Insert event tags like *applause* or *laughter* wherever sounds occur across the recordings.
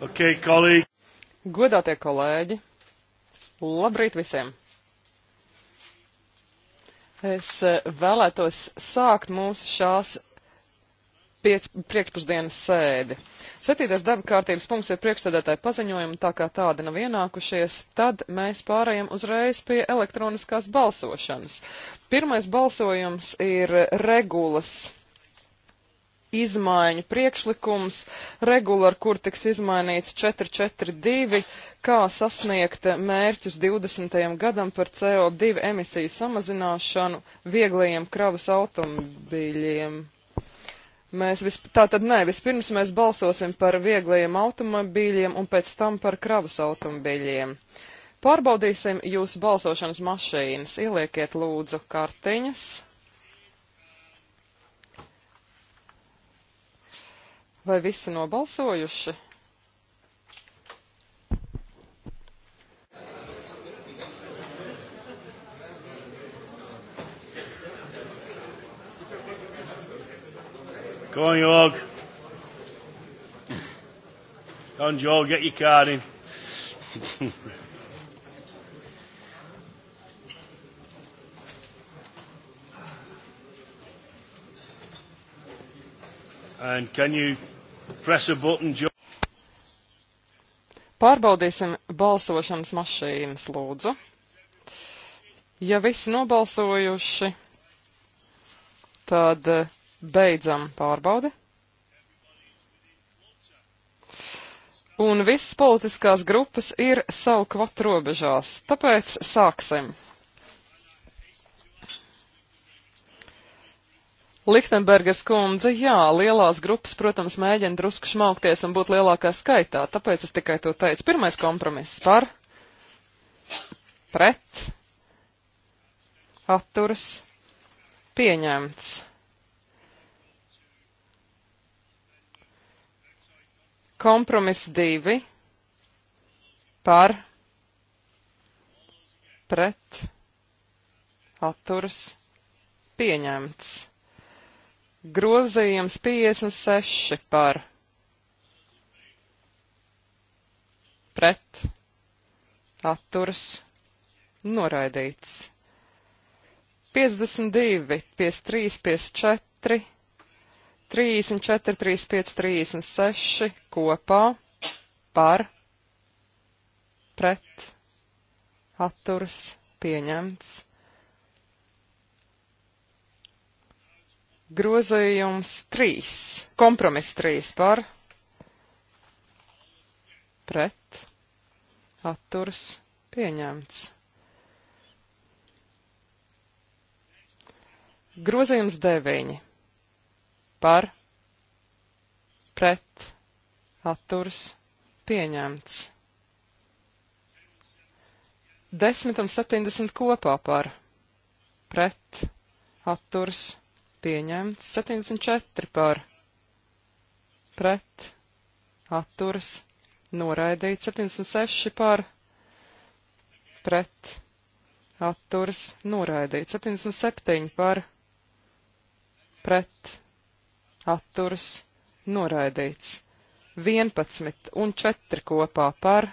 Okay, kolēģi. Godātie kolēģi, labrīt visiem! Es eh, vēlētos sākt mūsu šās piec, priekšpusdienas sēdi. Septītais darba kārtības punkts ir priekšsēdētāji paziņojumi, tā kā tādi nav ienākušies, tad mēs pārējām uzreiz pie elektroniskās balsošanas. Pirmais balsojums ir regulas izmaiņu priekšlikums, regula, ar kur tiks izmainīts 442, kā sasniegt mērķus 20. gadam par CO2 emisiju samazināšanu vieglajiem kravas automobīļiem. Mēs visp... Tātad nē, vispirms mēs balsosim par vieglajiem automobīļiem un pēc tam par kravas automobīļiem. Pārbaudīsim jūsu balsošanas mašīnas. Ielieciet lūdzu kartiņas. Vai visi nobalsojuši? Go on, Jorg. Go on, Jorg, get your card in. and can you Button, Pārbaudīsim balsošanas mašīnas, lūdzu. Ja visi nobalsojuši, tad eh, beidzam pārbaudi. Un visas politiskās grupas ir savu kvatru robežās, tāpēc sāksim. Lichtenbergers kundze, jā, lielās grupas, protams, mēģina drusku šmaukties un būt lielākā skaitā, tāpēc es tikai to teicu. Pirmais kompromiss par, pret, atturas, pieņemts. Kompromiss divi par, pret, atturas, pieņemts. Grozījums 56 par pret atturs noraidīts. 52, 53, 54, 34, 35, 36 kopā par pret atturs pieņemts. Grozījums 3. Kompromiss 3 par pret atturs pieņemts. Grozījums 9 par pret atturs pieņemts. 10 un 70 kopā par pret atturs pieņemts pieņemts 74 par pret atturas noraidīts 76 par pret atturas noraidīts 77 par pret atturas noraidīts 11 un 4 kopā par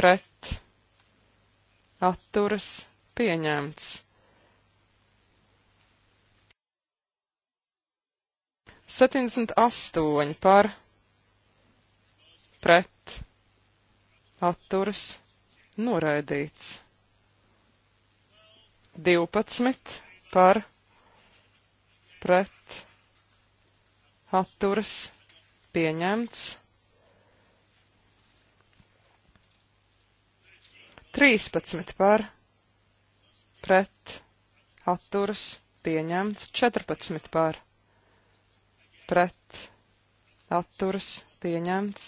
pret atturas pieņemts 78 par pret atturas noraidīts. 12 par pret atturas pieņemts. 13 par pret atturas pieņemts. 14 par pret pret atturs pieņemts.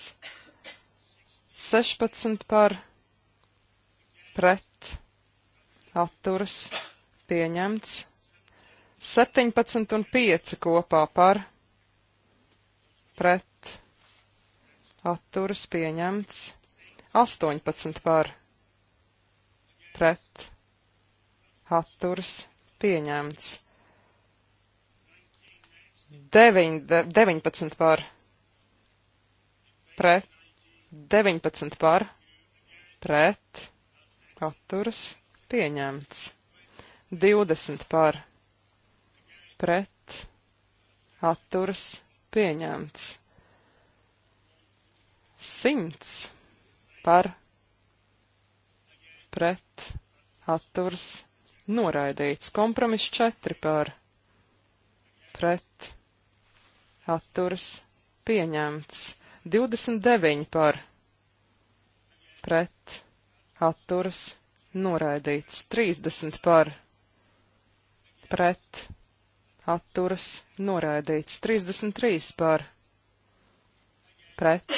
16 par pret atturs pieņemts. 17 un 5 kopā par pret atturs pieņemts. 18 par pret atturs pieņemts. 9, 19 par pret, 19 par pret, atturas, pieņemts. 20 par pret, atturas, pieņemts. 100 par pret, atturas, noraidīts. Kompromiss 4 par pret, atturas pieņemts. 29 par pret atturas noraidīts. 30 par pret atturas noraidīts. 33 par pret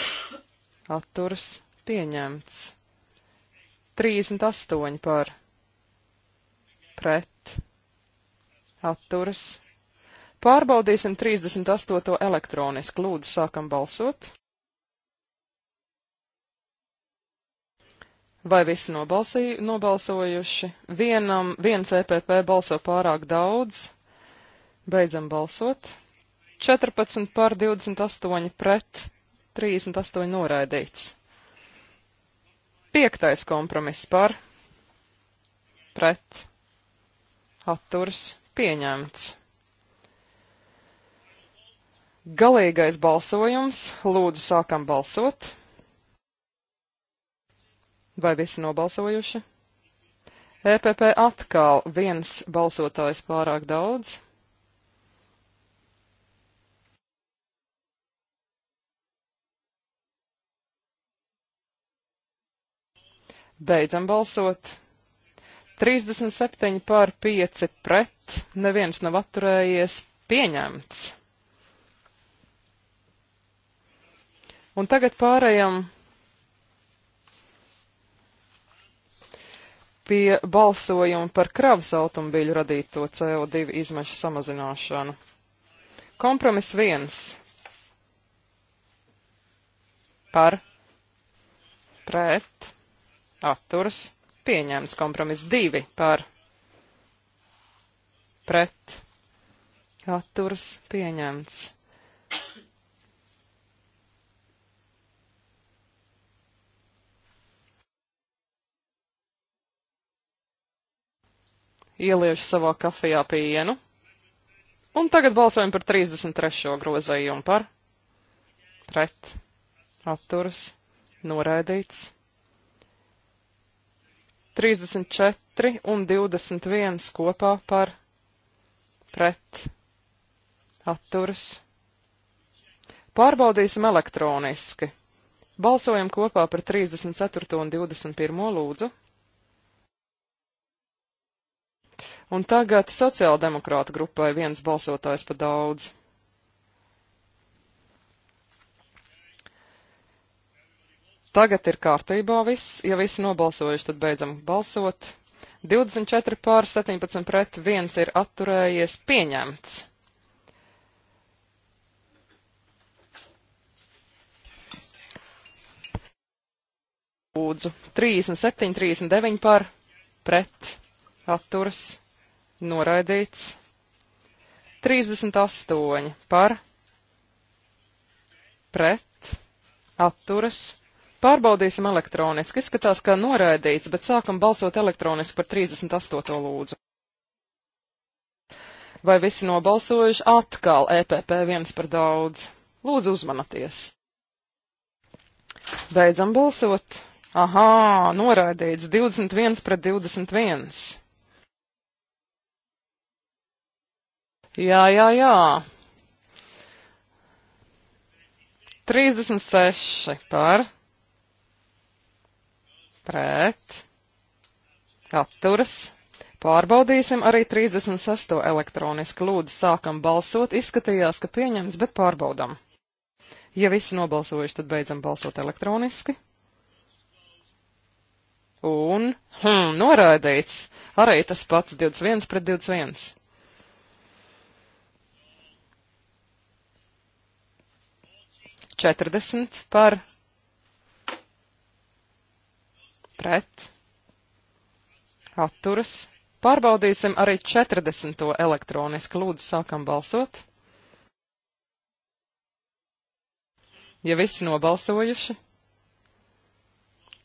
atturas pieņemts. 38 par pret atturas Pārbaudīsim 38. elektronisku. Lūdzu, sākam balsot. Vai visi nobalsī, nobalsojuši? Vienam, viens EPP balso pārāk daudz. Beidzam balsot. 14 pār 28 pret 38 noraidīts. Piektais kompromiss par pret atturs pieņemts. Galīgais balsojums. Lūdzu, sākam balsot. Vai visi nobalsojuši? EPP atkal viens balsotājs pārāk daudz. Beidzam balsot. 37 pār 5 pret, neviens nav atturējies, pieņemts. Un tagad pārējām pie balsojuma par kravas automobīļu radīto CO2 izmešu samazināšanu. Kompromis viens par pret atturs pieņemts. Kompromis divi par pret atturs pieņemts. ieliešu savā kafijā pienu. Un tagad balsojam par 33. grozējumu par pret atturas noraidīts. 34 un 21 kopā par pret atturas. Pārbaudīsim elektroniski. Balsojam kopā par 34. un 21. lūdzu. Un tagad sociāldemokrāta grupai viens balsotājs pa daudz. Tagad ir kārtībā viss. Ja visi nobalsojuši, tad beidzam balsot. 24 pār 17 pret 1 ir atturējies pieņemts. Lūdzu, 37, 39 par pret atturas noraidīts. 38 par, pret, atturas. Pārbaudīsim elektroniski. Izskatās, ka noraidīts, bet sākam balsot elektroniski par 38. lūdzu. Vai visi nobalsojuši atkal EPP viens par daudz? Lūdzu uzmanaties. Beidzam balsot. Ahā, noraidīts 21 pret 21. Jā, jā, jā. 36 par pret atturas. Pārbaudīsim arī 36. elektronisku lūdzu sākam balsot. Izskatījās, ka pieņems, bet pārbaudam. Ja visi nobalsojuši, tad beidzam balsot elektroniski. Un, hm, noraidīts. Arī tas pats 21 pret 21. 40 par pret atturas. Pārbaudīsim arī 40. elektroniski. Lūdzu, sākam balsot. Ja visi nobalsojuši,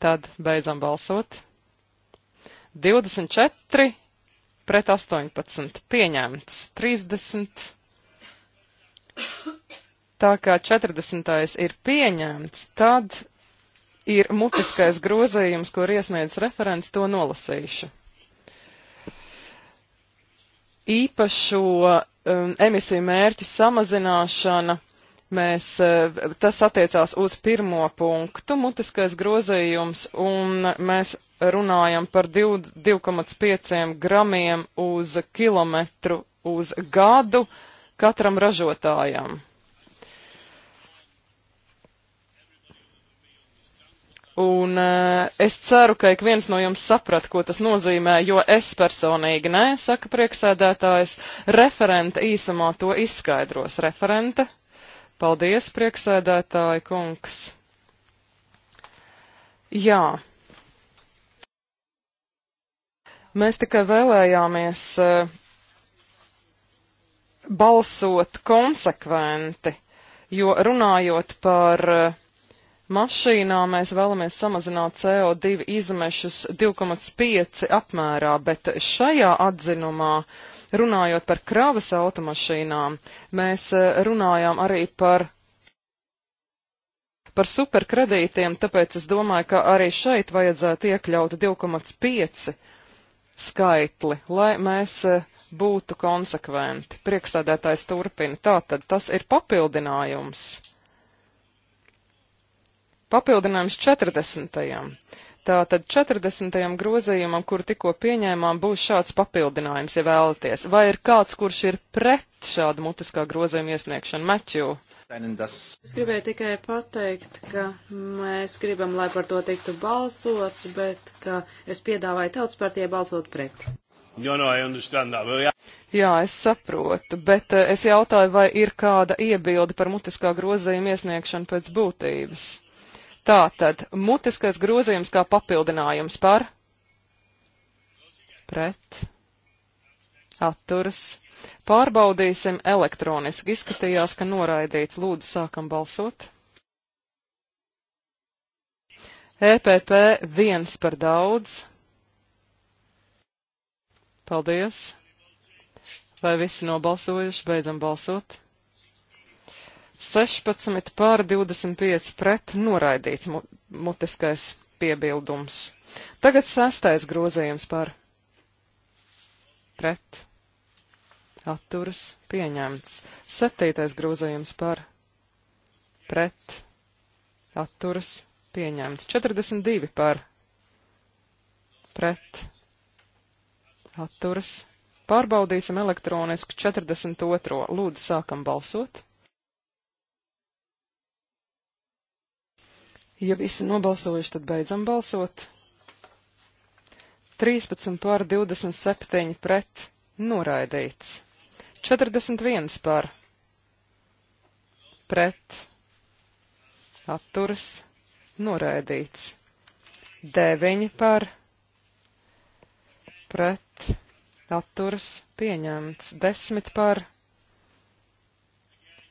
tad beidzam balsot. 24 pret 18 pieņemts, 30 Tā kā 40. ir pieņemts, tad ir mutiskais grozījums, kur iesniedz referents, to nolasīšu. Īpašo um, emisiju mērķu samazināšana, mēs, uh, tas attiecās uz pirmo punktu, mutiskais grozījums, un mēs runājam par 2,5 gramiem uz kilometru uz gadu katram ražotājam. Un eh, es ceru, ka ik viens no jums saprat, ko tas nozīmē, jo es personīgi nē, saka prieksēdētājs, referente īsumā to izskaidros. Referente, paldies, prieksēdētāji kungs. Jā. Mēs tikai vēlējāmies uh, balsot konsekventi, jo runājot par uh, mašīnā mēs vēlamies samazināt CO2 izmešus 2,5 apmērā, bet šajā atzinumā, runājot par kravas automašīnām, mēs e, runājām arī par par superkredītiem, tāpēc es domāju, ka arī šeit vajadzētu iekļaut 2,5 skaitli, lai mēs e, būtu konsekventi. Priekšsēdētājs turpina. Tātad tas ir papildinājums. Papildinājums 40. Tātad 40. grozījumam, kur tikko pieņēmām, būs šāds papildinājums, ja vēlaties. Vai ir kāds, kurš ir pret šādu mutiskā grozījuma iesniegšanu? Meķu. Es gribēju tikai pateikt, ka mēs gribam, lai par to tiktu balsots, bet ka es piedāvāju tautas partijai balsot pret. No, no, yeah. Jā, es saprotu, bet eh, es jautāju, vai ir kāda iebilde par mutiskā grozījuma iesniegšanu pēc būtības. Tātad mutiskais grozījums kā papildinājums par pret atturas. Pārbaudīsim elektroniski. Izskatījās, ka noraidīts. Lūdzu, sākam balsot. EPP viens par daudz. Paldies. Vai visi nobalsojuši? Beidzam balsot. 16 pār 25 pret noraidīts mutiskais piebildums. Tagad sastais grozījums par pret atturas pieņemts. Septītais grozījums par pret atturas pieņemts. 42 par pret atturas. Pārbaudīsim elektroniski 42. Lūdzu, sākam balsot. Ja visi nobalsojuši, tad beidzam balsot. 13 pār 27 pret noraidīts. 41 pār pret atturas noraidīts. 9 pār pret atturas pieņemts. 10 pār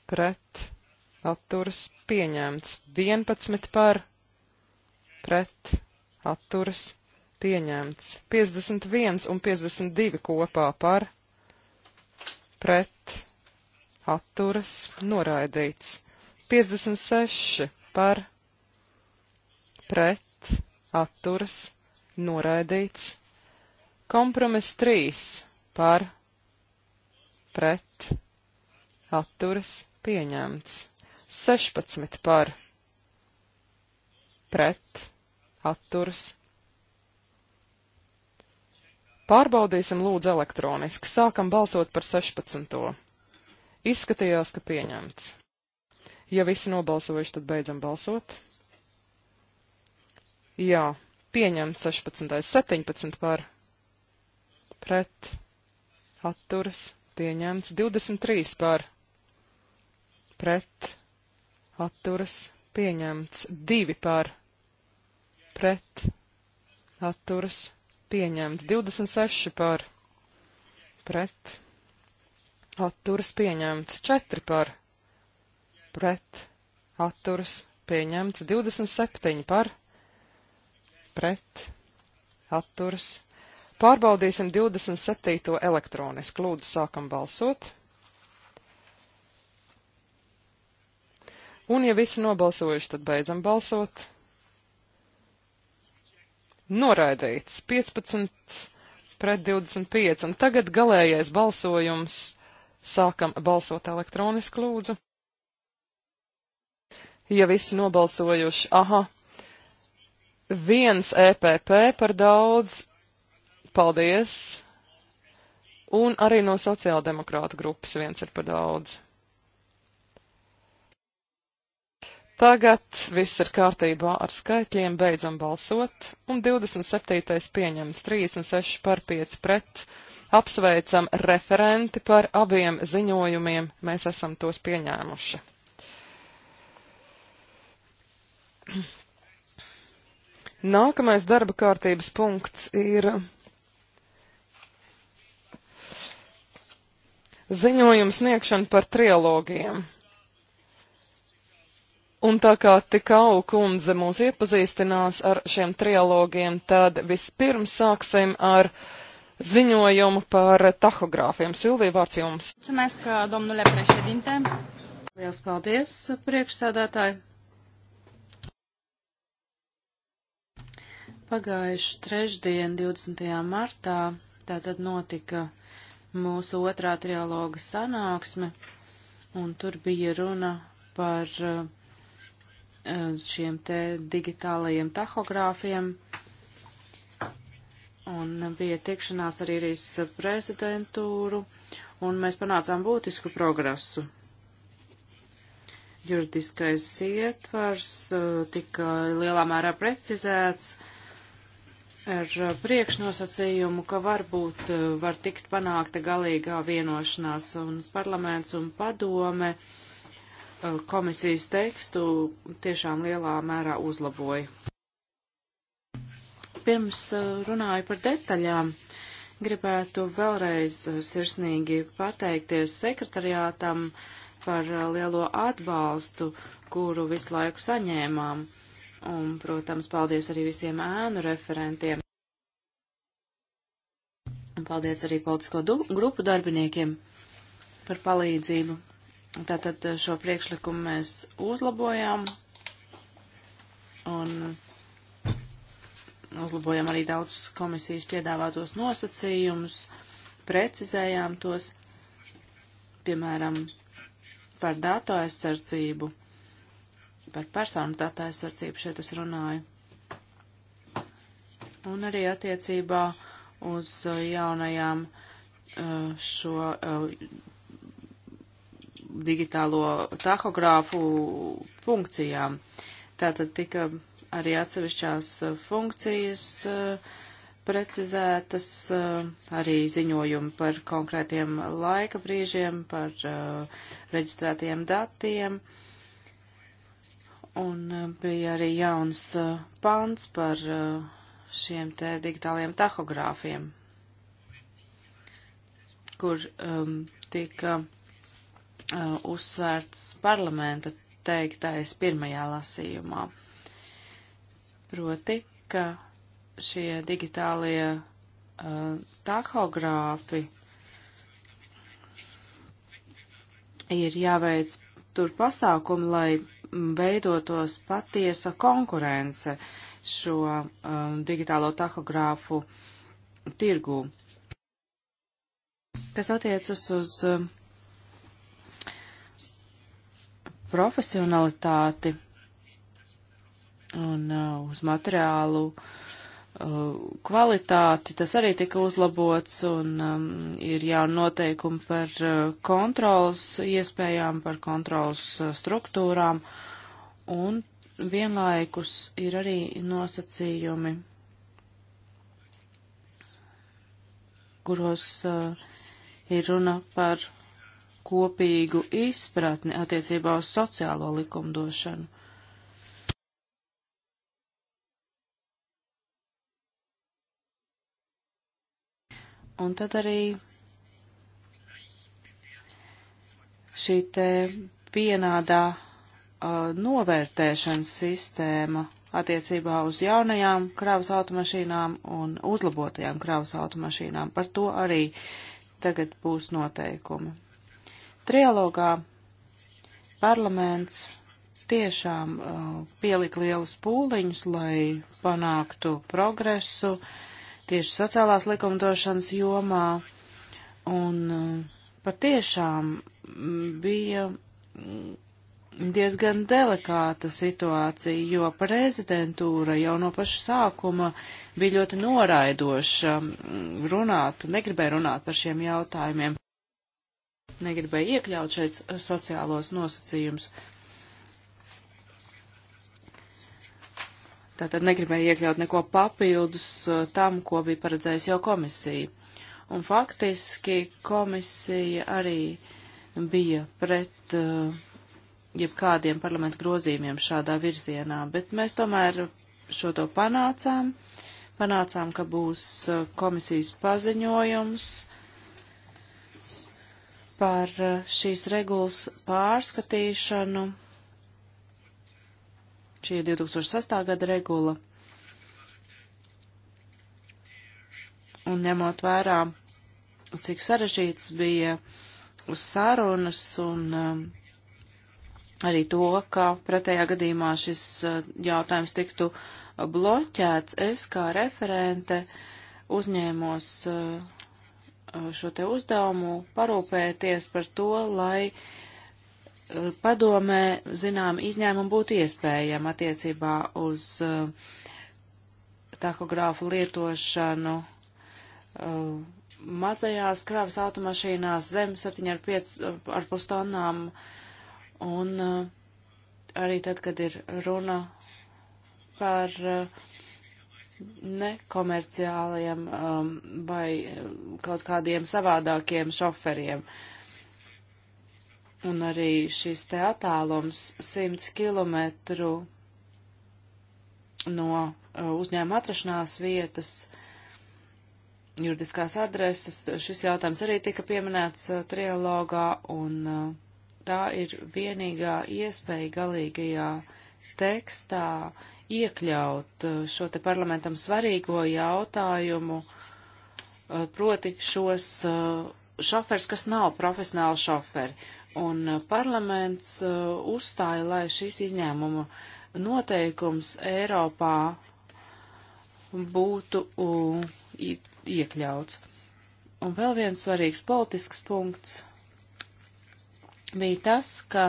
pret atturas atturas pieņemts. 11 par pret atturas pieņemts. 51 un 52 kopā par pret atturas noraidīts. 56 par pret atturas noraidīts. Kompromiss 3 par pret atturas pieņemts. 16 par pret atturs. Pārbaudīsim lūdzu elektroniski. Sākam balsot par 16. Izskatījās, ka pieņemts. Ja visi nobalsojuši, tad beidzam balsot. Jā, pieņemts 16. 17 par pret atturas pieņemts 23 par pret atturas pieņemts. 2 par pret atturas pieņemts. 26 par pret atturas pieņemts. 4 par pret atturas pieņemts. 27 par pret atturas. Pārbaudīsim 27. elektronisku. Lūdzu, sākam balsot. Un, ja visi nobalsojuši, tad beidzam balsot. Noraidīts 15 pret 25, un tagad galējais balsojums. Sākam balsot elektroniski lūdzu. Ja visi nobalsojuši, aha, viens EPP par daudz, paldies, un arī no sociāldemokrāta grupas viens ir par daudz. Tagad viss ir kārtībā ar skaitļiem, beidzam balsot, un 27. pieņemts 36 par 5 pret. Apsveicam referenti par abiem ziņojumiem, mēs esam tos pieņēmuši. *clears throat* Nākamais darba kārtības punkts ir ziņojums sniegšana par trilogiem. Un tā kā tikau kundze mūs iepazīstinās ar šiem trialogiem, tad vispirms sāksim ar ziņojumu par tahogrāfiem. Silvija, vārds jums. Čumēs, ka domnule prešedinte. Liels paldies, priekšsādātāji. Pagājuši trešdien, 20. martā, tātad notika mūsu otrā trialoga sanāksme, un tur bija runa par uh, Eh, šiem te digitālajiem tahogrāfiem. Un bija tikšanās arī ar prezidentūru, un mēs panācām būtisku progresu. Juridiskais ietvars eh, tika lielā mērā precizēts ar priekšnosacījumu, ka varbūt eh, var tikt panākta galīgā vienošanās, un parlaments un padome uh, Eh, komisijas tekstu tiešām lielā mērā uzlaboja. Pirms eh, runāju par detaļām, gribētu vēlreiz eh, sirsnīgi pateikties sekretariātam par lielo atbalstu, kuru visu laiku saņēmām. Un, protams, paldies arī visiem ēnu referentiem. Un paldies arī politisko grupu darbiniekiem par palīdzību. Tātad eh, šo priekšlikumu mēs uzlabojām un uzlabojām arī daudz komisijas piedāvātos nosacījumus, precizējām tos, piemēram, par datu aizsardzību, par personu datu aizsardzību šeit es runāju. Un arī attiecībā uz eh, jaunajām eh, šo digitālo tahogrāfu funkcijām. Tātad tika arī atsevišķās uh, funkcijas uh, precizētas, uh, arī ziņojumi par konkrētiem laika brīžiem, par reģistrētiem datiem. Un bija arī jauns pants par šiem te digitāliem tahogrāfiem, kur um, tika Uh, uzsvērts parlamenta teiktais pirmajā lasījumā. Proti, ka šie digitālie uh, tahogrāfi ir jāveic tur pasākumi, lai veidotos patiesa konkurence šo um, uh, digitālo tahogrāfu tirgū. Kas attiecas uz uh, profesionalitāti un uh, uz materiālu uh, kvalitāti. Tas arī tika uzlabots un um, ir jauni noteikumi par uh, kontrols iespējām, par kontrols uh, struktūrām un vienlaikus ir arī nosacījumi, kuros uh, ir runa par kopīgu izpratni attiecībā uz sociālo likumdošanu. Un tad arī šī te pienādā uh, novērtēšanas sistēma attiecībā uz jaunajām kravas automašīnām un uzlabotajām kravas automašīnām. Par to arī tagad būs noteikumi. Trialogā parlaments tiešām uh, pielika lielus pūliņus, lai panāktu progresu tieši sociālās likumdošanas jomā. Un uh, patiešām mm, bija mm, diezgan delikāta situācija, jo prezidentūra jau no paša sākuma bija ļoti noraidoša mm, runāt, negribēja runāt par šiem jautājumiem negribēja iekļaut šeit eh, sociālos nosacījumus. Tātad negribēja iekļaut neko papildus eh, tam, ko bija paredzējis jau komisija. Un faktiski komisija arī bija pret uh, jebkādiem parlamentu grozījumiem šādā virzienā, bet mēs tomēr šo to panācām. Panācām, ka būs komisijas paziņojums par eh, šīs regulas pārskatīšanu. Šī ir 2006. gada regula. Un ņemot vērā, cik sarežģīts bija sarunas un um, arī to, ka pretējā gadījumā šis eh, jautājums tiktu bloķēts, es kā referente uzņēmos uh, Uh, šo te uzdevumu parūpēties par to, lai uh, padomē, zinām, izņēmumu būtu iespējama attiecībā uz uh, tahogrāfu lietošanu mazajās kravas automašīnās zem 7,5 tonnām un arī tad, kad ir runa par uh, nekomerciāliem um, vai um, kaut kādiem savādākiem šoferiem. Un arī šis te attālums 100 km no uh, uzņēmuma atrašanās vietas, juridiskās adreses, šis jautājums arī tika pieminēts uh, trialogā, un uh, tā ir vienīgā iespēja galīgajā tekstā uh, iekļaut uh, šo te parlamentam svarīgo jautājumu, uh, proti šos uh, šoferis, kas nav profesionāli šoferi. Un parlaments uzstāja, lai šīs izņēmuma noteikums Eiropā būtu iekļauts. Un vēl viens svarīgs politisks punkts bija tas, ka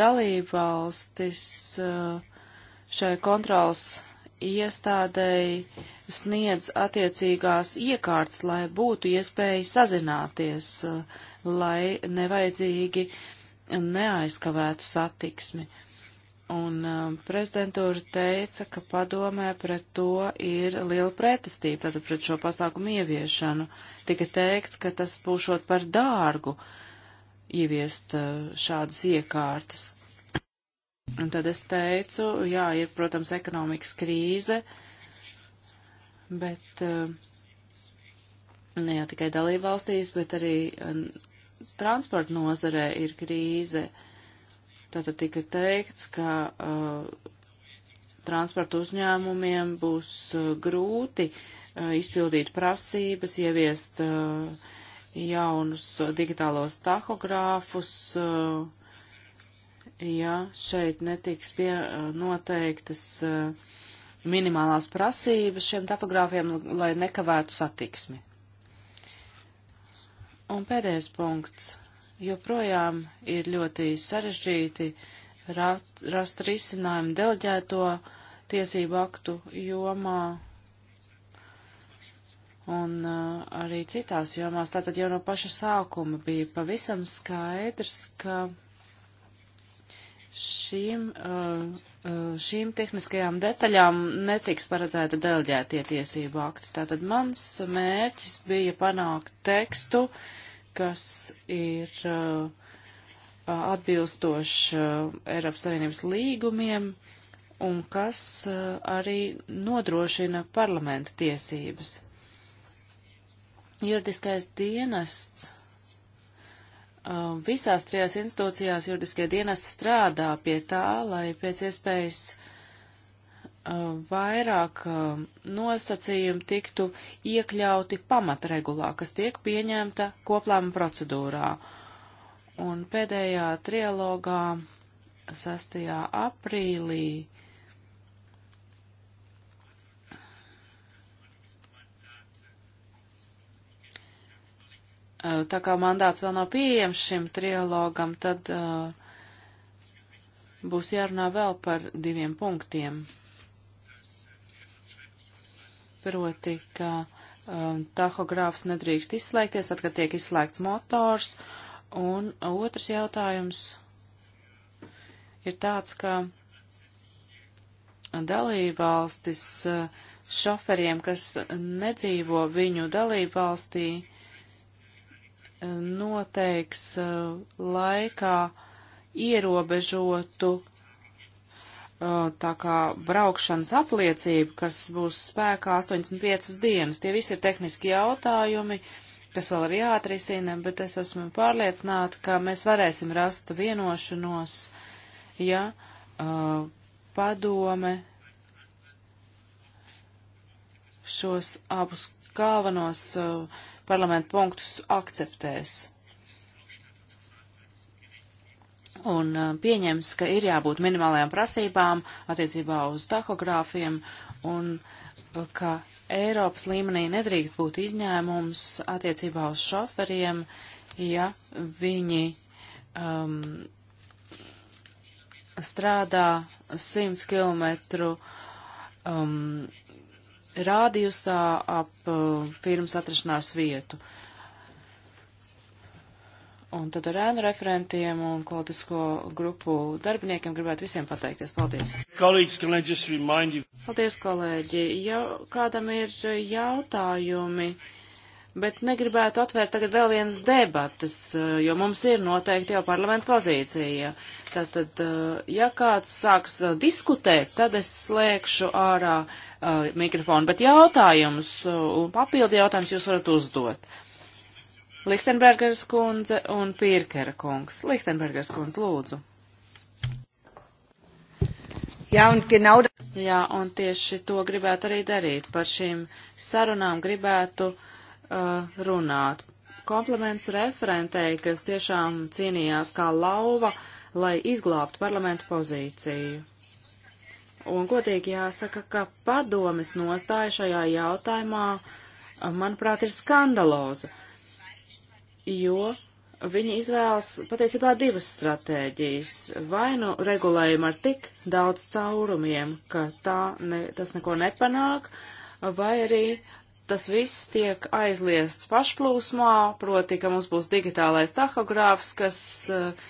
dalībvalstis uh, šai kontrols iestādēji sniedz attiecīgās iekārtas, lai būtu iespēja sazināties, eh, lai nevajadzīgi neaizkavētu satiksmi. Un um, prezidentūra teica, ka padomē pret to ir liela pretestība, tātad pret šo pasākumu ieviešanu. Tika teikts, ka tas būšot par dārgu ieviest uh, šādas iekārtas. Un tad es teicu, jā, ir, protams, ekonomikas krīze, bet eh, ne jau tikai dalībvalstīs, bet arī eh, transporta nozarē ir krīze. Tātad tika teikts, ka uh, transporta uzņēmumiem būs uh, grūti uh, izpildīt prasības, ieviest uh, jaunus digitālos tahogrāfus. Uh, ja šeit netiks pie noteiktas minimālās prasības šiem topogrāfiem, lai nekavētu satiksmi. Un pēdējais punkts. Joprojām ir ļoti sarežģīti rast, rast risinājumu deleģēto tiesību aktu jomā un uh, arī citās jomās. Tātad jau no paša sākuma bija pavisam skaidrs, ka Šīm, uh, uh, šīm tehniskajām detaļām netiks paredzēta deleģētie tiesību akti. Tātad mans mērķis bija panākt tekstu, kas ir uh, atbilstošs Eiropas Savienības līgumiem un kas arī nodrošina parlamenta tiesības. Juridiskais dienests Um, visās trijās institūcijās juridiskie dienesti strādā pie tā, lai pēc iespējas um, vairāk um, nosacījumi tiktu iekļauti pamatregulā, kas tiek pieņemta koplēma procedūrā. Un pēdējā trialogā 6. aprīlī Eh, tā kā mandāts vēl nav pieejams šim trialogam, tad eh, būs jārunā vēl par diviem punktiem. Proti, ka um, tahogrāfs nedrīkst izslēgties, tad, kad tiek izslēgts motors. Un otrs jautājums ir tāds, ka dalībvalstis šoferiem, kas nedzīvo viņu dalībvalstī, uh, noteiks eh, laikā ierobežotu eh, tā kā braukšanas apliecību, kas būs spēkā 85 dienas. Tie visi ir tehniski jautājumi, kas vēl ir jāatrisina, bet es esmu pārliecināta, ka mēs varēsim rast vienošanos, ja uh, padome šos abus galvenos uh, parlamentu punktus akceptēs un uh, pieņems, ka ir jābūt minimālajām prasībām attiecībā uz tahogrāfiem un uh, ka Eiropas līmenī nedrīkst būt izņēmums attiecībā uz šoferiem, ja viņi um, strādā 100 km um, rādījusā ap uh, pirms atrašanās vietu. Un tad ar ēnu referentiem un politisko grupu darbiniekiem gribētu visiem pateikties. Paldies. Kolēģis, Paldies, kolēģi. Ja kādam ir jautājumi bet negribētu atvērt tagad vēl vienas debatas, eh, jo mums ir noteikti jau parlamenta pozīcija. Tātad, eh, ja kāds sāks eh, diskutēt, tad es slēgšu ārā uh, mikrofonu, bet jautājumus un papildi jautājumus jūs varat uzdot. Lichtenbergers kundze un Pirkera kungs. Lichtenbergers kundze, lūdzu. Jā, un genau. Jā, un tieši to gribētu arī darīt. Par šīm sarunām gribētu uh, uh, runāt. Komplements referentei, kas tiešām cīnījās kā lauva, lai izglābtu parlamentu pozīciju. Un godīgi jāsaka, ka padomes nostāja šajā jautājumā, uh, manuprāt, ir skandaloza, jo viņi izvēlas patiesībā divas stratēģijas. Vai nu regulējumu ar tik daudz caurumiem, ka tā ne, tas neko nepanāk, vai arī tas viss tiek aizliests pašplūsmā, proti, ka mums būs digitālais tahogrāfs, kas eh,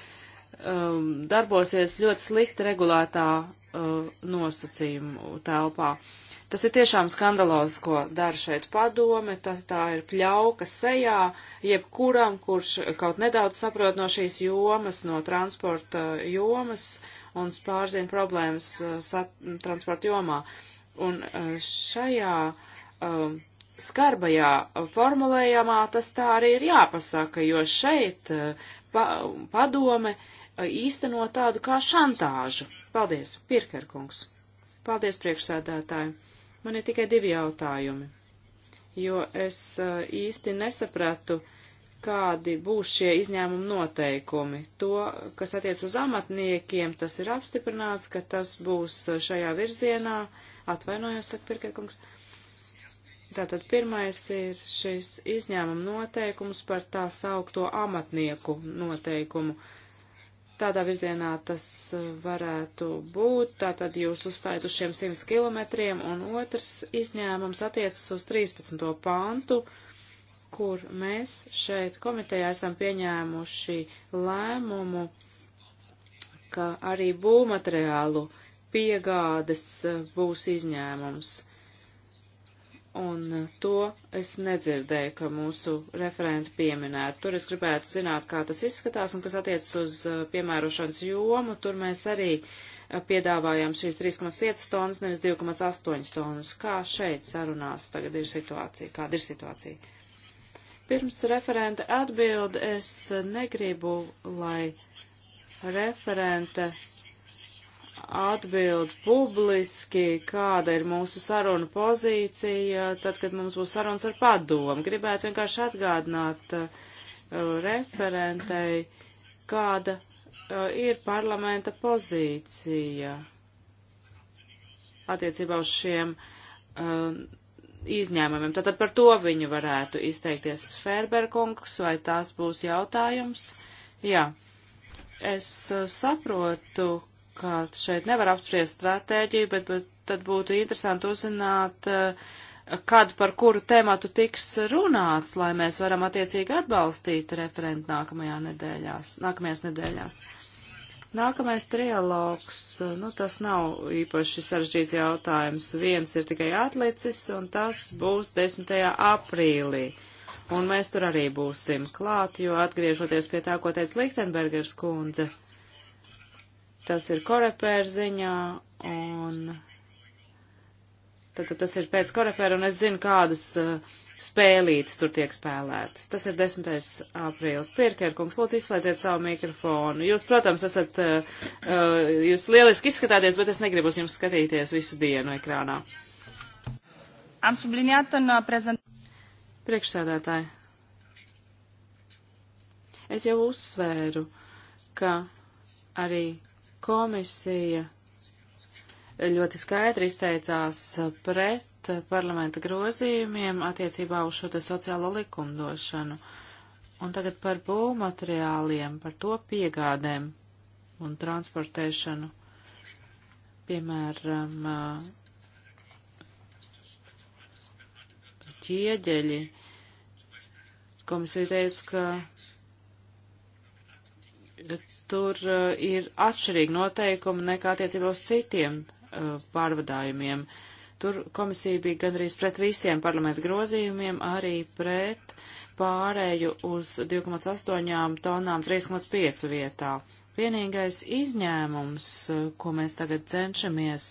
um, darbosies ļoti slikti regulētā uh, nosacījumu telpā. Tas ir tiešām skandalozi, ko dara šeit padome, tas tā ir pļauka sejā, jebkuram, kurš kaut nedaudz saprot no šīs jomas, no transporta jomas un pārzina problēmas uh, transporta jomā. Un uh, šajā um, skarbajā formulējumā tas tā arī ir jāpasaka, jo šeit eh, pa, padome eh, īsteno tādu kā šantāžu. Paldies, Pirkerkungs. Paldies, priekšsēdētāji. Man ir tikai divi jautājumi, jo es eh, īsti nesapratu, kādi būs šie izņēmumi noteikumi. To, kas attiec uz amatniekiem, tas ir apstiprināts, ka tas būs šajā virzienā. Atvainojos, saka Pirkerkungs. kungs Tātad pirmais ir šis izņēmuma noteikums par tā saukto amatnieku noteikumu. Tādā virzienā tas uh, varētu būt, tātad jūs uzstājat uz šiem 100 kilometriem, un otrs izņēmums attiecas uz 13. pāntu, kur mēs šeit komitejā esam pieņēmuši lēmumu, ka arī būvmateriālu piegādes uh, būs izņēmums. Uh, un uh, to es nedzirdēju, ka mūsu referenti pieminētu. Tur es gribētu zināt, kā tas izskatās, un kas attiecas uz uh, piemērošanas jomu, tur mēs arī uh, piedāvājām šīs 3,5 tonnas, nevis 2,8 tonnas. Kā šeit sarunās tagad ir situācija? Kāda ir situācija? Pirms referenta atbild, es negribu, lai referente atbild publiski, kāda ir mūsu saruna pozīcija, tad, kad mums būs sarunas ar padomu. Gribētu vienkārši atgādināt uh, referentei, kāda uh, ir parlamenta pozīcija attiecībā uz šiem uh, izņēmumiem. Tātad par to viņu varētu izteikties Ferberkungs, vai tās būs jautājums? Jā. Es uh, saprotu, Pirmkārt, šeit nevar apspriest stratēģiju, bet, bet tad būtu interesanti uzzināt, eh, kad par kuru tēmatu tiks runāts, lai mēs varam attiecīgi atbalstīt referentu nākamajā nedēļās, nākamajās nedēļās. Nākamais trialogs, eh, nu tas nav īpaši sarežģīts jautājums. Viens ir tikai atlicis, un tas būs 10. aprīlī. Un mēs tur arī būsim klāt, jo atgriežoties pie tā, ko teica Lichtenbergers kundze, uh, tas ir korepēra ziņā, un tad, tad tas ir pēc korepēra, un es zinu, kādas uh, spēlītas tur tiek spēlētas. Tas ir 10. aprīlis. Pierkerkungs, lūdzu, izslēdziet savu mikrofonu. Jūs, protams, esat, uh, uh jūs lieliski izskatāties, bet es negribu uz jums skatīties visu dienu ekrānā. Uh, Priekšsēdētāji, es jau uzsvēru, ka arī Komisija ļoti skaidri izteicās pret parlamenta grozījumiem attiecībā uz šo te sociālo likumdošanu. Un tagad par būvmateriāliem, par to piegādēm un transportēšanu. Piemēram, ķieģeļi. Komisija teica, ka tur uh, ir atšķirīgi noteikumi nekā attiecībā uz citiem uh, pārvadājumiem. Tur komisija bija gandrīz pret visiem parlamentu grozījumiem, arī pret pārēju uz 2,8 tonām 3,5 vietā. Vienīgais izņēmums, uh, ko mēs tagad cenšamies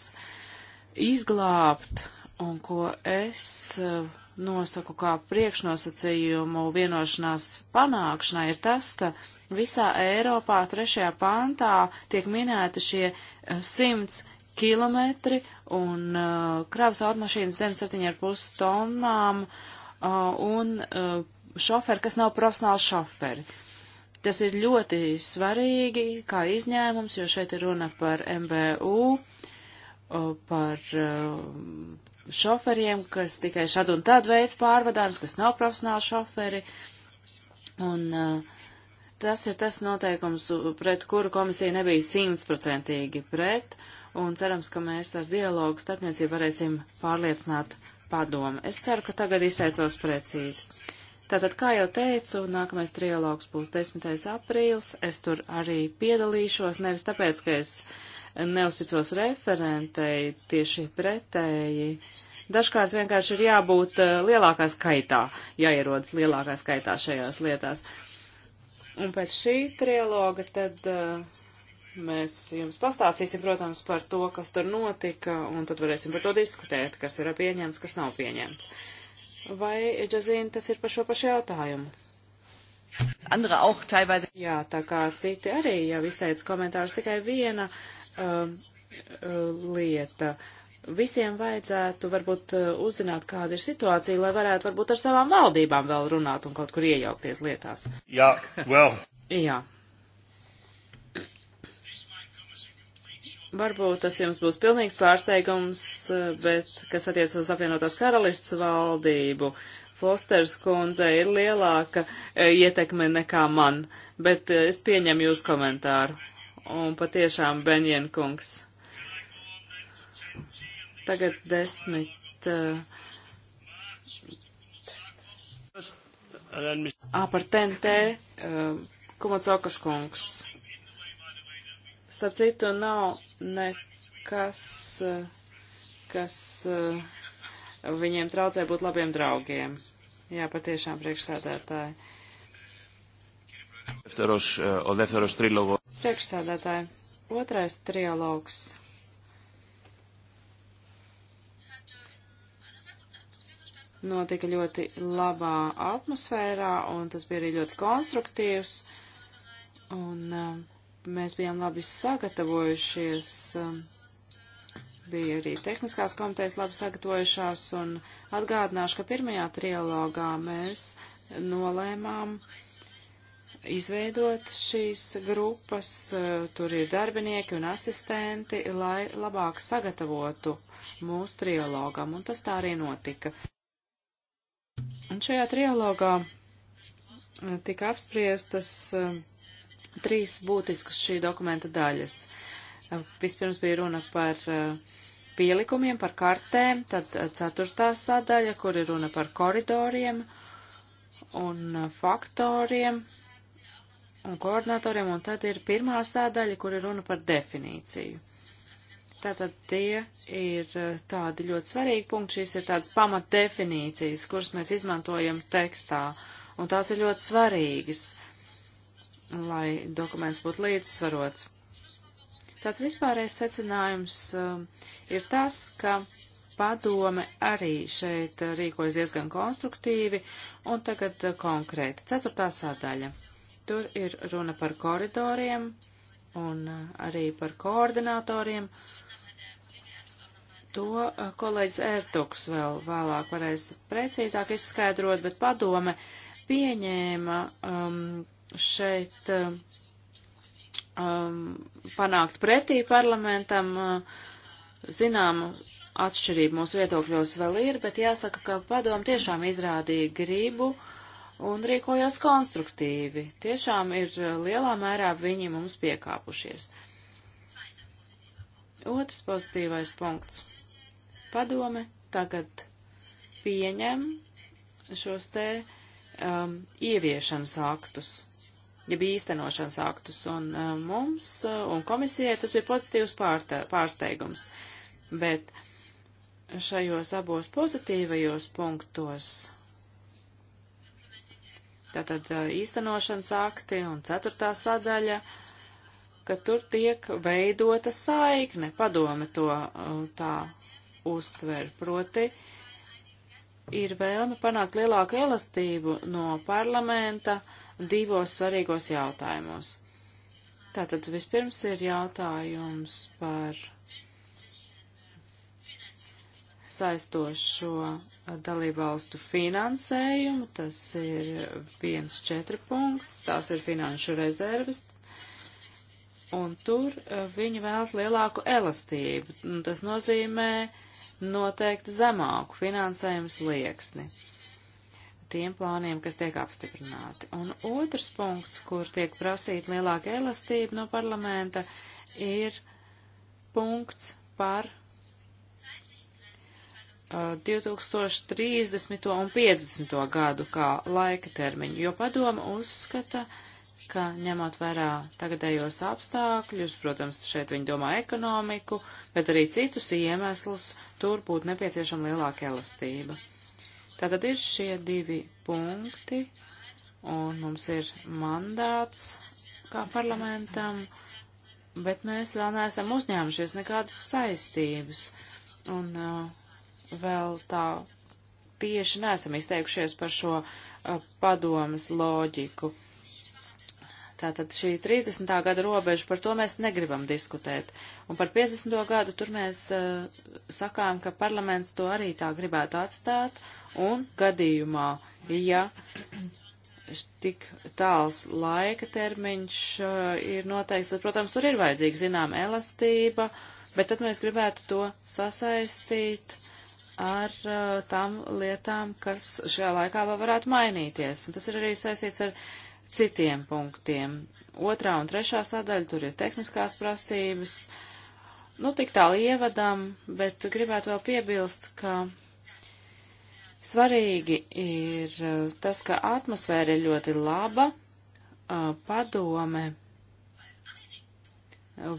izglābt un ko es. Uh, nosaku kā priekšnosacījumu vienošanās panākšanai, ir tas, ka visā Eiropā trešajā pantā tiek minēti šie eh, simts kilometri un uh, kravas automašīnas zem 7,5 tonnām uh, un uh, šoferi, kas nav profesionāli šoferi. Tas ir ļoti svarīgi kā izņēmums, jo šeit ir runa par MBU, par šoferiem, kas tikai šad un tad veids pārvadājums, kas nav profesionāli šoferi. Un uh, tas ir tas noteikums, pret kuru komisija nebija simtprocentīgi pret, un cerams, ka mēs ar dialogu starpniecību varēsim pārliecināt padomu. Es ceru, ka tagad izteicos precīzi. Tātad, kā jau teicu, nākamais trialogs būs 10. aprīls. Es tur arī piedalīšos, nevis tāpēc, ka es uh, neusticos referentei tieši pretēji. Dažkārt vienkārši ir jābūt eh, lielākā skaitā, jāierodas lielākā skaitā šajās lietās. Un pēc šī trialoga tad uh, mēs jums pastāstīsim, protams, par to, kas tur notika, un tad varēsim par to diskutēt, kas ir pieņemts, kas nav pieņemts. Vai, Džazīna, tas ir par šo pašu jautājumu? Jā, tā kā citi arī jau izteica komentārus, tikai viena Um, uh, lieta. Visiem vajadzētu varbūt uh, uzzināt, kāda ir situācija, lai varētu varbūt ar savām valdībām vēl runāt un kaut kur iejaukties lietās. Jā, yeah, well. Jā. Varbūt tas jums būs pilnīgs pārsteigums, uh, bet kas attiec uz apvienotās karalists valdību, Fosters kundze ir lielāka uh, ietekme nekā man, bet es pieņemu jūsu komentāru. Un patiešām, Benjen kungs, tagad desmit. Uh, Ā, par TNT, uh, Kumacaukas kungs. Starp citu, nav nekas, uh, kas uh, viņiem traucē būt labiem draugiem. Jā, patiešām priekšsēdētāji. Priekšsēdētāji, otrais trialogs. Notika ļoti labā atmosfērā, un tas bija arī ļoti konstruktīvs, un e, mēs bijām labi sagatavojušies, e, bija arī tehniskās komitejas labi sagatavojušās, un atgādināšu, ka pirmajā trialogā mēs nolēmām uh, izveidot šīs grupas, eh, tur ir darbinieki un asistenti, lai labāk sagatavotu mūsu trialogam, un tas tā arī notika. Un šajā trialogā eh, tika apspriestas eh, trīs būtiskas šī dokumenta daļas. Vispirms bija runa par pielikumiem, par kartēm, tad ceturtā sadaļa, kur ir runa par koridoriem un faktoriem, koordinatoriem, un tad ir pirmā sēdaļa, kur ir runa par definīciju. Tātad tie ir eh, tādi ļoti svarīgi punkti, šīs ir tādas pamatdefinīcijas, kuras mēs izmantojam tekstā, un tās ir ļoti svarīgas, lai dokuments būtu līdzsvarots. Tāds vispārējais secinājums um, ir tas, ka padome arī šeit rīkojas diezgan konstruktīvi, un tagad uh, konkrēti. Ceturtā sadaļa. Tur ir runa par koridoriem un uh, arī par koordinatoriem. To uh, kolēģis Ertuks vēl vēlāk varēs precīzāk izskaidrot, bet padome pieņēma um, šeit uh, um, panākt pretī parlamentam. Uh, zinām, atšķirība mūsu viedokļos vēl ir, bet jāsaka, ka padomu tiešām izrādīja gribu uh, un rīkojās konstruktīvi. Tiešām ir eh, lielā mērā viņi mums piekāpušies. Otrs pozitīvais punkts. Padome tagad pieņem šos te um, ieviešanas aktus, jeb īstenošanas aktus, un um, mums uh, un komisijai tas bija pozitīvs pārta, pārsteigums. Bet šajos abos pozitīvajos punktos tātad īstenošanas akti un ceturtā sadaļa, ka tur tiek veidota saikne, padome to tā uztver, proti ir vēlme panākt lielāku elastību no parlamenta divos svarīgos jautājumos. Tātad vispirms ir jautājums par saistošo dalībvalstu finansējumu, tas ir 1.4 punkts, tās ir finanšu rezerves, un tur eh, viņi vēlas lielāku elastību, un tas nozīmē noteikti zemāku finansējumu slieksni tiem plāniem, kas tiek apstiprināti. Un otrs punkts, kur tiek prasīta lielāka elastība no parlamenta, ir punkts par 2030. Uh, un 50. gadu kā laika termiņu, jo padoma uzskata, ka ņemot vērā tagadējos apstākļus, protams, šeit viņi domā ekonomiku, bet arī citus iemeslus, tur būtu nepieciešama lielāka elastība. Tātad ir šie divi punkti, un mums ir mandāts kā parlamentam, bet mēs vēl neesam uzņēmušies nekādas saistības. Un uh, vēl tā tieši neesam izteikušies par šo uh, padomas loģiku. Tātad šī 30. gada robeža, par to mēs negribam diskutēt. Un par 50. gadu tur mēs uh, sakām, ka parlaments to arī tā gribētu atstāt, un gadījumā, ja tik tāls laika termiņš uh, ir noteikts, tad, protams, tur ir vajadzīga zinām elastība, bet tad mēs gribētu to sasaistīt ar uh, tām lietām, kas šajā laikā vēl varētu mainīties. Un tas ir arī saistīts ar citiem punktiem. Otrā un trešā sadaļa, tur ir tehniskās prasības. Nu, tik tālu ievadam, bet gribētu vēl piebilst, ka svarīgi ir uh, tas, ka atmosfēra ir ļoti laba, uh, padome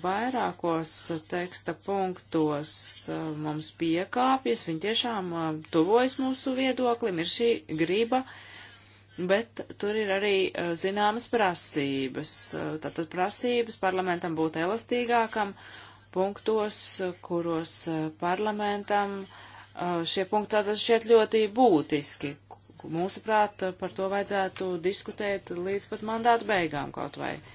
vairākos teksta punktos uh, mums piekāpjas, viņi tiešām uh, tuvojas mūsu viedoklim, ir šī griba, bet tur ir arī uh, zināmas prasības. Tātad prasības parlamentam būt elastīgākam punktos, kuros parlamentam šie punkti tātad šķiet ļoti būtiski. Mūsuprāt, par to vajadzētu diskutēt līdz pat mandātu beigām kaut vai. Uh,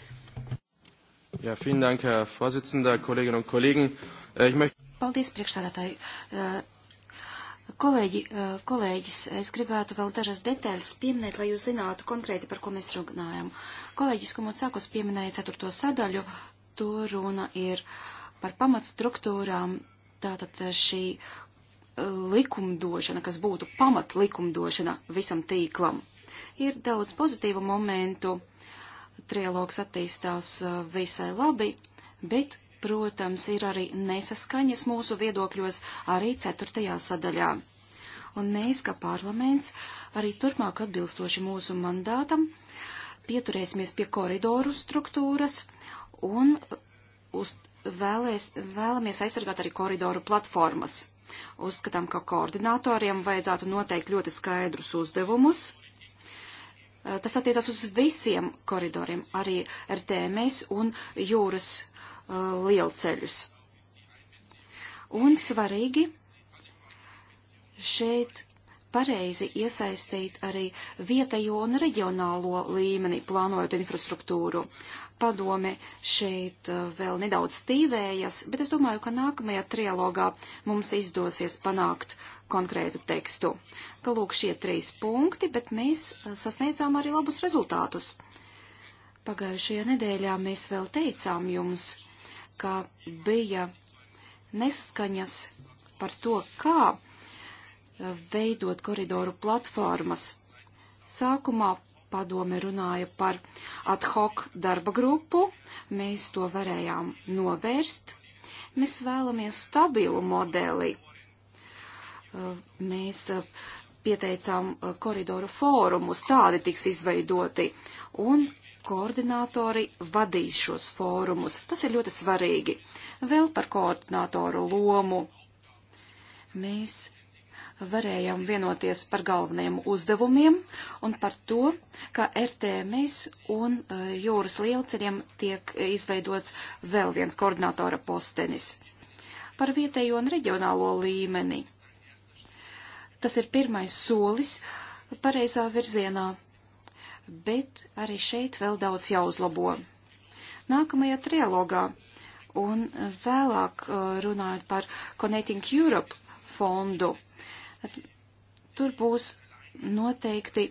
Ja, vielen Dank, Herr Vorsitzender, Kolleginnen un Kollegen. Äh, ich möchte... Paldies, priekšsādātāji. Äh, kolēģi, äh, kolēģis, es gribētu vēl dažas detaļas pieminēt, lai jūs zinātu konkrēti, par ko mēs runājam. Kolēģis, ko mums sākos pieminēja ceturto sadaļu, tur runa ir par pamatstruktūrām, tātad šī likumdošana, kas būtu pamatlikumdošana visam tīklam. Ir daudz pozitīvu momentu trialogs attīstās eh, visai labi, bet, protams, ir arī nesaskaņas mūsu viedokļos arī ceturtajā sadaļā. Un mēs, kā parlaments, arī turpmāk atbilstoši mūsu mandātam, pieturēsimies pie koridoru struktūras un uz, vēlēs, vēlamies aizsargāt arī koridoru platformas. Uzskatām, ka koordinatoriem vajadzētu noteikt ļoti skaidrus uzdevumus Eh, tas attiecas uz visiem koridoriem, arī RTMS un jūras uh, lielceļus. Un svarīgi šeit pareizi iesaistīt arī vietējo un reģionālo līmeni, plānojot infrastruktūru. Padome šeit eh, vēl nedaudz stīvējas, bet es domāju, ka nākamajā trialogā mums izdosies panākt konkrētu tekstu. Ka lūk šie trīs punkti, bet mēs e, sasniedzām arī labus rezultātus. Pagājušajā nedēļā mēs vēl teicām jums, ka bija nesaskaņas par to, kā e, veidot koridoru platformas. Sākumā padome runāja par ad hoc darba grupu, mēs to varējām novērst. Mēs vēlamies stabilu modeli, mēs pieteicām koridoru fórumus, tādi tiks izveidoti, un koordinātori vadīs šos fórumus. Tas ir ļoti svarīgi. Vēl par koordinātoru lomu. Mēs varējām vienoties par galvenajiem uzdevumiem un par to, ka RTMS un jūras lielceļiem tiek izveidots vēl viens koordinātora postenis. Par vietējo un reģionālo līmeni Tas ir pirmais solis pareizā virzienā, bet arī šeit vēl daudz jāuzlabo. Nākamajā trialogā un vēlāk uh, runājot par Connecting Europe fondu, tur būs noteikti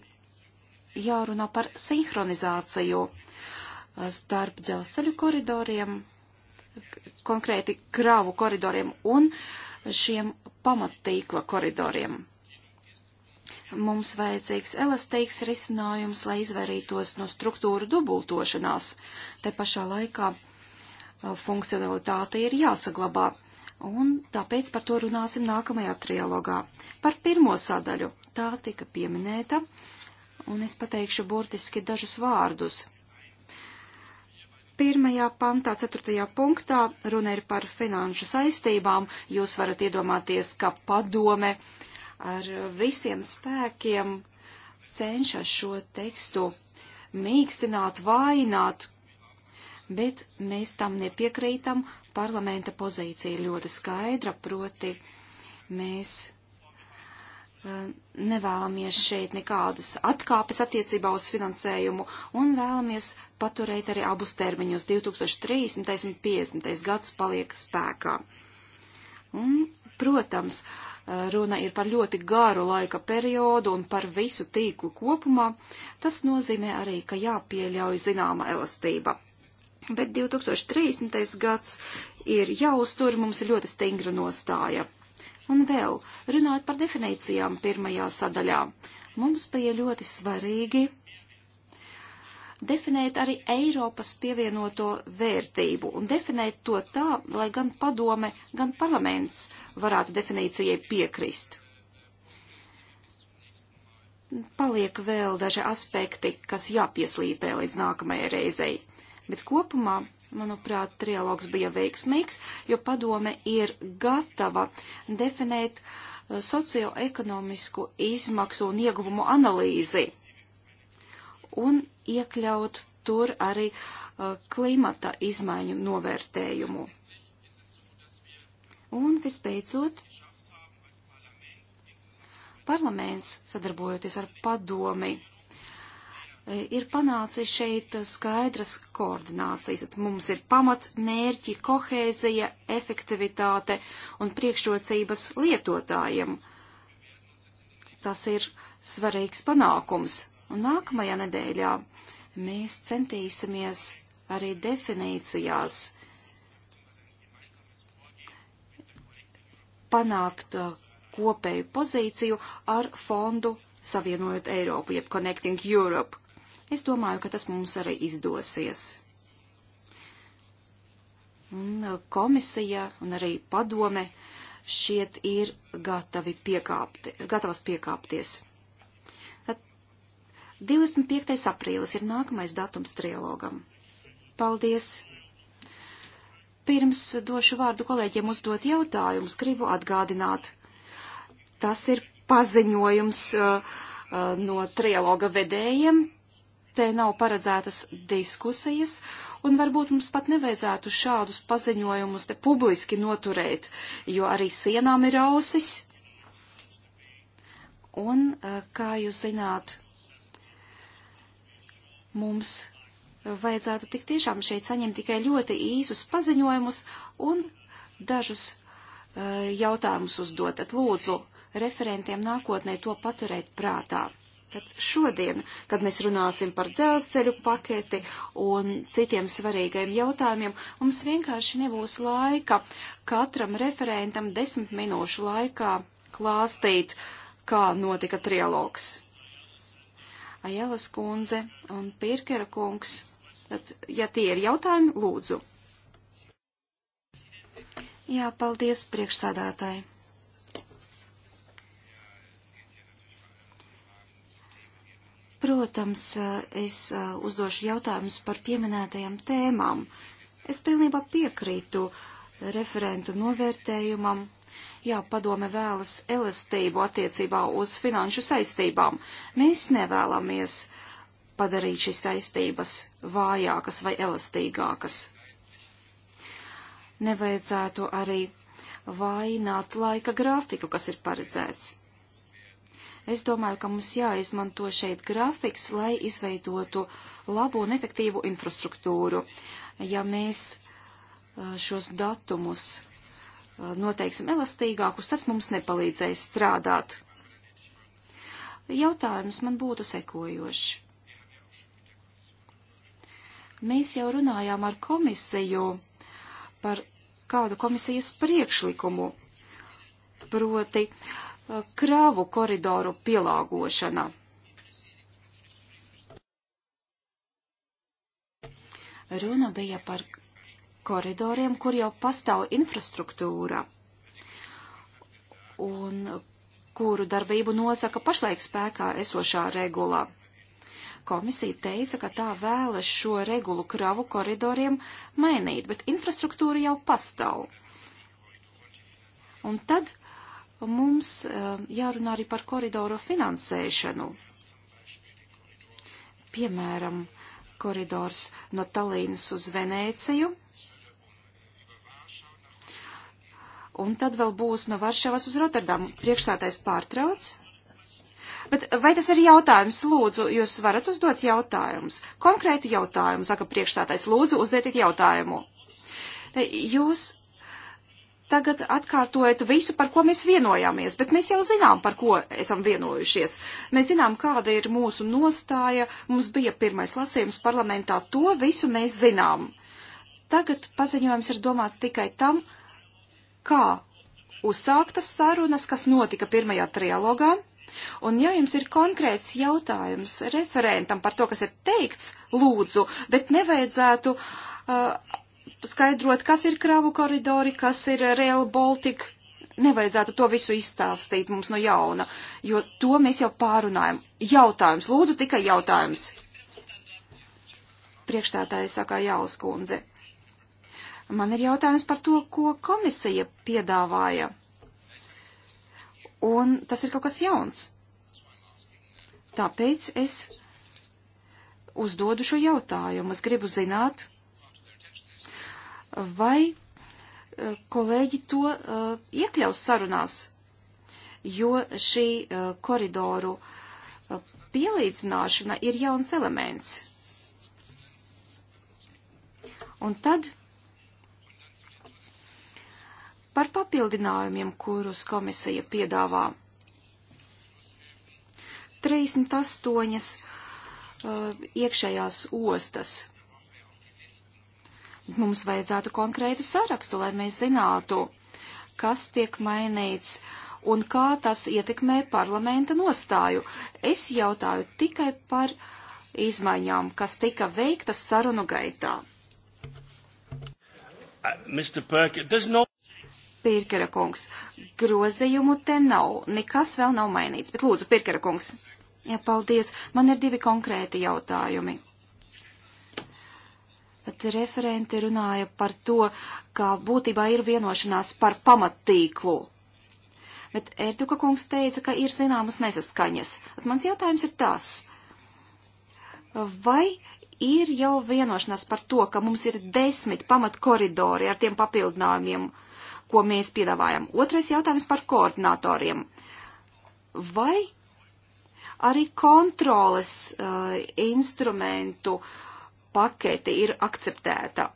jārunā par sinhronizāciju uh, starp dzelzceļu koridoriem, konkrēti kravu koridoriem un šiem pamattīkla koridoriem. Mums vajadzīgs elastīgs risinājums, lai izvairītos no struktūru dubultošanās. Te pašā laikā funkcionalitāte ir jāsaglabā, un tāpēc par to runāsim nākamajā trialogā. Par pirmo sadaļu tā tika pieminēta, un es pateikšu burtiski dažus vārdus. Pirmajā pantā, ceturtajā punktā runa ir par finanšu saistībām. Jūs varat iedomāties, ka padome uh, ar visiem spēkiem cenšas šo tekstu mīkstināt, vainot, bet mēs tam nepiekrītam. Parlamenta pozīcija ir ļoti skaidra, proti mēs eh, nevēlamies šeit nekādas atkāpes attiecībā uz finansējumu un vēlamies paturēt arī abus termiņus 2030. un 50. gads paliek spēkā. Un, protams, uh, runa ir par ļoti garu laika periodu un par visu tīklu kopumā, tas nozīmē arī, ka jāpieļauj zināma elastība. Bet 2030. gads ir jāuztur, mums ir ļoti stingra nostāja. Un vēl, runājot par definīcijām pirmajā sadaļā, mums bija ļoti svarīgi definēt arī Eiropas pievienoto vērtību un definēt to tā, lai gan padome, gan parlaments varētu definīcijai piekrist. Paliek vēl daži aspekti, kas jāpieslīpē līdz nākamajai reizei, bet kopumā, manuprāt, trialogs bija veiksmīgs, jo padome ir gatava definēt eh, socioekonomisku izmaksu un ieguvumu analīzi un iekļaut tur arī uh, klimata izmaiņu novērtējumu. Un visbeidzot, parlaments, sadarbojoties ar padomi, e, ir panācis šeit skaidras koordinācijas. Tad mums ir pamat, mērķi, kohēzija, efektivitāte un priekšrocības lietotājiem. Tas ir svarīgs panākums, Un nākamajā nedēļā mēs centīsimies arī definīcijās panākt uh, kopēju pozīciju ar fondu Savienojot Eiropu, jeb Connecting Europe. Es domāju, ka tas mums arī izdosies. Un uh, komisija un arī padome šiet ir gatavi piekāpti, gatavas piekāpties. 25. aprīlis ir nākamais datums trilogam. Paldies! Pirms došu vārdu kolēģiem uzdot jautājumus, gribu atgādināt. Tas ir paziņojums uh, uh, no triloga vedējiem. Te nav paredzētas diskusijas, un varbūt mums pat nevajadzētu šādus paziņojumus te publiski noturēt, jo arī sienām ir ausis. Un, uh, kā jūs zināt, Mums vajadzētu tik tiešām šeit saņemt tikai ļoti īsus paziņojumus un dažus uh, jautājumus uzdot. Tad lūdzu referentiem nākotnē to paturēt prātā. Tad šodien, kad mēs runāsim par dzelzceļu paketi un citiem svarīgiem jautājumiem, mums vienkārši nebūs laika katram referentam desmit minūšu laikā klāstīt, kā notika trialogs. Ajēlas kundze un Pirkera kungs. Tad, ja tie ir jautājumi, lūdzu. Jā, paldies priekšsādātāji. Protams, es uh, uzdošu jautājumus par pieminētajām tēmām. Es pilnībā piekrītu referentu novērtējumam jā, padome vēlas elastību attiecībā uz finanšu saistībām. Mēs nevēlamies padarīt šīs saistības vājākas vai elastīgākas. Nevajadzētu arī vainot laika grafiku, kas ir paredzēts. Es domāju, ka mums jāizmanto šeit grafiks, lai izveidotu labu un efektīvu infrastruktūru. Ja mēs šos datumus Uh, noteiksim elastīgākus, tas mums nepalīdzēs strādāt. Jautājums man būtu sekojoši. Mēs jau runājām ar komisiju par kādu komisijas priekšlikumu, proti uh, kravu koridoru pielāgošana. Runa bija par koridoriem, kur jau pastāv infrastruktūra un kuru darbību nosaka pašlaik spēkā esošā regula. Komisija teica, ka tā vēlas šo regulu kravu koridoriem mainīt, bet infrastruktūra jau pastāv. Un tad mums eh, jārunā arī par koridoru finansēšanu. Piemēram, koridors no Talīnas uz Venēciju un tad vēl būs no Varšavas uz Rotterdamu. Priekšstātais pārtrauc. Bet vai tas ir jautājums, lūdzu, jūs varat uzdot jautājumus? Konkrētu jautājumu, saka priekšstātais, lūdzu, uzdietiet jautājumu. Te jūs tagad atkārtojat visu, par ko mēs vienojāmies, bet mēs jau zinām, par ko esam vienojušies. Mēs zinām, kāda ir mūsu nostāja, mums bija pirmais lasījums parlamentā, to visu mēs zinām. Tagad paziņojums ir domāts tikai tam, uh, kā uzsāktas sarunas, kas notika pirmajā trialogā. Un ja jums ir konkrēts jautājums referentam par to, kas ir teikts, lūdzu, bet nevajadzētu uh, skaidrot, kas ir kravu koridori, kas ir Rail Baltica, nevajadzētu to visu izstāstīt mums no jauna, jo to mēs jau pārunājam. Jautājums, lūdzu, tikai jautājums. Priekšstādāja saka Jālis Kundze. Man ir jautājums par to, ko komisija piedāvāja. Un tas ir kaut kas jauns. Tāpēc es uzdodu šo jautājumu. Es gribu zināt, vai e, kolēģi to uh, iekļaus sarunās, jo šī uh, koridoru uh, pielīdzināšana ir jauns elements. Un tad par papildinājumiem, kurus komisija piedāvā. 38 uh, eh, iekšējās ostas. Mums vajadzētu konkrētu sarakstu, lai mēs zinātu, kas tiek mainīts un kā tas ietekmē parlamenta nostāju. Es jautāju tikai par izmaiņām, kas tika veiktas sarunu gaitā. Uh, Mr. Perk, there's no Pirkera kungs. Grozījumu te nav, nekas vēl nav mainīts, bet lūdzu, Pirkera kungs. Jā, paldies. Man ir divi konkrēti jautājumi. Tad referenti runāja par to, ka būtībā ir vienošanās par pamattīklu. Bet Erduka kungs teica, ka ir zināmas nesaskaņas. Tad mans jautājums ir tas. Vai ir jau vienošanās par to, ka mums ir desmit pamatkoridori ar tiem papildinājumiem? Uh, ko mēs piedāvājam. Otrais jautājums par koordinatoriem. Vai arī kontroles uh, instrumentu pakete ir akceptēta?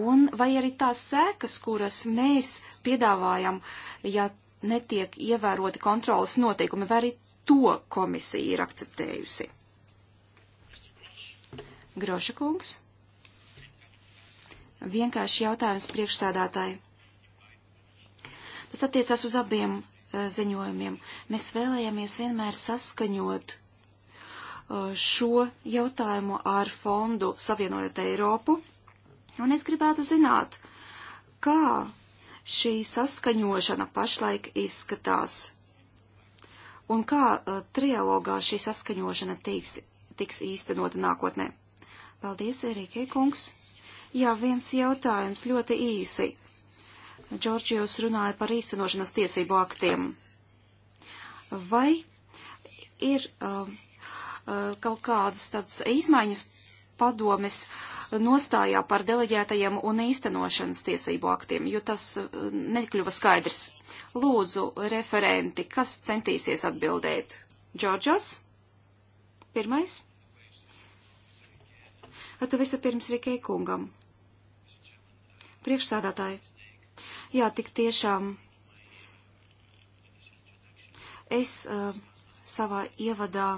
Un vai arī tās sēkas, kuras mēs piedāvājam, ja netiek ievēroti kontrolas noteikumi, vai arī to komisija ir akceptējusi? Groša kungs. Vienkārši jautājums priekšsēdātāji. Tas attiecās uz abiem uh, ziņojumiem. Mēs vēlējāmies vienmēr saskaņot uh, šo jautājumu ar fondu Savienojot Eiropu, un es gribētu zināt, kā šī saskaņošana pašlaik izskatās, un kā uh, trialogā šī saskaņošana tiks, tiks īstenota nākotnē. Paldies, Erikē kungs! Jā, viens jautājums ļoti īsi. Džordžijos runāja par īstenošanas tiesību aktiem. Vai ir uh, uh, kaut kādas tādas izmaiņas padomes nostājā par deleģētajiem un īstenošanas tiesību aktiem, jo tas uh, nekļuva skaidrs. Lūdzu, referenti, kas centīsies atbildēt? Džordžos? Pirmais? Tad visu pirms Rikei kungam. Priekšsādātāji. Jā, tik tiešām es uh, savā ievadā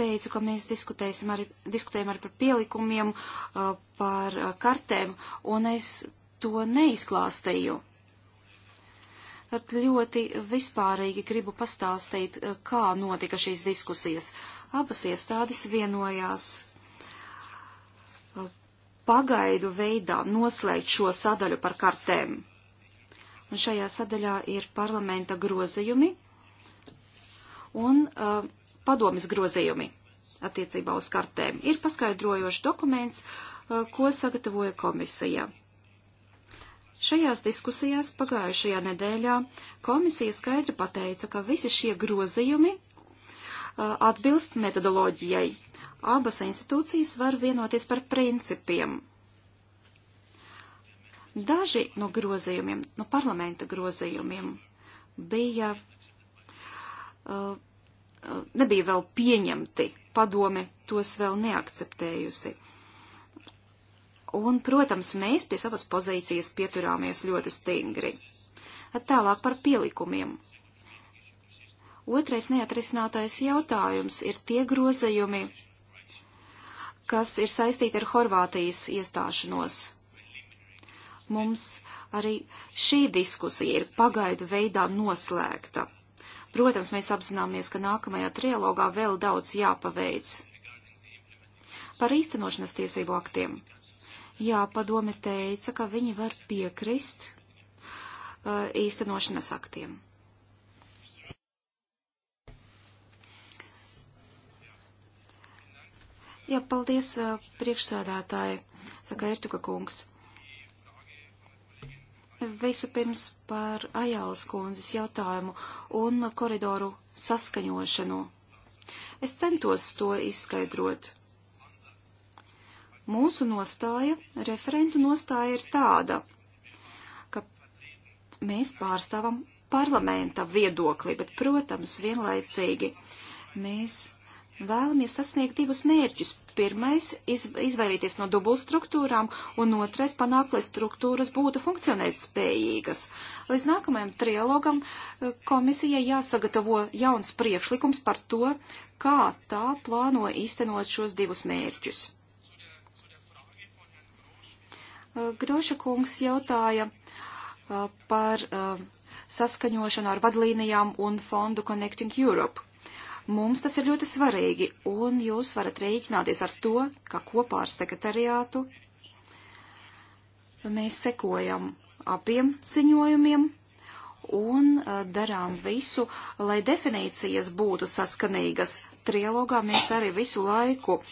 teicu, ka mēs diskutēsim arī, diskutējam arī par pielikumiem, uh, par uh, kartēm, un es to neizklāstīju. Tad ļoti vispārīgi gribu pastāstīt, kā notika šīs diskusijas. Abas iestādes vienojās pagaidu veidā noslēgt šo sadaļu par kartēm. Un šajā sadaļā ir parlamenta grozījumi un uh, padomis grozījumi attiecībā uz kartēm. Ir paskaidrojošs dokuments, uh, ko sagatavoja komisija. Šajās diskusijās pagājušajā nedēļā komisija skaidri pateica, ka visi šie grozījumi uh, atbilst metodoloģijai, abas institūcijas var vienoties par principiem. Daži no grozījumiem, no parlamenta grozījumiem, bija, uh, uh, nebija vēl pieņemti, padome tos vēl neakceptējusi. Un, protams, mēs pie savas pozīcijas pieturāmies ļoti stingri. Tālāk par pielikumiem. Otrais neatrisinātais jautājums ir tie grozījumi, kas ir saistīti ar Horvātijas iestāšanos. Mums arī šī diskusija ir pagaidu veidā noslēgta. Protams, mēs apzināmies, ka nākamajā trialogā vēl daudz jāpaveic. Par īstenošanas tiesību aktiem. Jā, padome teica, ka viņi var piekrist uh, īstenošanas aktiem. Jā, paldies priekšsēdētāji, saka Ertuka kungs. Visu pirms par Ajālas kundzes jautājumu un koridoru saskaņošanu. Es centos to izskaidrot. Mūsu nostāja, referentu nostāja ir tāda, ka mēs pārstāvam parlamenta viedokli, bet, protams, vienlaicīgi mēs vēlamies sasniegt divus mērķus. Pirmais iz, - izvairīties no dubultstruktūrām, un otrais - panākt, lai struktūras būtu funkcionēt spējīgas. Līdz nākamajam trialogam eh, komisijai jāsagatavo jauns priekšlikums par to, kā tā plāno īstenot šos divus mērķus. Eh, Groša kungs jautāja eh, par saskaņošanu ar vadlīnijām un fondu Connecting Europe Mums tas ir ļoti svarīgi, un jūs varat rēķināties ar to, ka kopā ar sekretariātu mēs sekojam abiem ziņojumiem un eh, darām visu, lai definīcijas būtu saskanīgas. Trialogā mēs arī visu laiku uh,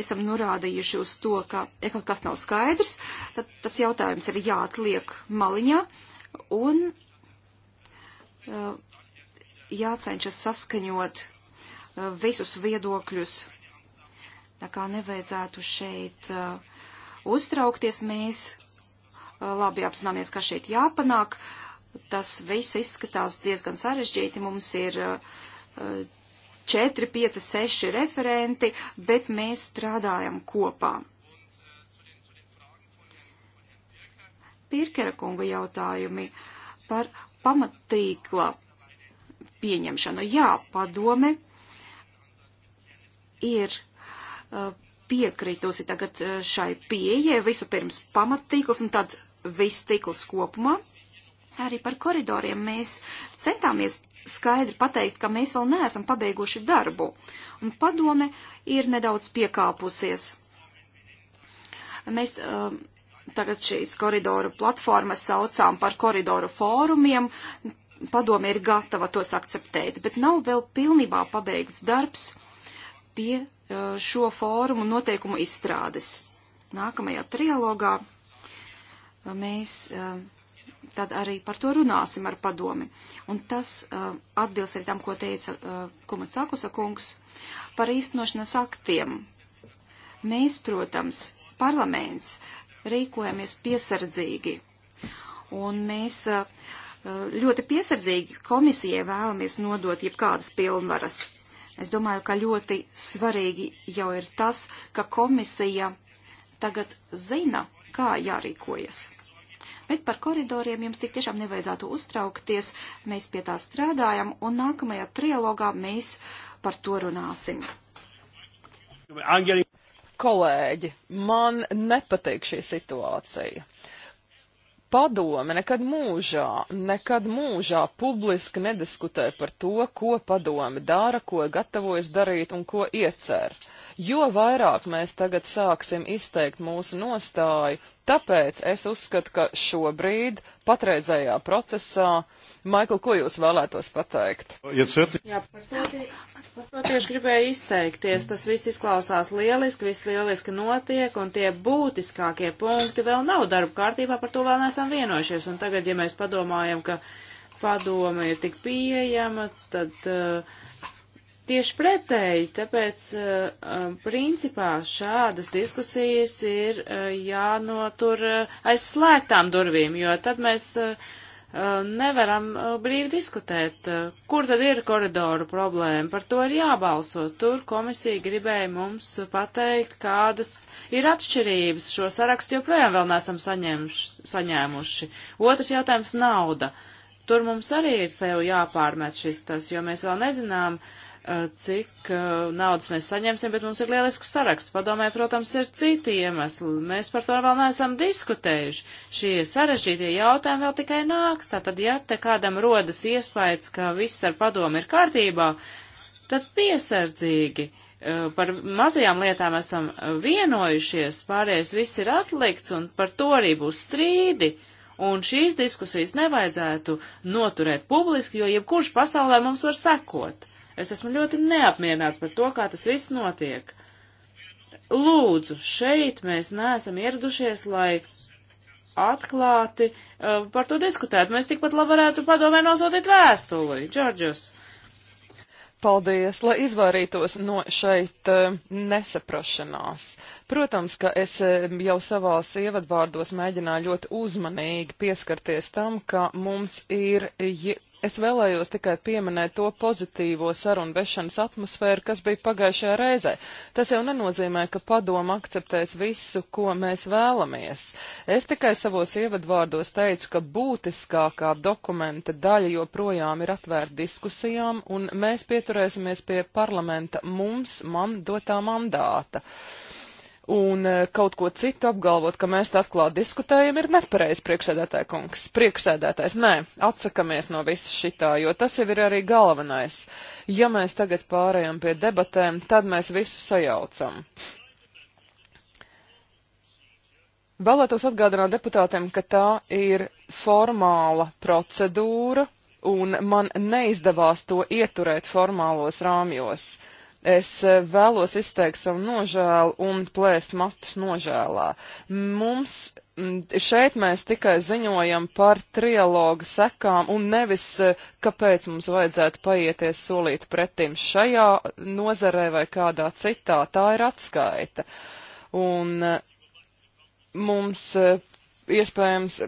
esam norādījuši uz to, ka, ja kaut kas nav skaidrs, tad tas jautājums ir jāatliek maliņā, un uh, jācenšas saskaņot uh, visus viedokļus. Tā kā nevajadzētu šeit uh, uztraukties, mēs uh, labi apzināmies, kas šeit jāpanāk. Tas viss izskatās diezgan sarežģīti. Mums ir uh, 4, 5, 6 referenti, bet mēs strādājam kopā. Pirkera kunga jautājumi par pamatīkla pieņemšanu. Jā, padome ir uh, piekritusi tagad uh, šai pieejai, visu pirms pamattīkls un tad viss tīkls kopumā. Arī par koridoriem mēs centāmies skaidri pateikt, ka mēs vēl neesam pabeiguši darbu, un padome ir nedaudz piekāpusies. Mēs uh, tagad šīs koridoru platformas saucām par koridoru fórumiem, padome ir gatava tos akceptēt, bet nav vēl pilnībā pabeigts darbs pie eh, šo fórumu noteikumu izstrādes. Nākamajā trialogā eh, mēs eh, tad arī par to runāsim ar padomi. Un tas atbilst arī tam, ko teica Kumacakusa kungs par īstenošanas aktiem. Mēs, protams, parlaments rīkojamies piesardzīgi. Un mēs uh, Eh, ļoti piesardzīgi komisijai vēlamies nodot jebkādas pilnvaras. Es domāju, ka ļoti svarīgi jau ir tas, ka komisija tagad zina, kā jārīkojas. Bet par koridoriem jums tik tiešām nevajadzētu uztraukties, mēs pie tā strādājam, un nākamajā trilogā mēs par to runāsim. Kolēģi, man nepatīk šī situācija padome nekad mūžā, nekad mūžā publiski nediskutē par to, ko padome dara, ko gatavojas darīt un ko iecer. Jo vairāk mēs tagad sāksim izteikt mūsu nostāju, tāpēc es uzskatu, ka šobrīd, patreizējā procesā, Maikl, ko jūs vēlētos pateikt? Jā, par to, Par nu, to tieši gribēju izteikties. Tas viss izklausās lieliski, viss lieliski notiek, un tie būtiskākie punkti vēl nav darba kārtībā, par to vēl neesam vienojušies. Un tagad, ja mēs padomājam, ka padome ir tik pieejama, tad uh, tieši pretēji, tāpēc uh, um, principā šādas diskusijas ir uh, jānotur uh, aiz slēgtām durvīm, jo tad mēs. Uh, Eh, nevaram eh, brīvi diskutēt, eh, kur tad ir koridoru problēma. Par to ir jābalso. Tur komisija gribēja mums pateikt, kādas ir atšķirības. Šo sarakstu joprojām vēl neesam saņemš, saņēmuši. Otrs jautājums - nauda. Tur mums arī ir sev jāpārmet šis tas, jo mēs vēl nezinām, uh, Eh, cik eh, naudas mēs saņemsim, bet mums ir lielisks saraksts. Padomē, protams, ir citi iemesli. Mēs par to vēl neesam diskutējuši. Šie sarežģītie jautājumi vēl tikai nāks. Tātad, ja te kādam rodas iespējas, ka viss ar padomu ir kārtībā, tad piesardzīgi. Eh, par mazajām lietām esam vienojušies, pārējais viss ir atlikts, un par to arī būs strīdi. Un šīs diskusijas nevajadzētu noturēt publiski, jo jebkurš pasaulē mums var sekot. Es esmu ļoti neapmierināts par to, kā tas viss notiek. Lūdzu, šeit mēs neesam ieradušies, lai atklāti uh, par to diskutētu. Mēs tikpat labi varētu padomē nosūtīt vēstuli, Džordžus. Paldies, lai izvairītos no šeit uh, nesaprašanās. Protams, ka es eh, jau savās ievadvārdos mēģināju ļoti uzmanīgi pieskarties tam, ka mums ir, es vēlējos tikai pieminēt to pozitīvo sarunu vešanas atmosfēru, kas bija pagājušajā reizē. Tas jau nenozīmē, ka padoma akceptēs visu, ko mēs vēlamies. Es tikai savos ievadvārdos teicu, ka būtiskākā dokumenta daļa joprojām ir atvērta diskusijām, un mēs pieturēsimies pie parlamenta mums, man dotā mandāta. Uh, un eh, kaut ko citu apgalvot, ka mēs atklāti diskutējam, ir nepareizi priekšsēdētāja kungs. Priekšsēdētājs, nē, atsakamies no visa šitā, jo tas jau ir arī galvenais. Ja mēs tagad pārējām pie debatēm, tad mēs visu sajaucam. Vēlētos atgādināt deputātiem, ka tā ir formāla procedūra, un man neizdevās to ieturēt formālos rāmjos. Uh, Es e, vēlos izteikt savu nožēlu un plēst matus nožēlā. Mums šeit mēs tikai ziņojam par trialoga sekām un nevis, e, kāpēc mums vajadzētu paieties solīt pretim šajā nozarē vai kādā citā. Tā ir atskaita. Un e, mums iespējams,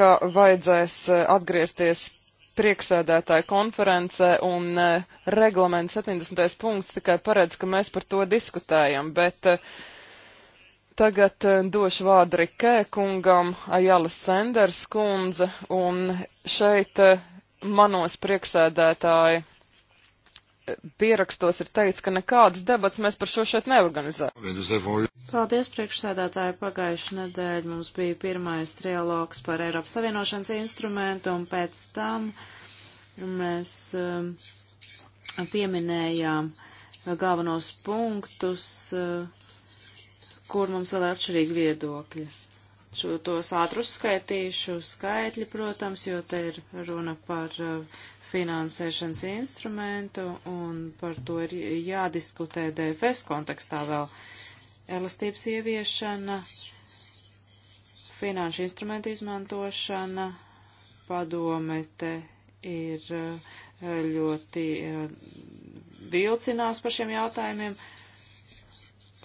ka vajadzēs atgriezties prieksēdētāju konferencē, un e, reglamenta 70. punkts tikai paredz, ka mēs par to diskutējam, bet e, tagad e, došu vārdu Rikē kungam, Ajala Senders kundze, un šeit manos prieksēdētāji pierakstos ir teikts, ka nekādas debats mēs par šo šeit neorganizējam. Paldies, priekšsēdētāji. Pagājuši nedēļ mums bija pirmais trialogs par Eiropas Savienošanas instrumentu, un pēc tam mēs um, pieminējām galvenos punktus, uh, kur mums vēl ir atšķirīgi viedokļi. Šo tos ātri uzskaitīšu, skaitļi, protams, jo te ir runa par uh, finansēšanas instrumentu, un par to ir jādiskutē DFS kontekstā vēl. Elastības ieviešana, finanšu instrumentu izmantošana, padome te ir eh, ļoti eh, vilcinās par šiem jautājumiem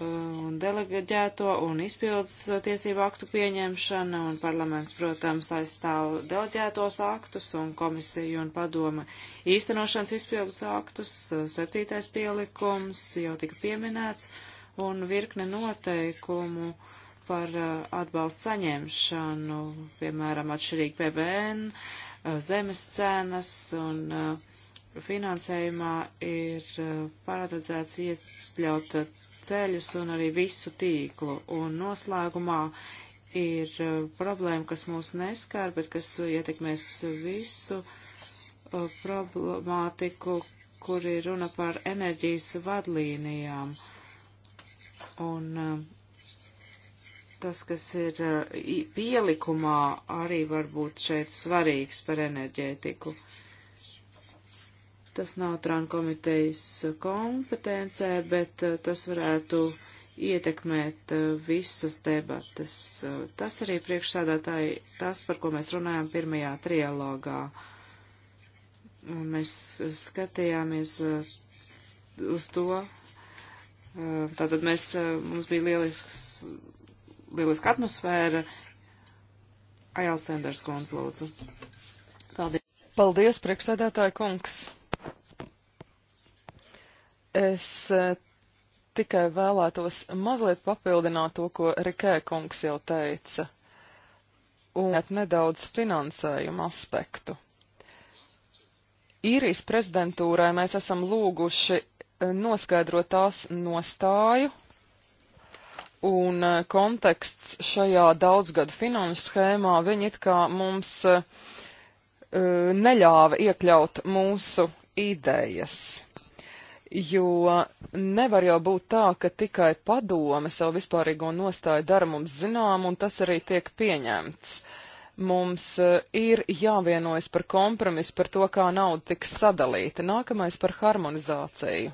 un deleģēto un izpildes uh, tiesību aktu pieņemšana, un parlaments, protams, aizstāv deleģētos aktus un komisiju un padome īstenošanas izpildes aktus. Uh, septītais pielikums jau tika pieminēts, un virkne noteikumu par uh, atbalstu saņemšanu, piemēram, atšķirīgi PBN, zemes cenas un finansējumā ir paredzēts iekļaut ceļus un arī visu tīklu. Un noslēgumā ir uh, problēma, kas mūs neskār, bet kas ietekmēs visu uh, problemātiku, kur ir runa par enerģijas vadlīnijām. Un uh, tas, kas ir pielikumā, arī var būt šeit svarīgs par enerģētiku. Uh, Tas nav Trānu komitejas kompetencē, bet uh, tas varētu ietekmēt uh, visas debatas. Uh, tas arī priekšsādātāji tas, par ko mēs runājām pirmajā trialogā. Un mēs skatījāmies uz to. Tātad mēs, mums bija lielisks, lieliska atmosfēra. Ajāls Sanders kundz lūdzu. Paldies. Paldies, priekšsēdētāja kungs. Es eh, tikai vēlētos mazliet papildināt to, ko Rikē kungs jau teica, un nedaudz finansējuma aspektu. Īrijas prezidentūrai mēs esam lūguši eh, noskaidrot tās nostāju, un eh, konteksts šajā daudzgadu finanšu schēmā viņi it kā mums uh, neļāva iekļaut mūsu idejas jo nevar jau būt tā, ka tikai padome savu vispārīgo nostāju dara mums zinām, un tas arī tiek pieņemts. Mums eh, ir jāvienojas par kompromisu par to, kā nauda tiks sadalīta. Nākamais par harmonizāciju.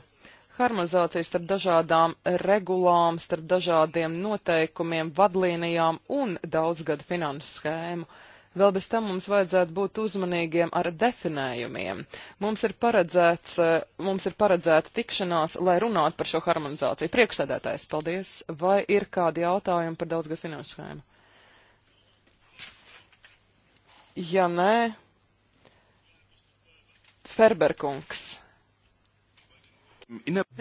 Harmonizācija starp dažādām regulām, starp dažādiem noteikumiem, vadlīnijām un daudzgada finanšu schēmu. Uh, Vēl bez tam mums vajadzētu būt uzmanīgiem ar definējumiem. Mums ir, paredzēts, eh, mums ir paredzēta tikšanās, lai runātu par šo harmonizāciju. Priekšsēdētājs, paldies. Vai ir kādi jautājumi par daudzgad finanšu schēmu? Ja nē, Ferberkungs.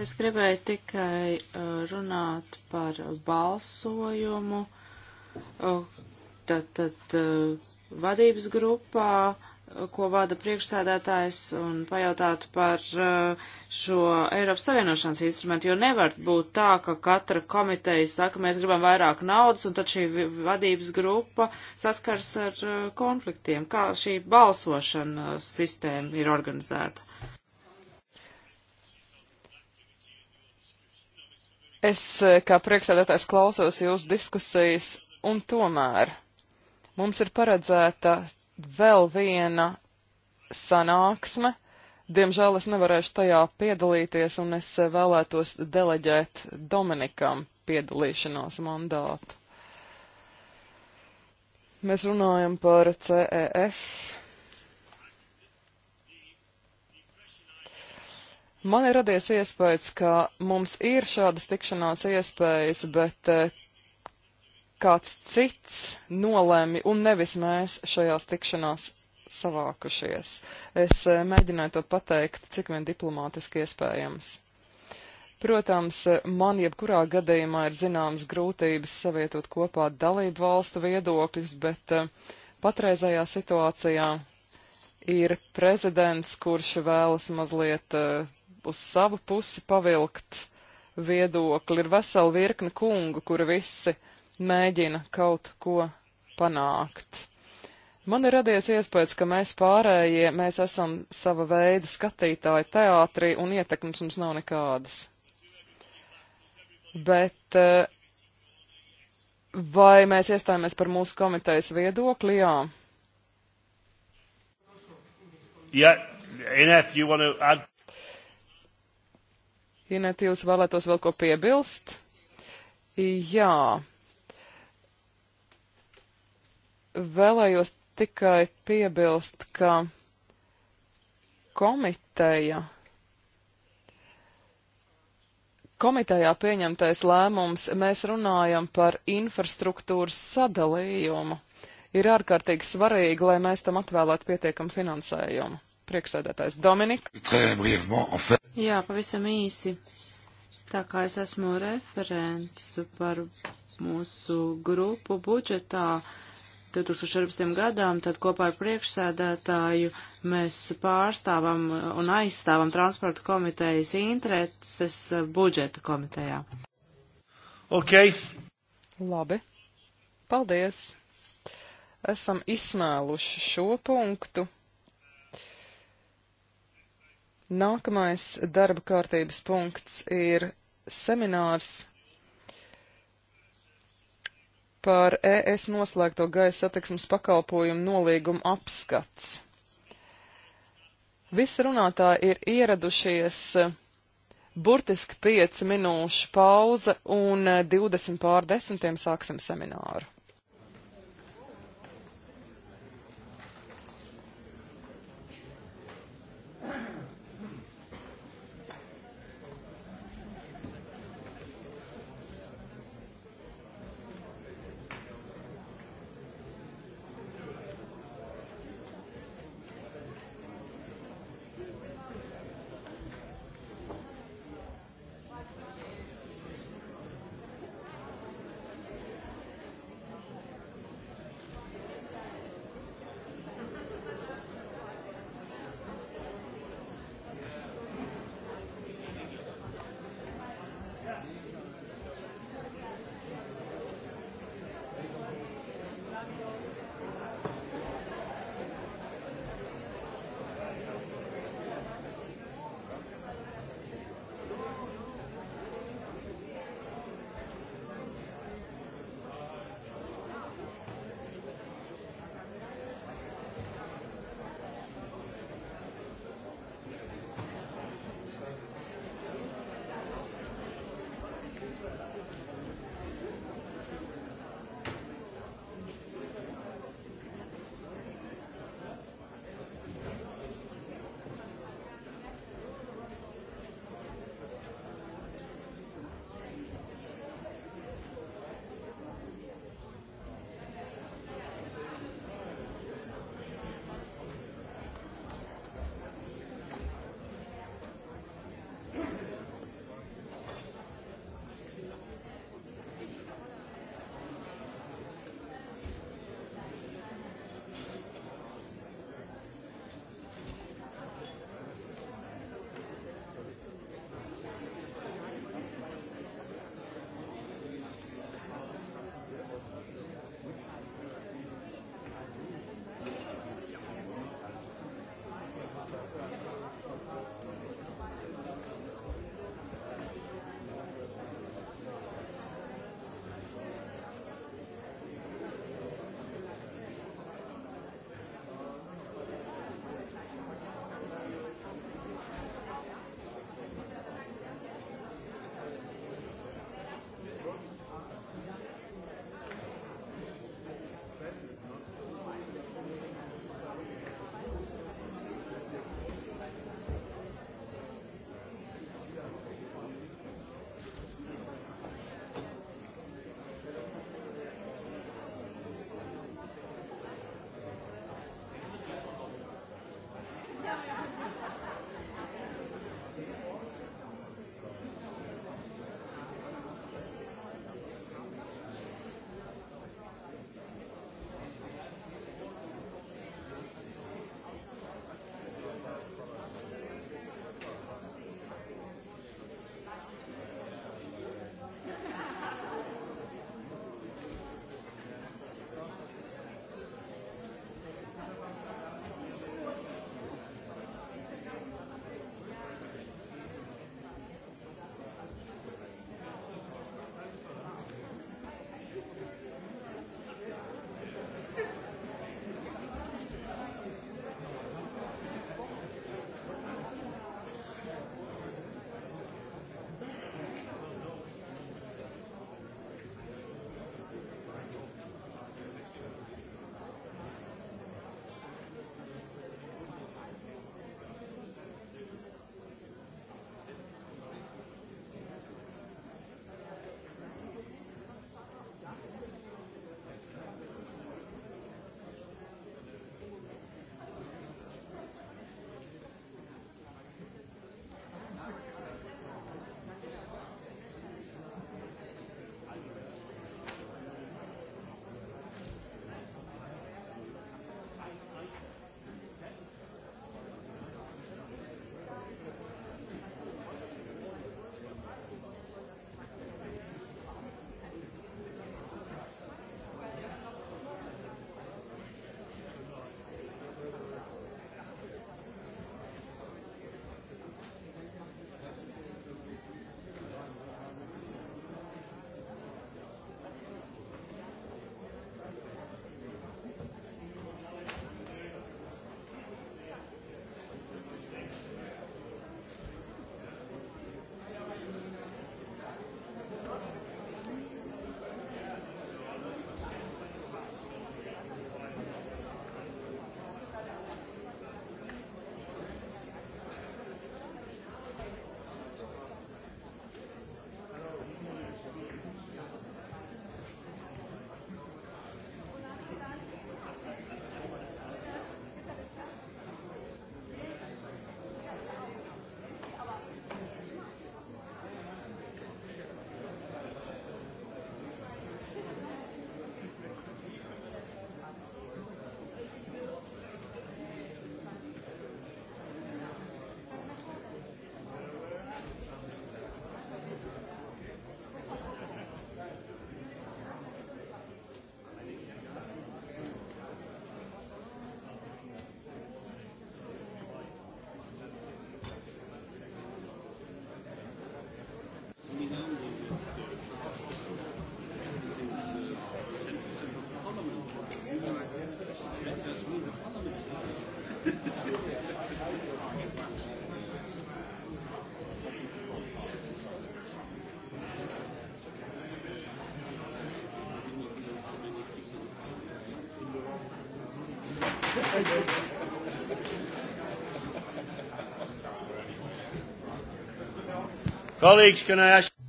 Es gribēju tikai eh, runāt par balsojumu. Tad, tad eh, vadības grupā, ko vada priekšsēdētājs, un pajautāt par uh, šo Eiropas Savienošanas instrumentu, jo nevar būt tā, ka katra komiteja saka, mēs gribam vairāk naudas, un tad šī vadības grupa saskars ar uh, konfliktiem. Kā šī balsošana sistēma ir organizēta? Es eh, kā priekšsēdētājs klausos jūsu diskusijas, un tomēr Mums ir paredzēta vēl viena sanāksme. Diemžēl es nevarēšu tajā piedalīties, un es eh, vēlētos deleģēt Dominikam piedalīšanās mandātu. Mēs runājam par CEF. Man ir radies iespējas, ka mums ir šādas tikšanās iespējas, bet eh, kāds cits nolēmi un nevis mēs šajās tikšanās savākušies. Es eh, mēģināju to pateikt, cik vien diplomātiski iespējams. Protams, man jebkurā gadījumā ir zināmas grūtības savietot kopā dalību valstu viedokļus, bet uh, eh, patreizajā situācijā ir prezidents, kurš vēlas mazliet uh, uz savu pusi pavilkt viedokli. Ir vesela virkne kungu, kuri visi uh, mēģina kaut ko panākt. Man ir radies iespējas, ka mēs pārējie, mēs esam sava veida skatītāji teātrī un ietekmes mums nav nekādas. Bet eh, vai mēs iestājāmies par mūsu komitejas viedokli? Jā. Yeah, Inet, you want to add? Inet, jūs vēlētos vēl ko piebilst? Jā. Vēlējos tikai piebilst, ka komiteja komitejā pieņemtais lēmums, mēs runājam par infrastruktūras sadalījumu. Ir ārkārtīgi svarīgi, lai mēs tam atvēlētu pietiekamu finansējumu. Prieksēdētājs Dominika. Jā, pavisam īsi. Tā kā es esmu referents par mūsu grupu budžetā, uh, 2014. gadam, tad kopā ar priekšsēdētāju mēs pārstāvam un aizstāvam transporta komitejas intereses budžeta komitejā. Ok. Labi. Paldies. Esam izsmēluši šo punktu. Nākamais darba kārtības punkts ir seminārs par ES noslēgto gaisa satiksmes pakalpojumu nolīgumu apskats. Visi runātāji ir ieradušies burtiski 5 minūšu pauze un 20 eh, pār desmitiem sāksim semināru.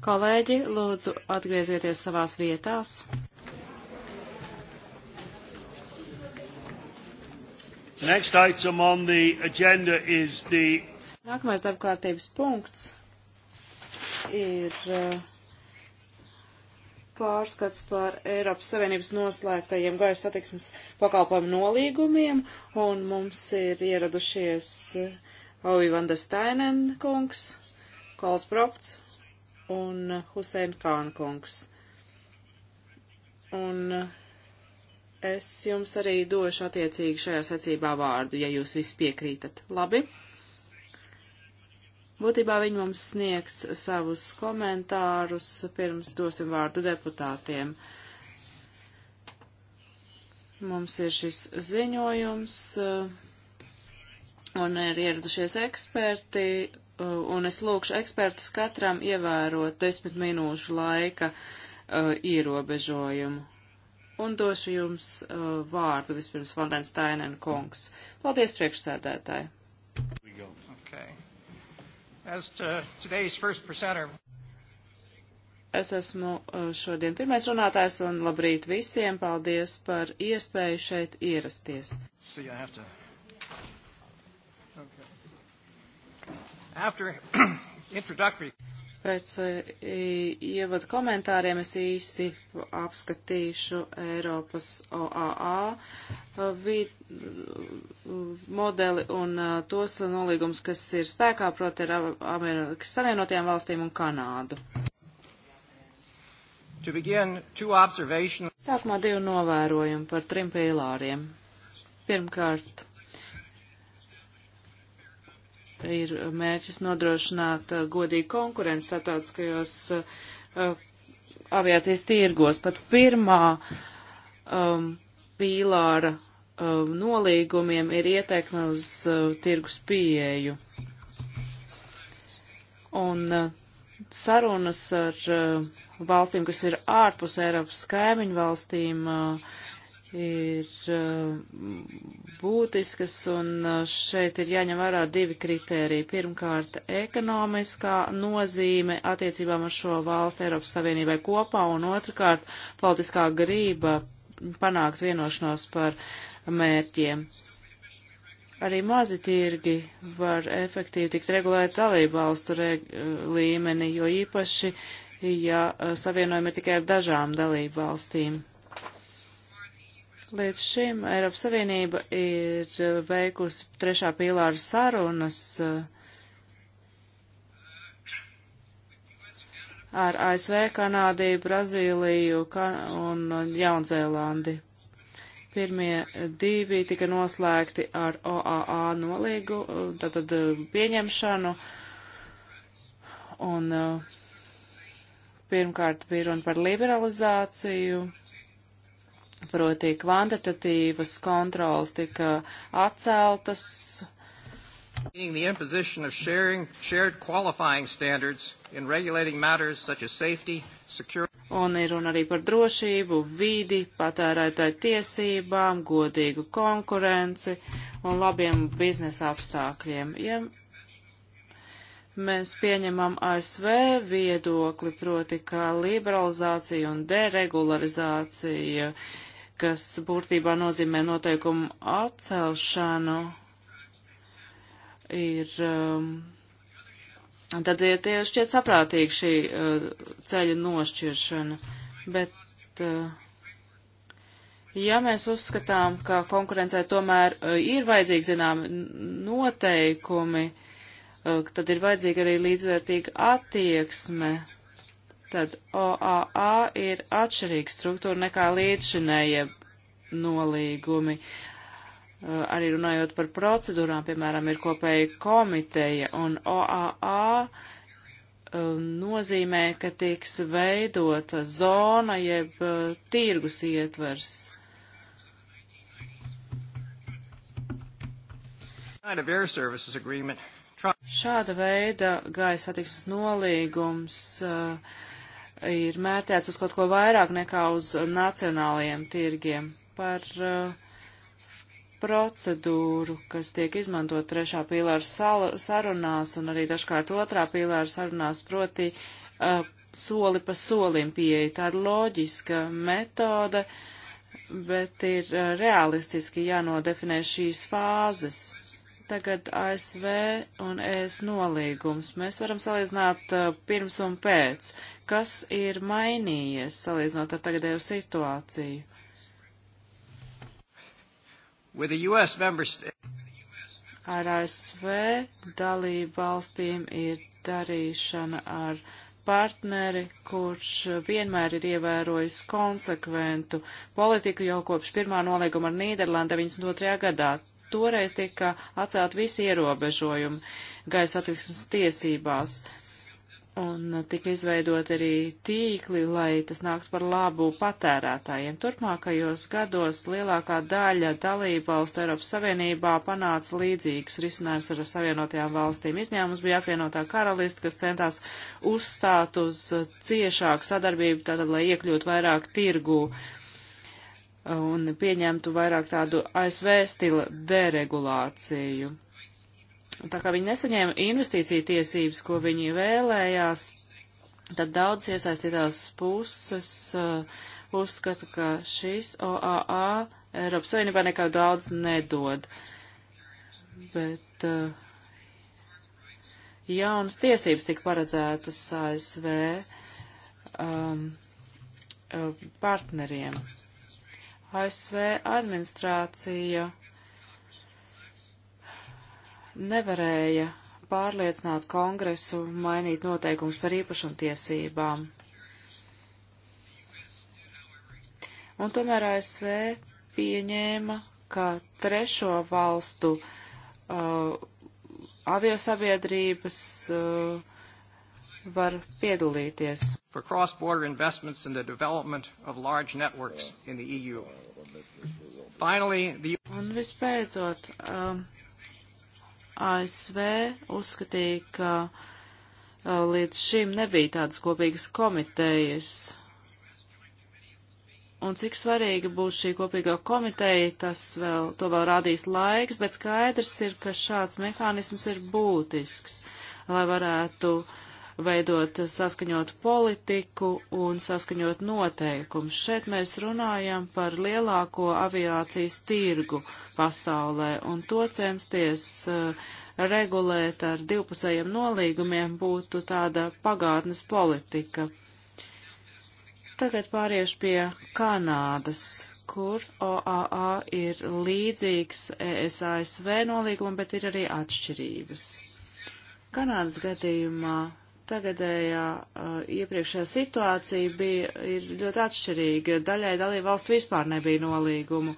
Kolēģi, lūdzu, atgriezieties savās vietās. Next item on the agenda is the Nākamais darbkārtības punkts ir uh, pārskats par Eiropas Savienības noslēgtajiem gaisa satiksmes pakalpojumu nolīgumiem, un mums ir ieradušies eh, Ovi Vandestainen kungs, Kols Propts un eh, Husein Kāna kungs. Un eh, es jums arī došu attiecīgi šajā secībā vārdu, ja jūs visi piekrītat. Labi? Būtībā viņi mums sniegs savus komentārus, pirms dosim vārdu deputātiem. Mums ir šis ziņojums, un ir ieradušies eksperti, un es lūkšu ekspertus katram ievērot desmit minūšu laika uh, ierobežojumu. Un došu jums uh, vārdu vispirms Vandens Tainen kungs. Paldies priekšsēdētāji. Okay. As to today's first presenter. Es esmu uh, šodien pirmais runātājs un labrīt visiem. Paldies par iespēju šeit ierasties. See, to... okay. After *clears throat* introductory. Pēc e, ievada komentāriem es īsi apskatīšu Eiropas OAA e, modeli un e, tos nolīgums, kas ir spēkā, proti, ar Amerikas Savienotajām valstīm un Kanādu. Begin, Sākumā divi novērojumi par trim pīlāriem. Pirmkārt, ir mērķis nodrošināt uh, godīgu konkurenci starptautiskajos uh, aviācijas tirgos. Pat pirmā um, pīlāra um, nolīgumiem ir ietekme uz uh, tirgus pieeju. Un uh, sarunas ar uh, valstīm, kas ir ārpus Eiropas kaimiņu valstīm, uh, ir eh, būtiskas, un eh, šeit ir jāņem vērā divi kritēriji. Pirmkārt, ekonomiskā nozīme attiecībām ar šo valstu Eiropas Savienībai kopā, un otrkārt, politiskā grība panākt vienošanos par mērķiem. Arī mazi tirgi var efektīvi tikt regulēti dalību valstu reg eh, līmeni, jo īpaši, ja savienojumi ir tikai ar dažām dalību valstīm. Līdz šim Eiropas Savienība ir eh, veikusi trešā pīlāra sarunas eh, ar ASV, Kanādiju, Brazīliju un Jaunzēlandi. Pirmie divi tika noslēgti ar OAA nolīgu, tātad eh, pieņemšanu, un pirmkārt bija runa par liberalizāciju proti kvantitatīvas kontrolas tika atceltas. The imposition of sharing, shared qualifying standards in regulating matters such as safety, security. Un ir runa arī par drošību, vidi, patērētāju tiesībām, godīgu konkurenci un labiem biznesa apstākļiem. Ja mēs pieņemam ASV viedokli, proti, ka liberalizācija un deregularizācija uh, kas būtībā nozīmē noteikumu atcelšanu, ir. Um, tad ir tie šķiet saprātīgi šī uh, ceļa nošķiršana. Bet, uh, ja mēs uzskatām, ka konkurencē tomēr uh, ir vajadzīgi zinām noteikumi, uh, tad ir vajadzīga arī līdzvērtīga attieksme tad OAA ir atšķirīga struktūra nekā līdzšinējie nolīgumi. Uh, arī runājot par procedūrām, piemēram, ir kopēja komiteja, un OAA uh, nozīmē, ka tiks veidota zona jeb uh, tirgus ietvers. Šāda veida gaisa attīstības nolīgums uh, ir mērķēts uz kaut ko vairāk nekā uz nacionālajiem tirgiem par uh, procedūru, kas tiek izmantot trešā pīlāra sarunās un arī dažkārt otrā pīlāra sarunās, proti uh, soli pa solim pieeja. Tā ir loģiska metode, bet ir uh, realistiski jānodefinē šīs fāzes tagad ASV un ES nolīgums. Mēs varam salīdzināt uh, pirms un pēc kas ir mainījies salīdzinot ar tagadējo situāciju. Ar ASV dalību valstīm ir darīšana ar partneri, kurš vienmēr ir ievērojis konsekventu politiku jau kopš pirmā nolīguma ar Nīderlandi 92. gadā. Toreiz tika atcelt visi ierobežojumi gaisa attīstības tiesībās. Uh, un tika izveidot arī tīkli, lai tas nāktu par labu patērētājiem. Turpmākajos gados lielākā daļa dalībvalstu Eiropas Savienībā panāca līdzīgus risinājumus ar Savienotajām valstīm. Izņēmums bija apvienotā karalista, kas centās uzstāt uz ciešāku sadarbību, tātad, lai iekļūtu vairāk tirgū un pieņemtu vairāk tādu ASV stila deregulāciju tā kā viņi nesaņēma investīciju tiesības, ko viņi vēlējās, tad daudz iesaistītās puses uh, uzskata, ka šīs OAA Eiropas Savienībā nekā daudz nedod. Bet uh, jaunas tiesības tika paredzētas ASV um, uh, partneriem. ASV administrācija nevarēja pārliecināt kongresu mainīt noteikums par īpašumtiesībām. Un tomēr ASV pieņēma, ka trešo valstu uh, aviosabiedrības uh, var piedalīties. For cross-border investments in the development of large networks in the EU. Finally, the... Un vispēcot, um, ASV uzskatīja, ka uh, līdz šim nebija tādas kopīgas komitejas. Un cik svarīga būs šī kopīgā komiteja, tas vēl, to vēl rādīs laiks, bet skaidrs ir, ka šāds mehānisms ir būtisks, lai varētu uh, veidot saskaņot politiku un saskaņot noteikumus. Šeit mēs runājam par lielāko aviācijas tirgu pasaulē, un to censties uh, regulēt ar divpusējiem nolīgumiem būtu tāda pagātnes politika. Tagad pāriešu pie Kanādas kur OAA ir līdzīgs ESASV nolīgumam, bet ir arī atšķirības. Kanādas gadījumā tagadējā uh, iepriekšējā situācija bija, ir ļoti atšķirīga. Daļai dalībvalstu vispār nebija nolīgumu.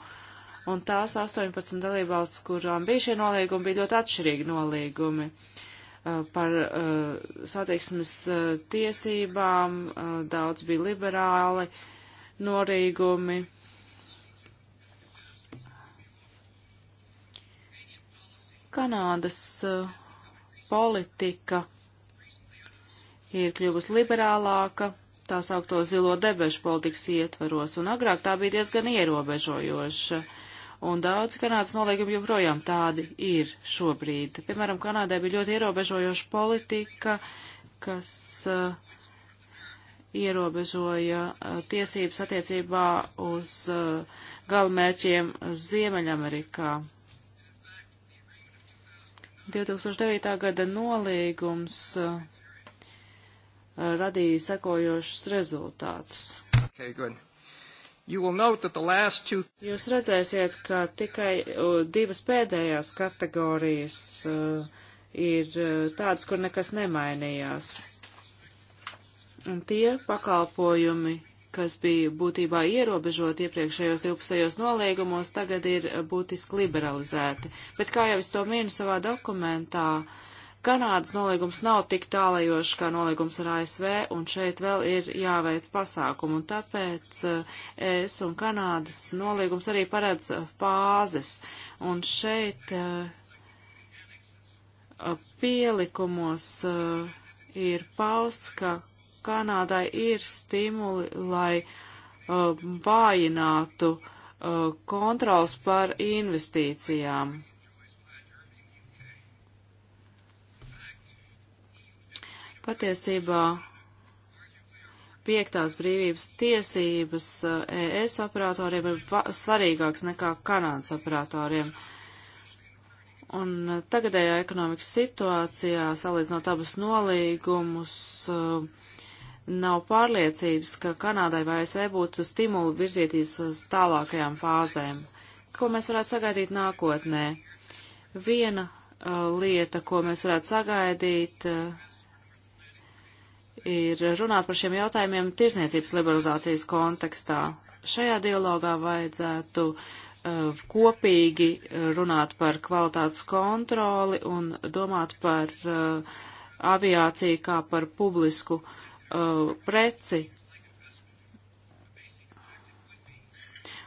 Un tās 18 dalībvalsts, kurām bija šie nolīgumi, bija ļoti atšķirīgi nolīgumi uh, par uh, satiksmes tiesībām, daudz bija liberāli norīgumi. Kanādas politika ir kļuvusi liberālāka, tā saukto zilo debešu politikas ietvaros, un agrāk tā bija diezgan ierobežojoša. Un daudz Kanādas noliegumi joprojām tādi ir šobrīd. Piemēram, Kanādai bija ļoti ierobežojoša politika, kas uh, ierobežoja uh, tiesības attiecībā uz uh, galvenmērķiem Ziemeļamerikā. 2009. gada nolīgums uh, Eh, radīja sekojošus rezultātus. Okay, good. Two... Jūs redzēsiet, ka tikai divas pēdējās kategorijas uh, ir tādas, kur nekas nemainījās. Un tie pakalpojumi, kas bija būtībā ierobežot iepriekšējos 12. nolīgumos, tagad ir būtiski liberalizēti. Bet, kā jau es to minu savā dokumentā, uh, Kanādas nolīgums nav tik tālajošs kā nolīgums ar ASV, un šeit vēl ir jāveic pasākumu, un tāpēc eh, es un Kanādas nolīgums arī paredz pāzes, eh, un šeit eh, pielikumos ir pausts, ka Kanādai ir stimuli, lai vājinātu kontrols par investīcijām Patiesībā piektās brīvības tiesības ES eh, e operatoriem ir svarīgāks nekā Kanādas operatoriem. Un eh, tagadējā ekonomikas situācijā, salīdzinot abus nolīgumus, eh, nav pārliecības, ka Kanādai vai ASV būtu stimuli virzieties uz tālākajām fāzēm. Ko mēs varētu sagaidīt nākotnē? Viena lieta, ko mēs varētu sagaidīt, uh, ir runāt par šiem jautājumiem tirsniecības liberalizācijas kontekstā. Šajā dialogā vajadzētu uh, kopīgi runāt par kvalitātes kontroli un domāt par uh, aviāciju kā par publisku uh, preci.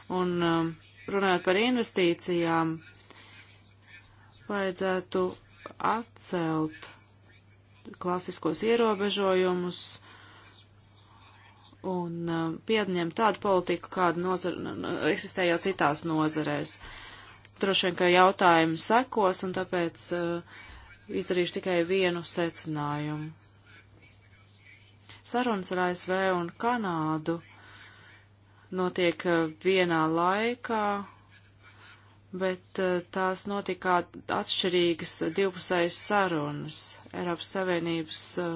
Un runājot par investīcijām, vajadzētu atcelt klasiskos ierobežojumus un e, pieņem tādu politiku, kāda nozar, eksistē jau citās nozarēs. Droši vien, ka jautājumi sekos, un tāpēc uh, izdarīšu tikai vienu secinājumu. Sarunas ar ASV un Kanādu notiek e, vienā laikā, bet eh, tās notika atšķirīgas divpusējas sarunas. Eiropas Savienības eh,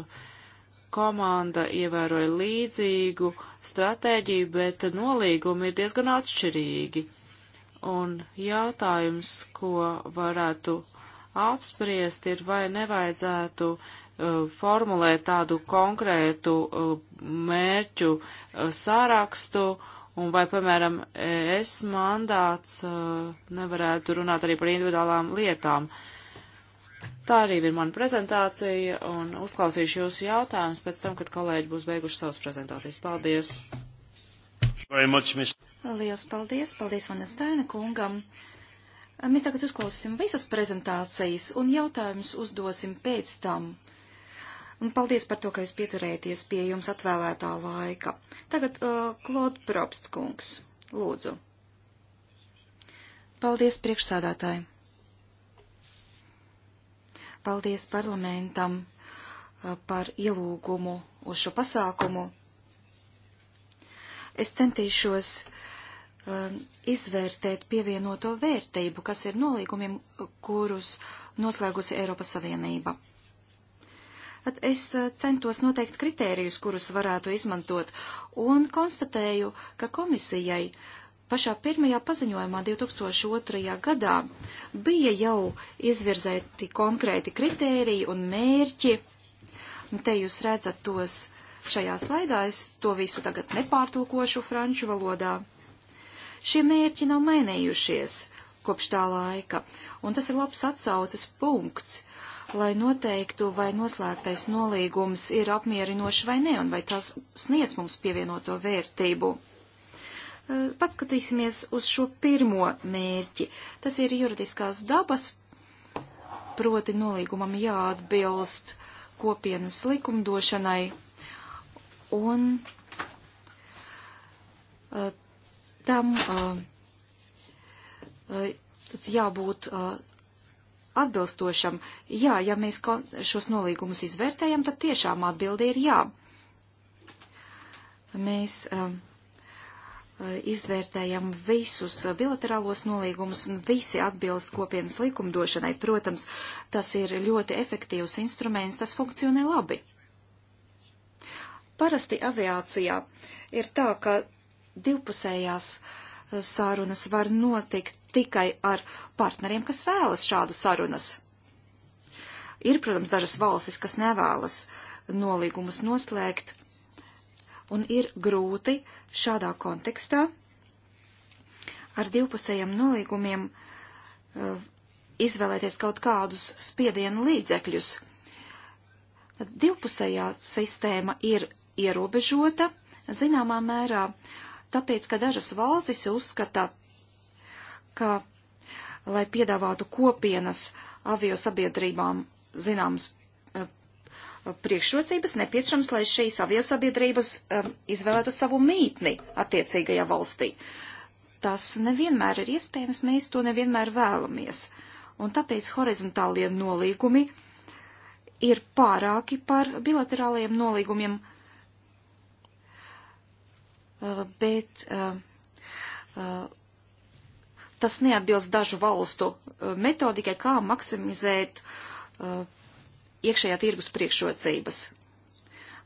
komanda ievēroja līdzīgu stratēģiju, bet nolīgumi ir diezgan atšķirīgi. Un jautājums, ko varētu apspriest, ir vai nevajadzētu eh, formulēt tādu konkrētu mērķu sārakstu Un vai, piemēram, es mandāts eh, nevarētu runāt arī par individuālām lietām? Tā arī ir mana prezentācija, un uzklausīšu jūsu jautājumus pēc tam, kad kolēģi būs beiguši savas prezentācijas. Paldies! Much, miss... Lielas paldies! Paldies Vanestaina kungam! Mēs tagad uzklausīsim visas prezentācijas un jautājumus uzdosim pēc tam. Un paldies par to, ka jūs pieturēties pie jums atvēlētā laika. Tagad uh, Klod Probst kungs, lūdzu. Paldies priekšsādātāji. Paldies parlamentam uh, par ielūgumu uz šo pasākumu. Es centīšos uh, izvērtēt pievienoto vērtību, kas ir nolīgumiem, kurus noslēgusi Eiropas Savienība. At es eh, centos noteikt kritērijus, kurus varētu izmantot, un konstatēju, ka komisijai pašā pirmajā paziņojumā 2002. gadā bija jau izvirzēti konkrēti kritēriji un mērķi. Un te jūs redzat tos šajā slaidā, es to visu tagad nepārtulkošu franču valodā. Šie mērķi nav mainījušies kopš tā laika, un tas ir labs atsaucas punkts lai noteiktu, vai noslēgtais nolīgums ir apmierinošs vai ne, un vai tas sniedz mums pievienoto vērtību. Patskatīsimies uz šo pirmo mērķi. Tas ir juridiskās dabas, proti nolīgumam jāatbilst kopienas likumdošanai, un tam jābūt atbilstošam. Jā, ja mēs šos nolīgumus izvērtējam, tad tiešām atbildi ir jā. Mēs um, izvērtējam visus bilaterālos nolīgumus un visi atbilst kopienas likumdošanai. Protams, tas ir ļoti efektīvs instruments, tas funkcionē labi. Parasti aviācijā ir tā, ka divpusējās uh, sārunas var notikt tikai ar partneriem, kas vēlas šādu sarunas. Ir, protams, dažas valstis, kas nevēlas nolīgumus noslēgt, un ir grūti šādā kontekstā ar divpusējiem nolīgumiem uh, izvēlēties kaut kādus spiedienu līdzekļus. Tad divpusējā sistēma ir ierobežota zināmā mērā, tāpēc, ka dažas valstis uzskata ka, lai piedāvātu kopienas avio sabiedrībām zināmas eh, priekšrocības nepieciešams, lai šīs aviosabiedrības um, izvēlētu savu mītni attiecīgajā valstī. Tas nevienmēr ir iespējams, mēs to nevienmēr vēlamies. Un tāpēc horizontālie nolīgumi ir pārāki par bilaterālajiem nolīgumiem. Uh, bet uh, uh, tas neatbilst dažu valstu uh, metodikai, kā maksimizēt uh, iekšējā tirgus priekšrocības.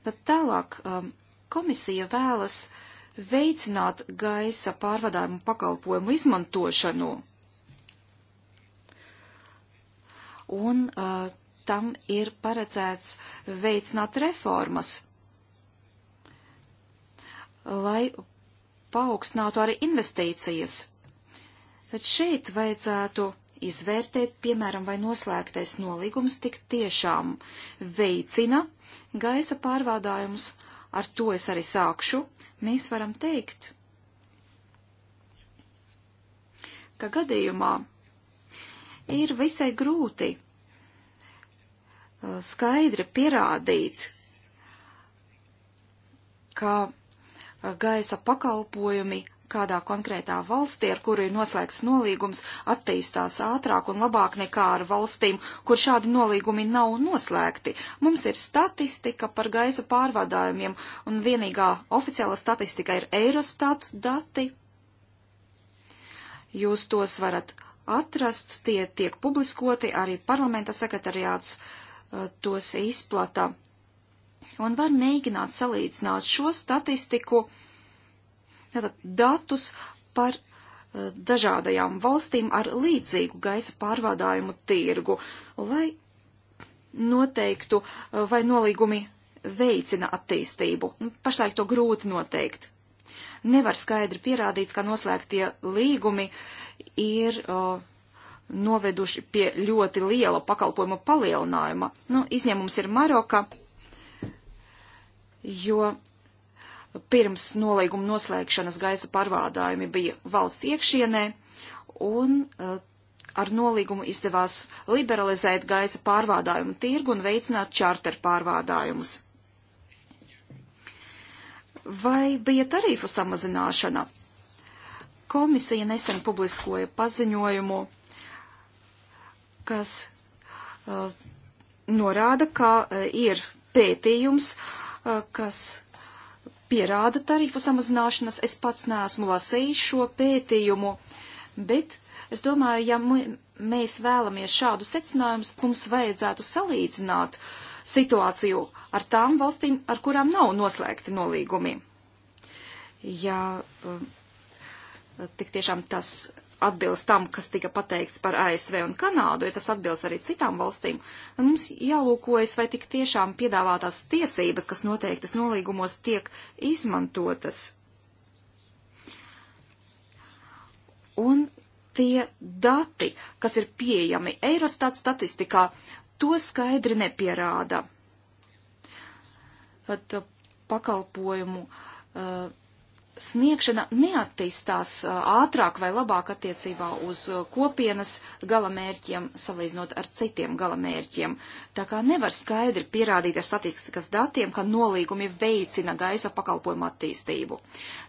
Tad tālāk um, komisija vēlas veicināt gaisa pārvadājumu pakalpojumu izmantošanu. Un uh, tam ir paredzēts veicināt reformas, lai paaugstinātu arī investīcijas Tad šeit vajadzētu izvērtēt, piemēram, vai noslēgtais nolīgums tik tiešām veicina gaisa pārvādājumus. Ar to es arī sākšu. Mēs varam teikt, ka gadījumā ir visai grūti uh, skaidri pierādīt, ka uh, gaisa pakalpojumi kādā konkrētā valstī, ar kuru ir noslēgts nolīgums, attīstās ātrāk un labāk nekā ar valstīm, kur šādi nolīgumi nav noslēgti. Mums ir statistika par gaisa pārvadājumiem, un vienīgā oficiāla statistika ir Eirostat dati. Jūs tos varat atrast, tie tiek publiskoti, arī parlamenta sekretariāts uh, tos izplata. Un var mēģināt salīdzināt šo statistiku tātad datus par eh, dažādajām valstīm ar līdzīgu gaisa pārvadājumu tirgu, lai noteiktu, eh, vai nolīgumi veicina attīstību. Nu, pašlaik to grūti noteikt. Nevar skaidri pierādīt, ka noslēgtie līgumi ir uh, noveduši pie ļoti liela pakalpojuma palielinājuma. Nu, izņēmums ir Maroka, jo pirms nolīguma noslēgšanas gaisa pārvādājumi bija valsts iekšienē, un eh, ar nolīgumu izdevās liberalizēt gaisa pārvādājumu tirgu un veicināt čārter pārvādājumus. Vai bija tarifu samazināšana? Komisija nesen publiskoja paziņojumu, kas uh, norāda, ka uh, ir pētījums, uh, kas pierāda tarifu samazināšanas. Es pats neesmu lasījis šo pētījumu, bet es domāju, ja mēs vēlamies šādu secinājumus, tad mums vajadzētu salīdzināt situāciju ar tām valstīm, ar kurām nav noslēgti nolīgumi. Ja um, tik tiešām tas atbilst tam, kas tika pateikts par ASV un Kanādu, ja tas atbilst arī citām valstīm, mums jālūkojas, vai tik tiešām piedāvātās tiesības, kas noteiktas nolīgumos, tiek izmantotas. Un tie dati, kas ir pieejami Eirostat statistikā, to skaidri nepierāda. Pat uh, pakalpojumu uh, sniegšana neattīstās ātrāk vai labāk attiecībā uz kopienas galamērķiem, salīdzinot ar citiem galamērķiem. Tā kā nevar skaidri pierādīt ar statistikas datiem, ka nolīgumi veicina gaisa pakalpojumu attīstību.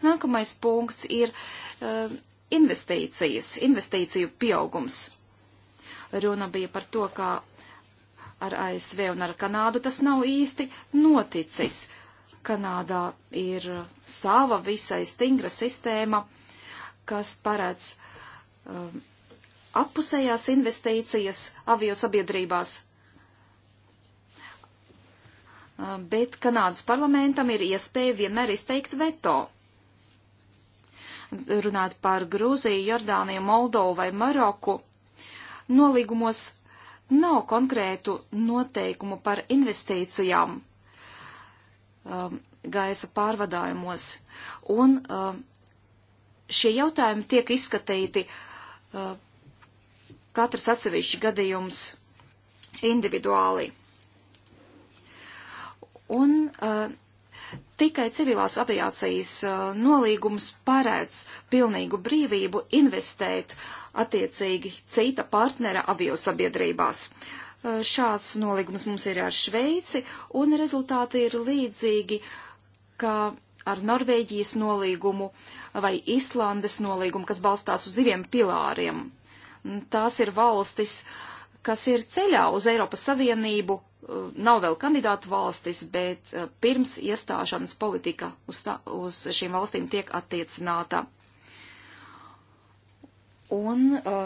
Nākamais punkts ir uh, investīcijas, investīciju pieaugums. Runa bija par to, ka ar ASV un ar Kanādu tas nav īsti noticis. Uh, Kanādā ir sava visai stingra sistēma, kas paredz um, apusējās investīcijas avio sabiedrībās. Um, bet Kanādas parlamentam ir iespēja vienmēr izteikt veto. Runāt par Grūziju, Jordāniju, Moldovu vai Maroku. Nolīgumos nav konkrētu noteikumu par investīcijām um, gaisa pārvadājumos. Un um, šie jautājumi tiek izskatīti uh, katrs atsevišķi gadījums individuāli. Un uh, tikai civilās aviācijas uh, nolīgums paredz pilnīgu brīvību investēt attiecīgi cita partnera aviosabiedrībās. Uh, Eh, šāds nolīgums mums ir ar Šveici, un rezultāti ir līdzīgi, kā ar Norvēģijas nolīgumu vai Islandes nolīgumu, kas balstās uz diviem pilāriem. Mm, tās ir valstis, kas ir ceļā uz Eiropas Savienību, eh, nav vēl kandidātu valstis, bet eh, pirms iestāšanas politika uz, tā, uz šīm valstīm tiek attiecināta. Un uh,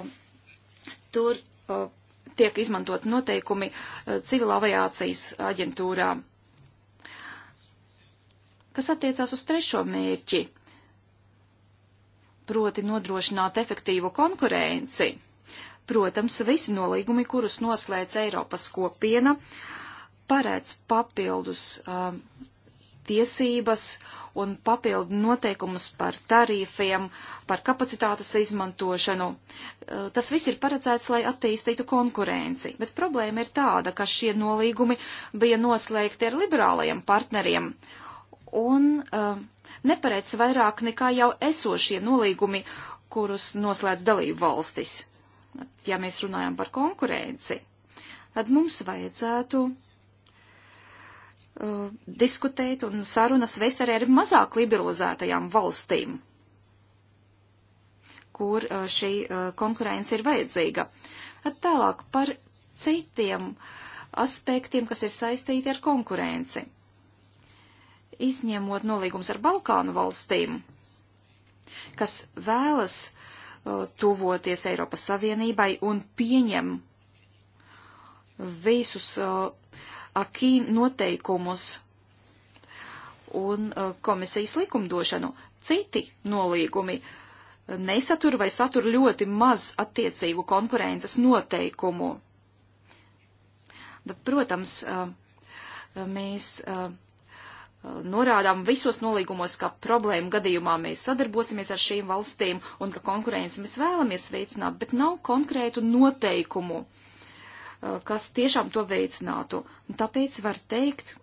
tur uh, tiek izmantot noteikumi eh, civilā aviācijas aģentūrā. Kas attiecās uz trešo mērķi, proti nodrošināt efektīvu konkurenci. Protams, visi nolīgumi, kurus noslēdz Eiropas kopiena, paredz papildus um, tiesības uh, un papildu noteikumus par tarīfiem, par kapacitātes izmantošanu. E, tas viss ir paredzēts, lai attīstītu konkurenci, bet problēma ir tāda, ka šie nolīgumi bija noslēgti ar liberālajiem partneriem un uh, e, nepareic vairāk nekā jau esošie nolīgumi, kurus noslēdz dalību valstis. Ja mēs runājam par konkurenci, tad mums vajadzētu uh, uh, diskutēt un sarunas vest arī ar mazāk liberalizētajām valstīm, kur uh, šī uh, konkurence ir vajadzīga. At tālāk par citiem aspektiem, kas ir saistīti ar konkurenci. Izņemot nolīgums ar Balkānu valstīm, kas vēlas uh, tuvoties Eiropas Savienībai un pieņem visus uh, akī noteikumus un uh, komisijas likumdošanu. Citi nolīgumi nesatur vai satur ļoti maz attiecīgu konkurences noteikumu. Bet, protams, uh, mēs uh, norādām visos nolīgumos, ka problēmu gadījumā mēs sadarbosimies ar šīm valstīm un ka konkurenci mēs vēlamies veicināt, bet nav konkrētu noteikumu, kas tiešām to veicinātu. Un tāpēc var teikt,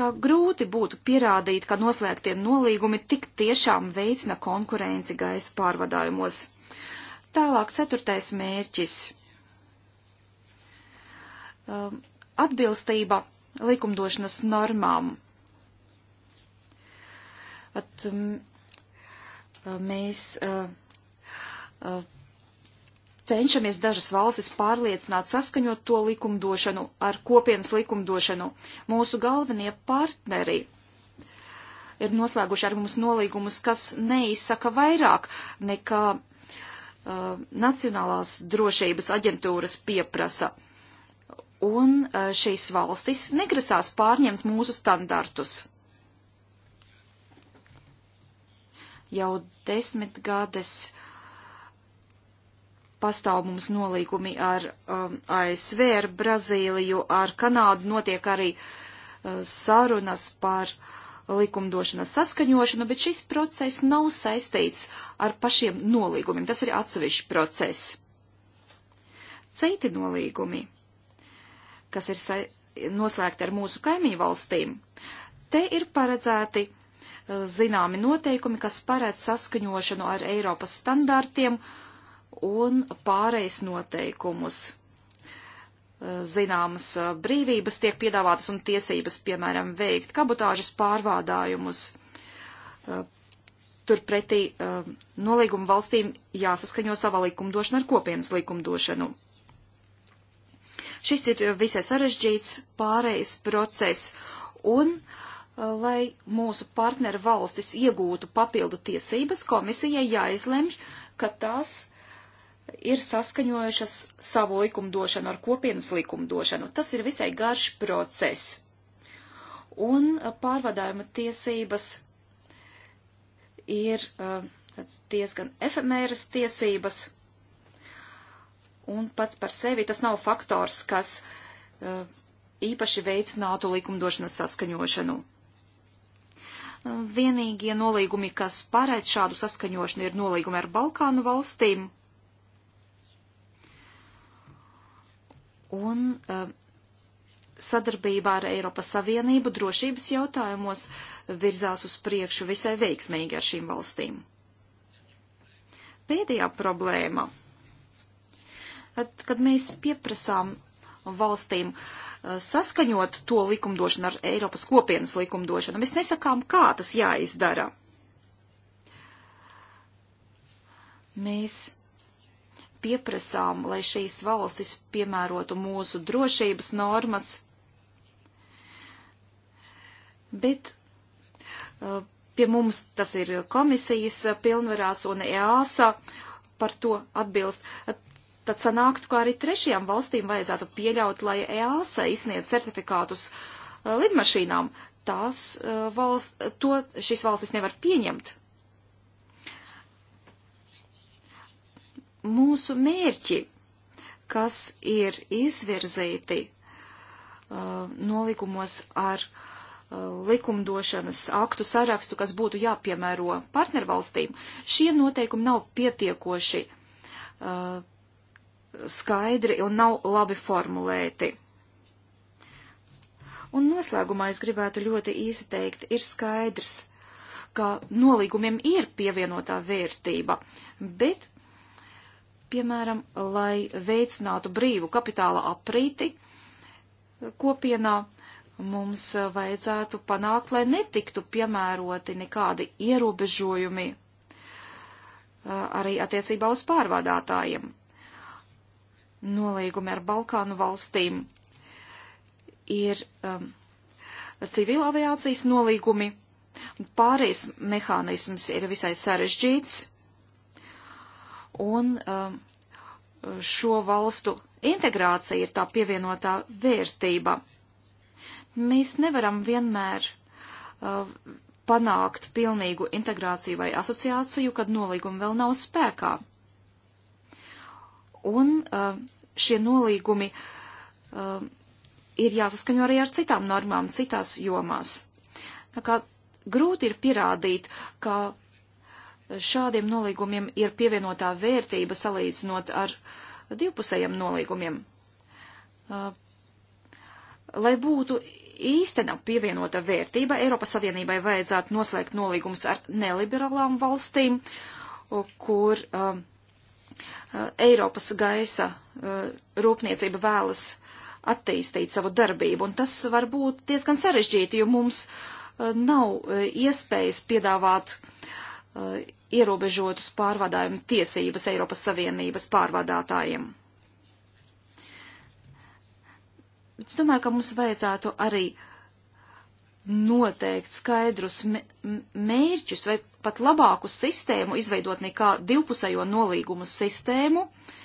ka grūti būtu pierādīt, ka noslēgtie nolīgumi tik tiešām veicina konkurenci gaisa pārvadājumos. Tālāk ceturtais mērķis. Um, atbilstība likumdošanas normām. At, mm, mēs uh, uh, cenšamies dažas valstis pārliecināt saskaņot to likumdošanu ar kopienas likumdošanu. Mūsu galvenie partneri ir noslēguši ar mums nolīgumus, kas neizsaka vairāk nekā uh, Nacionālās drošības aģentūras pieprasa. Un uh, šīs valstis negrasās pārņemt mūsu standartus. Jau desmit gades uh, pastāv mums nolīgumi ar um, ASV, ar Brazīliju, ar Kanādu, notiek arī uh, sarunas par likumdošanas saskaņošanu, bet šis process nav saistīts ar pašiem nolīgumiem. Tas ir atsevišķs process. Citi nolīgumi, kas ir noslēgti ar mūsu kaimiņu valstīm, te ir paredzēti uh, zināmi noteikumi, kas paredz saskaņošanu ar Eiropas standārtiem, uh, un pārejas noteikumus. Eh, zināmas eh, brīvības tiek piedāvātas un tiesības, piemēram, veikt kabotāžas pārvādājumus. Eh, turpretī nolīguma valstīm jāsaskaņo sava likumdošana ar kopienas likumdošanu. Šis ir visai sarežģīts pārejas process un uh, lai mūsu partneru valstis iegūtu papildu tiesības, komisijai jāizlemj, ka tās ir saskaņojušas savu likumdošanu ar kopienas likumdošanu. Tas ir visai garš process. Un uh, pārvadājuma tiesības ir uh, tāds, diezgan efemēras tiesības, un pats par sevi tas nav faktors, kas uh, īpaši veicinātu likumdošanas saskaņošanu. Vienīgie nolīgumi, kas paredz šādu saskaņošanu, ir nolīgumi ar Balkānu valstīm un eh, sadarbībā ar Eiropas Savienību drošības jautājumos virzās uz priekšu visai veiksmīgi ar šīm valstīm. Pēdējā problēma. At, kad mēs pieprasām valstīm eh, saskaņot to likumdošanu ar Eiropas kopienas likumdošanu, mēs nesakām, kā tas jāizdara. Mēs pieprasām, lai šīs valstis piemērotu mūsu drošības normas, bet uh, pie mums tas ir komisijas pilnvarās un EASA par to atbilst. Tad sanāktu, ka arī trešajām valstīm vajadzētu pieļaut, lai EASA izsniedz certifikātus uh, lidmašīnām. Tās uh, valsts, to šīs valstis nevar pieņemt, mūsu mērķi, kas ir izvirzīti uh, nolikumos ar uh, likumdošanas aktu sarakstu, kas būtu jāpiemēro partnervalstīm, šie noteikumi nav pietiekoši uh, skaidri un nav labi formulēti. Un noslēgumā es gribētu ļoti īsi teikt, ir skaidrs, ka nolīgumiem ir pievienotā vērtība, bet piemēram, lai veicinātu brīvu kapitāla aprīti kopienā, mums vajadzētu panākt, lai netiktu piemēroti nekādi ierobežojumi arī attiecībā uz pārvadātājiem. Nolīgumi ar Balkānu valstīm ir um, civilā aviācijas nolīgumi. Pārējais mehānisms ir visai sarežģīts un um, šo valstu integrācija ir tā pievienotā vērtība. Mēs nevaram vienmēr uh, panākt pilnīgu integrāciju vai asociāciju, kad nolīgumi vēl nav spēkā. Un uh, šie nolīgumi uh, ir jāsaskaņo arī ar citām normām, citās jomās. Tā kā grūti ir pierādīt, ka Šādiem nolīgumiem ir pievienotā vērtība salīdzinot ar divpusējiem nolīgumiem. Lai būtu īstena pievienota vērtība, Eiropas Savienībai vajadzētu noslēgt nolīgums ar neliberālām valstīm, kur uh, Eiropas gaisa uh, rūpniecība vēlas attīstīt savu darbību, un tas var būt diezgan sarežģīti, jo mums uh, nav iespējas piedāvāt ierobežotus pārvadājumu tiesības Eiropas Savienības pārvadātājiem. Es domāju, ka mums vajadzētu arī noteikt skaidrus mērķus vai pat labāku sistēmu izveidot nekā divpusējo nolīgumu sistēmu, uh,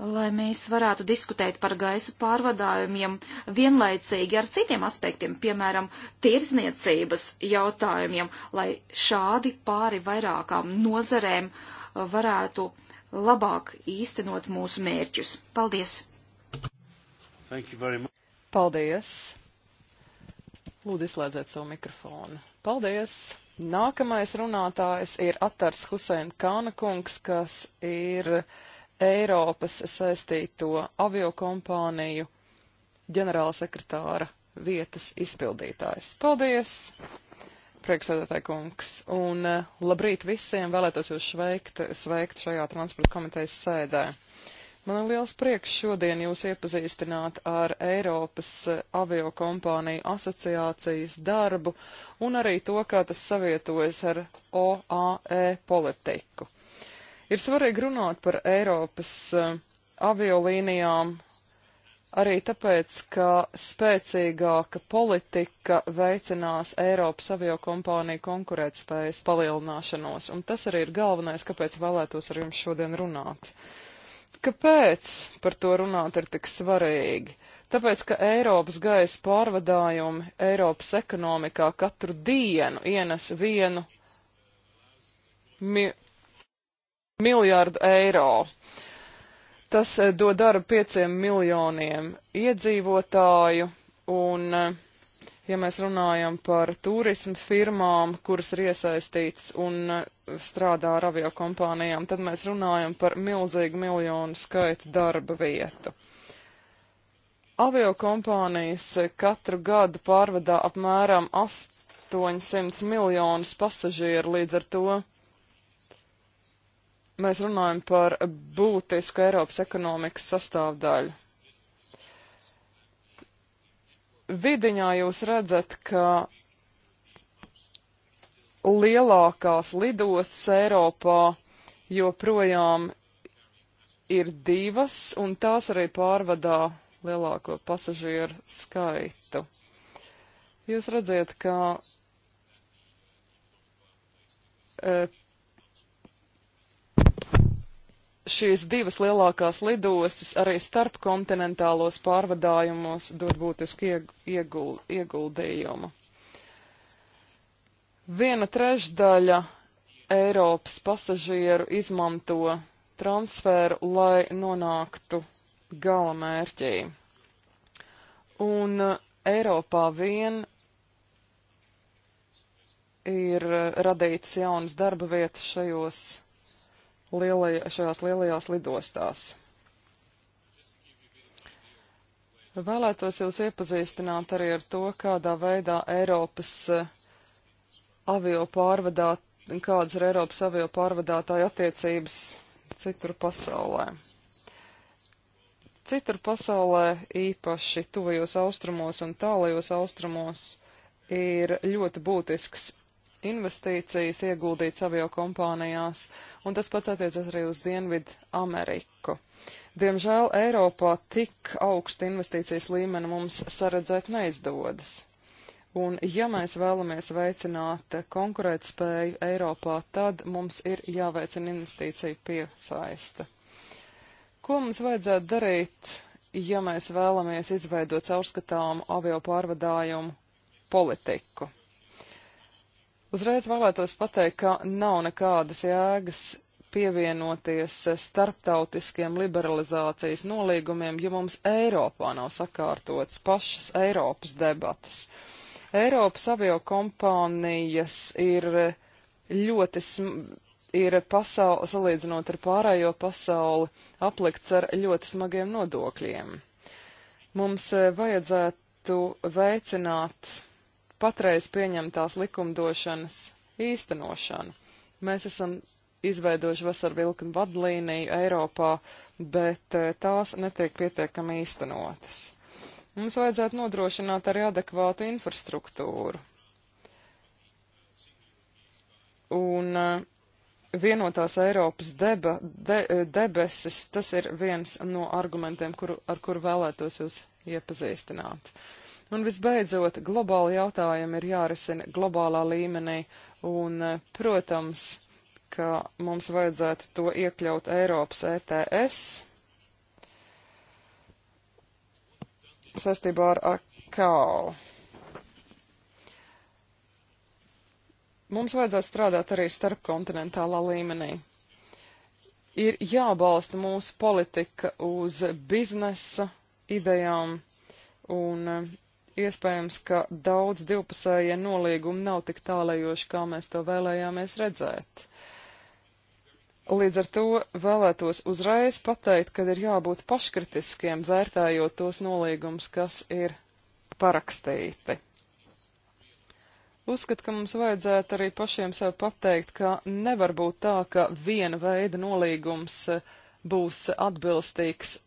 lai mēs varētu diskutēt par gaisa pārvadājumiem vienlaicīgi ar citiem aspektiem, piemēram, tirzniecības jautājumiem, lai šādi pāri vairākām nozarēm varētu labāk īstenot mūsu mērķus. Paldies! Paldies! Lūdzu, izslēdziet savu mikrofonu. Paldies! Nākamais runātājs ir Atars Husein Kāna kungs, kas ir uh, Eiropas saistīto aviokompāniju ģenerālsekretāra vietas izpildītājs. Paldies, priekšsēdētāji kungs, un eh, labrīt visiem vēlētos jūs sveikt, sveikt šajā transporta komitejas sēdē. Man ir liels prieks šodien jūs iepazīstināt ar Eiropas eh, aviokompāniju asociācijas darbu un arī to, kā tas savietojas ar OAE politiku. Ir svarīgi runāt par Eiropas eh, aviolīnijām arī tāpēc, ka spēcīgāka politika veicinās Eiropas aviokompāniju konkurētspējas palielināšanos, un tas arī ir galvenais, kāpēc vēlētos ar jums šodien runāt. Kāpēc par to runāt ir tik svarīgi? Tāpēc, ka Eiropas gaisa pārvadājumi Eiropas ekonomikā katru dienu ienes vienu mi miljārdu eiro. Tas eh, dod darbu pieciem miljoniem iedzīvotāju, un, eh, ja mēs runājam par turismu firmām, kuras ir iesaistīts un eh, strādā ar avio kompānijām, tad mēs runājam par milzīgu miljonu skaitu darba vietu. Avio kompānijas katru gadu pārvadā apmēram 800 miljonus pasažieru līdz ar to mēs runājam par būtisku Eiropas ekonomikas sastāvdaļu. Vidiņā jūs redzat, ka lielākās lidostas Eiropā joprojām ir divas, un tās arī pārvadā lielāko pasažieru skaitu. Jūs redzat, ka e, šīs divas lielākās lidostas arī starpkontinentālos pārvadājumos dod būtisku iegul, ieguldījumu. Viena trešdaļa Eiropas pasažieru izmanto transferu, lai nonāktu gala mērķī. Un uh, Eiropā vien ir uh, radītas jaunas darba vietas šajos lielaj, šajās lielajās lidostās. Vēlētos jūs iepazīstināt arī ar to, kādā veidā Eiropas eh, avio pārvadāt, kādas ir Eiropas avio pārvadātāja attiecības citur pasaulē. Citur pasaulē, īpaši tuvajos austrumos un tālajos austrumos, ir ļoti būtisks investīcijas ieguldīts avio kompānijās, un tas pats attiecas arī uz Dienvidu Ameriku. Diemžēl Eiropā tik augstu investīcijas līmeni mums saredzēt neizdodas. Un ja mēs vēlamies veicināt konkurētspēju Eiropā, tad mums ir jāveicina investīcija piesaista. Ko mums vajadzētu darīt, ja mēs vēlamies izveidot caurskatāmu avio pārvadājumu politiku? Uzreiz vēlētos pateikt, ka nav nekādas jēgas pievienoties starptautiskiem liberalizācijas nolīgumiem, ja mums Eiropā nav sakārtots pašas Eiropas debatas. Eiropas aviokompānijas ir ļoti ir pasauli, salīdzinot ar pārējo pasauli, aplikts ar ļoti smagiem nodokļiem. Mums eh, vajadzētu veicināt patreiz pieņemtās likumdošanas īstenošanu. Mēs esam izveidojuši vasaru vilknu vadlīniju Eiropā, bet eh, tās netiek pietiekami īstenotas. Mums vajadzētu nodrošināt arī adekvātu infrastruktūru. Un eh, vienotās Eiropas deba, de, eh, debesis, tas ir viens no argumentiem, kuru, ar kuru vēlētos jūs iepazīstināt. Uh, Un visbeidzot, globāli jautājumi ir jārisina globālā līmenī, un, eh, protams, ka mums vajadzētu to iekļaut Eiropas ETS saistībā ar akālu. mums vajadzētu strādāt arī starpkontinentālā līmenī. Ir jābalsta mūsu politika uz biznesa idejām, un eh, Iespējams, ka daudz divpusējie nolīgumi nav tik tālējoši, kā mēs to vēlējāmies redzēt. Līdz ar to vēlētos uzreiz pateikt, ka ir jābūt paškritiskiem, vērtējot tos nolīgumus, kas ir parakstīti. Uzskat, ka mums vajadzētu arī pašiem sev pateikt, ka nevar būt tā, ka viena veida nolīgums būs atbilstīgs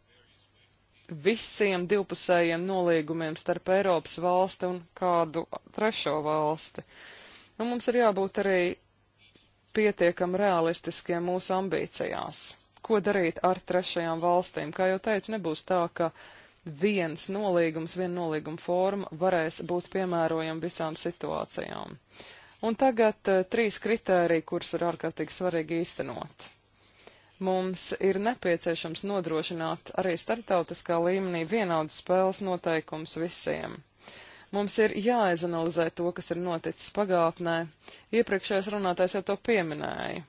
visiem divpusējiem nolīgumiem starp Eiropas valsti un kādu trešo valsti. Un nu, mums ir jābūt arī pietiekam realistiskiem mūsu ambīcijās. Ko darīt ar trešajām valstīm? Kā jau teicu, nebūs tā, ka viens nolīgums, viena nolīguma forma varēs būt piemērojama visām situācijām. Un tagad uh, trīs kritēriji, kurus ir ārkārtīgi svarīgi īstenot. Mums ir nepieciešams nodrošināt arī starptautiskā līmenī vienādas spēles noteikums visiem. Mums ir jāizanalizē to, kas ir noticis pagātnē. Iepriekšējais runātājs jau to pieminēja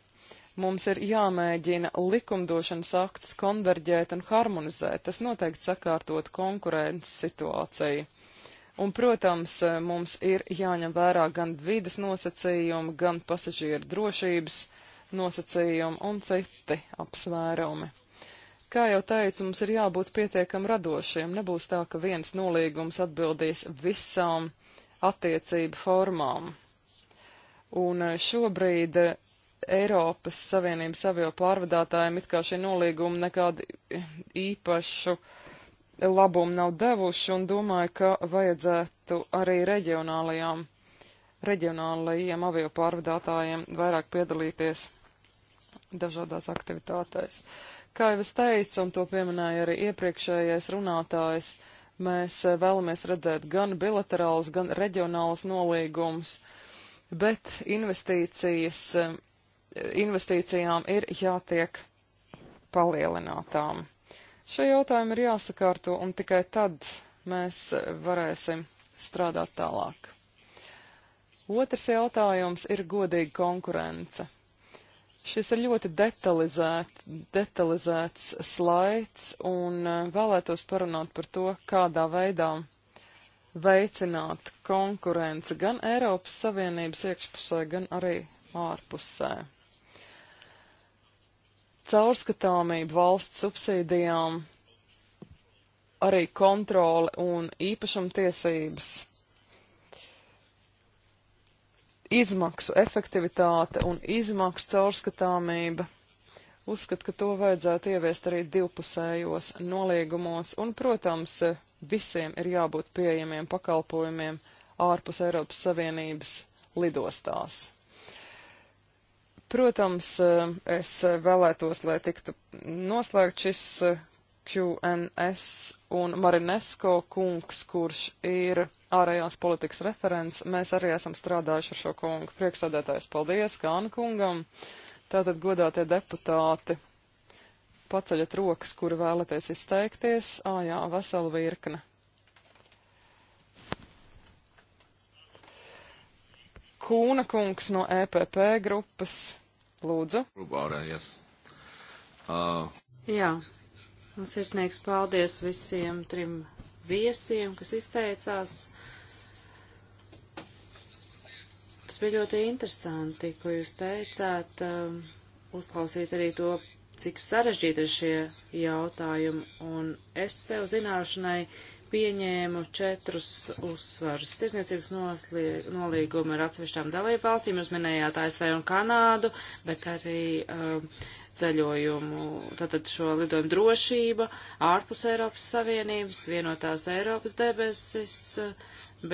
mums ir jāmēģina likumdošanas aktus konverģēt un harmonizēt. Tas noteikti sakārtot konkurences situāciju. Un, protams, mums ir jāņem vērā gan vidas nosacījumi, gan pasažieru drošības nosacījumi un citi apsvērumi. Kā jau teicu, mums ir jābūt pietiekam radošiem. Nebūs tā, ka viens nolīgums atbildīs visām attiecību formām. Un eh, šobrīd eh, Eiropas Savienības avio pārvadātājiem it kā šie nolīgumi nekādu īpašu labumu nav devuši un domāju, ka vajadzētu arī reģionālajām, reģionālajiem avio pārvadātājiem vairāk piedalīties dažādās aktivitātēs. Kā jau es teicu, un to pieminēja arī iepriekšējais runātājs, mēs eh, vēlamies redzēt gan bilaterālus, gan reģionālus nolīgumus, bet investīcijas, eh, investīcijām ir jātiek palielinātām. Šie jautājumi ir jāsakārto, un tikai tad mēs varēsim strādāt tālāk. Otrs jautājums ir godīga konkurence. Šis ir ļoti detalizēt, detalizēts slaids un e, vēlētos parunāt par to, kādā veidā veicināt konkurenci gan Eiropas Savienības iekšpusē, gan arī ārpusē. Caurskatāmība valsts subsīdijām, arī kontrole un īpašumtiesības izmaksu efektivitāte un izmaksu caurskatāmība. Uzskat, ka to vajadzētu ieviest arī divpusējos noliegumos, un, protams, visiem ir jābūt pieejamiem pakalpojumiem ārpus Eiropas Savienības lidostās. Protams, es vēlētos, lai tiktu noslēgt šis QNS un Marinesko kungs, kurš ir ārējās politikas referents, mēs arī esam strādājuši ar šo kungu. Priekšsādētājs paldies Kāna kungam. Tātad godātie deputāti, paceļat rokas, kuri vēlaties izteikties. Ā, jā, vesela virkne. Kūna kungs no EPP grupas. Lūdzu. Ārējās. Uh. Jā, sirsnīgs paldies visiem trim viesiem, kas izteicās. Tas bija ļoti interesanti, ko jūs teicāt, um, uzklausīt arī to, cik sarežģīti ir šie jautājumi, un es sev zināšanai pieņēmu četrus uzsvarus. Tirzniecības nolīguma ar atsevišķām dalībvalstīm, jūs minējāt ASV un Kanādu, bet arī uh, ceļojumu, tātad šo lidojumu drošība ārpus Eiropas Savienības, vienotās Eiropas debesis,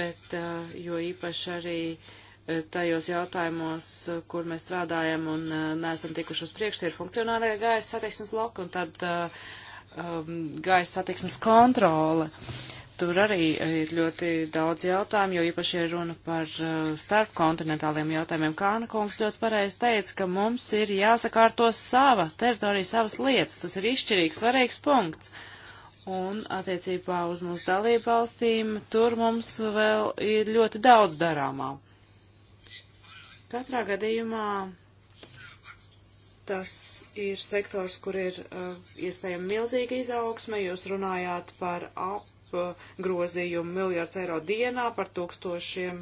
bet eh, jo īpaši arī eh, tajos jautājumos, kur mēs strādājam un eh, neesam tikuši uz priekšu, tie ir funkcionālajā gaisa satiksmes bloka un tad um, gaisa satiksmes kontrole. Uh, Tur arī ir ļoti daudz jautājumu, jo īpaši ir runa par uh, starpkontinentāliem jautājumiem. Kāna kungs ļoti pareizi teica, ka mums ir jāsakārto sava teritorija, savas lietas. Tas ir izšķirīgs, svarīgs punkts. Un attiecībā uz mūsu dalību valstīm tur mums vēl ir ļoti daudz darāmā. Katrā gadījumā tas ir sektors, kur ir uh, iespējama milzīga izaugsme. Jūs runājāt par ap Uh, grozījumu miljards eiro dienā par tūkstošiem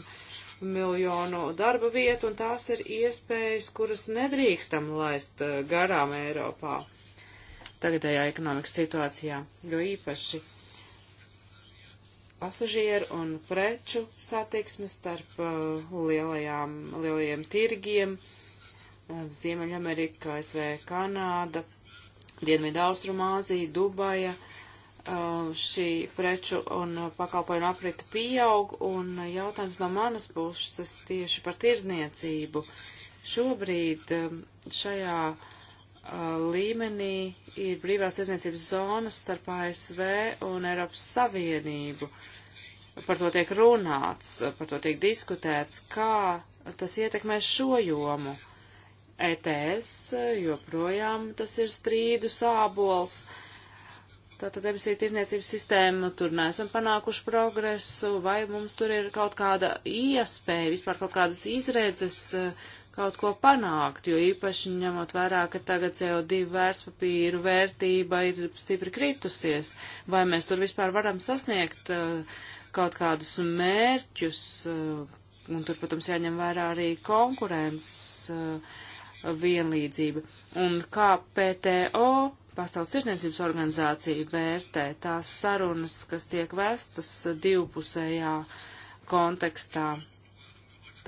miljonu darba vietu, un tās ir iespējas, kuras nedrīkstam laist uh, garām Eiropā tagadējā ekonomikas situācijā, jo īpaši pasažieru un preču satiksmes starp uh, lielajām, lielajiem tirgiem uh, - Ziemeļamerika, ASV, Kanāda, Dienvidu Austrumāzija, Dubaja, Uh, šī preču un pakalpojumu aprita pieaug, un jautājums no manas puses tieši par tirzniecību. Šobrīd um, šajā uh, līmenī ir brīvās tirzniecības zonas starp ASV un Eiropas Savienību. Par to tiek runāts, par to tiek diskutēts, kā tas ietekmēs šo jomu. ETS joprojām tas ir strīdu sābols. Uh, Tātad emisiju tirniecības sistēmu tur nesam panākuši progresu, vai mums tur ir kaut kāda iespēja, vispār kaut kādas izredzes eh, kaut ko panākt, jo īpaši ņemot vērā, ka tagad CO2 vērtspapīru vērtība ir stipri kritusies, vai mēs tur vispār varam sasniegt eh, kaut kādus mērķus, eh, un tur, protams, jāņem vērā arī konkurences vienlīdzība. Un kā PTO Pasaules tirsniecības organizācija vērtē tās sarunas, kas tiek vestas divpusējā kontekstā.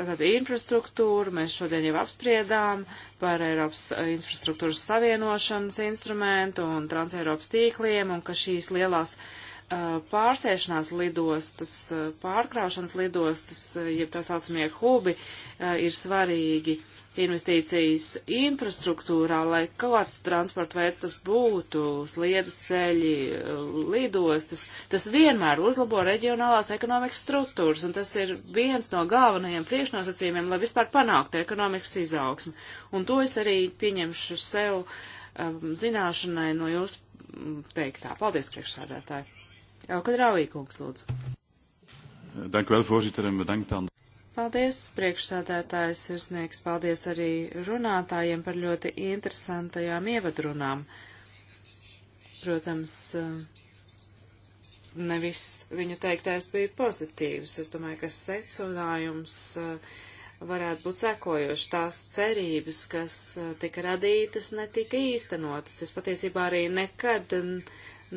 Tātad infrastruktūra, mēs šodien jau apspriedām par Eiropas infrastruktūras savienošanas instrumentu un transeiropas tīkliem, un ka šīs lielās uh, pārsēšanās lidostas, uh, pārkraušanas lidostas, uh, jeb tā saucamie hubi, uh, ir svarīgi investīcijas infrastruktūrā, lai kāds transporta veids tas būtu, sliedas ceļi, lidostas, tas vienmēr uzlabo reģionālās ekonomikas struktūras, un tas ir viens no galvenajiem priekšnosacījumiem, lai vispār panāktu ekonomikas izaugsmu. Un to es arī pieņemšu sev um, zināšanai no jūsu mm, teiktā. Paldies, priekšsādātāji. Elka Drāvīkungs, lūdzu. Dank vēl, voorzitter, un bedankt aan Paldies, priekšsādētājs ir sniegs. Paldies arī runātājiem par ļoti interesantajām ievadrunām. Protams, nevis viņu teiktais bija pozitīvs. Es domāju, ka secinājums eh, varētu būt sekojoši. Tās cerības, kas eh, tika radītas, netika īstenotas. Es patiesībā arī nekad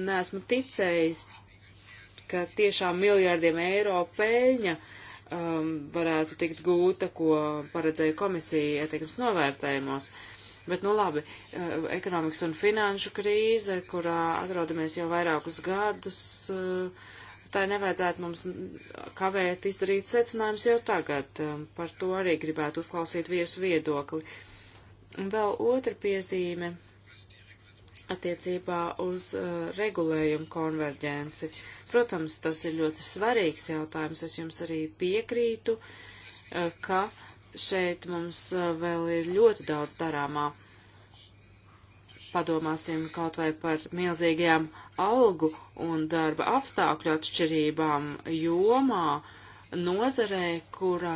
neesmu ticējis, ka tiešām miljārdiem eiro peļņa um, varētu tikt gūta, ko paredzēja komisija ietekmes novērtējumos. Bet, nu labi, uh, ekonomikas un finanšu krīze, kurā atrodamies jau vairākus gadus, uh, tā nevajadzētu mums kavēt izdarīt secinājums jau tagad. Um, par to arī gribētu uzklausīt viesu viedokli. Un vēl otra piezīme attiecībā uz uh, regulējumu konverģenci. Protams, tas ir ļoti svarīgs jautājums. Es jums arī piekrītu, uh, ka šeit mums uh, vēl ir ļoti daudz darāmā. Padomāsim kaut vai par milzīgajām algu un darba apstākļu atšķirībām jomā, nozarē, kura,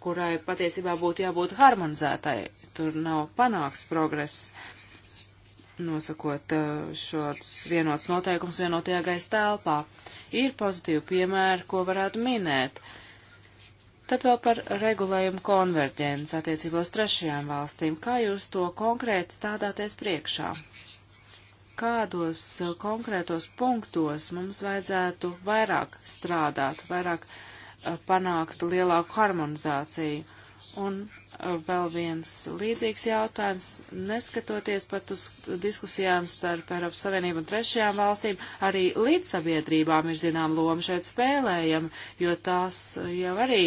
kurai patiesībā būtu jābūt harmonizētai. Tur nav panāks progress nosakot eh, šos vienots noteikums vienotajā gaisa telpā. Ir pozitīvi piemēri, ko varētu minēt. Tad vēl par regulējumu konverģents attiecībos trešajām valstīm. Kā jūs to konkrēti stādāties priekšā? Kādos eh, konkrētos punktos mums vajadzētu vairāk strādāt, vairāk eh, panākt lielāku harmonizāciju? Un vēl viens līdzīgs jautājums, neskatoties pat uz diskusijām starp Eiropas Savienību un trešajām valstīm, arī līdzsabiedrībām ir zinām loma šeit spēlējama, jo tās jau arī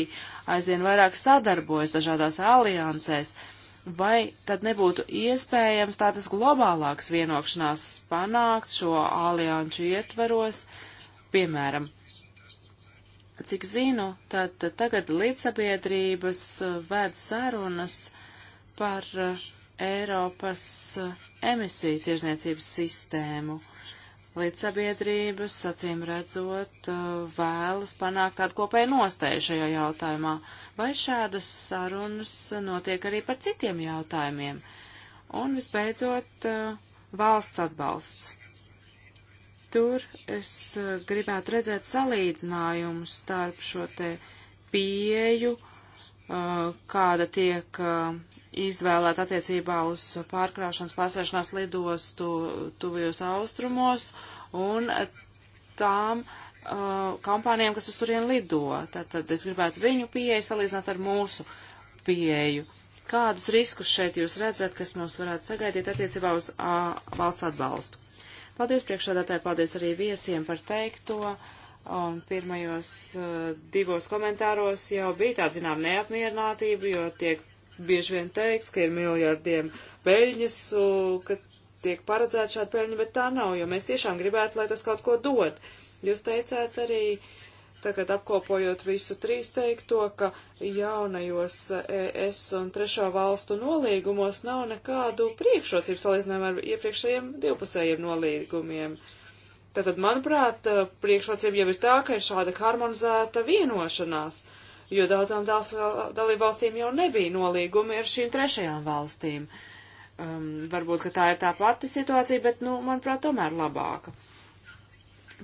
aizvien vairāk sadarbojas dažādās aliansēs. Vai tad nebūtu iespējams tādas globālākas vienokšanās panākt šo alianču ietveros, piemēram, Cik zinu, tad tagad līdzsabiedrības uh, vēd sarunas par uh, Eiropas uh, emisiju tirzniecības sistēmu. Līdzsabiedrības, acīm redzot, vēlas panākt tādu kopēju nostēju šajā jautājumā. Vai šādas sarunas notiek arī par citiem jautājumiem? Un visbeidzot, valsts atbalsts. Tur es eh, gribētu redzēt salīdzinājumu starp šo te pieju, eh, kāda tiek eh, izvēlēta attiecībā uz pārkraušanas pārsvēršanās lidostu tuvajos austrumos un tām uh, kompānijām, kas uz turien lido. Tātad es gribētu viņu pieeju salīdzināt ar mūsu pieeju. Kādus riskus šeit jūs redzat, kas mums varētu sagaidīt attiecībā uz uh, valsts atbalstu? Paldies priekšādātāji, paldies arī viesiem par teikto. Un pirmajos uh, divos komentāros jau bija tāda, zinām, neapmierinātība, jo tiek bieži vien teikts, ka ir miljardiem peļņas, uh, ka tiek paredzēta šāda peļņa, bet tā nav, jo mēs tiešām gribētu, lai tas kaut ko dod. Jūs teicāt arī uh, Tagad apkopojot visu trīs teikto, ka jaunajos e, ES un trešo valstu nolīgumos nav nekādu priekšrocību salīdzinājumā ar iepriekšējiem divpusējiem nolīgumiem. Tātad, manuprāt, e, priekšrocība jau ir tā, ka ir šāda harmonizēta vienošanās, jo daudzām dalībvalstīm jau nebija nolīgumi ar šīm trešajām valstīm. Um, varbūt, ka tā ir tā pati situācija, bet, nu, manuprāt, tomēr labāka. Uh,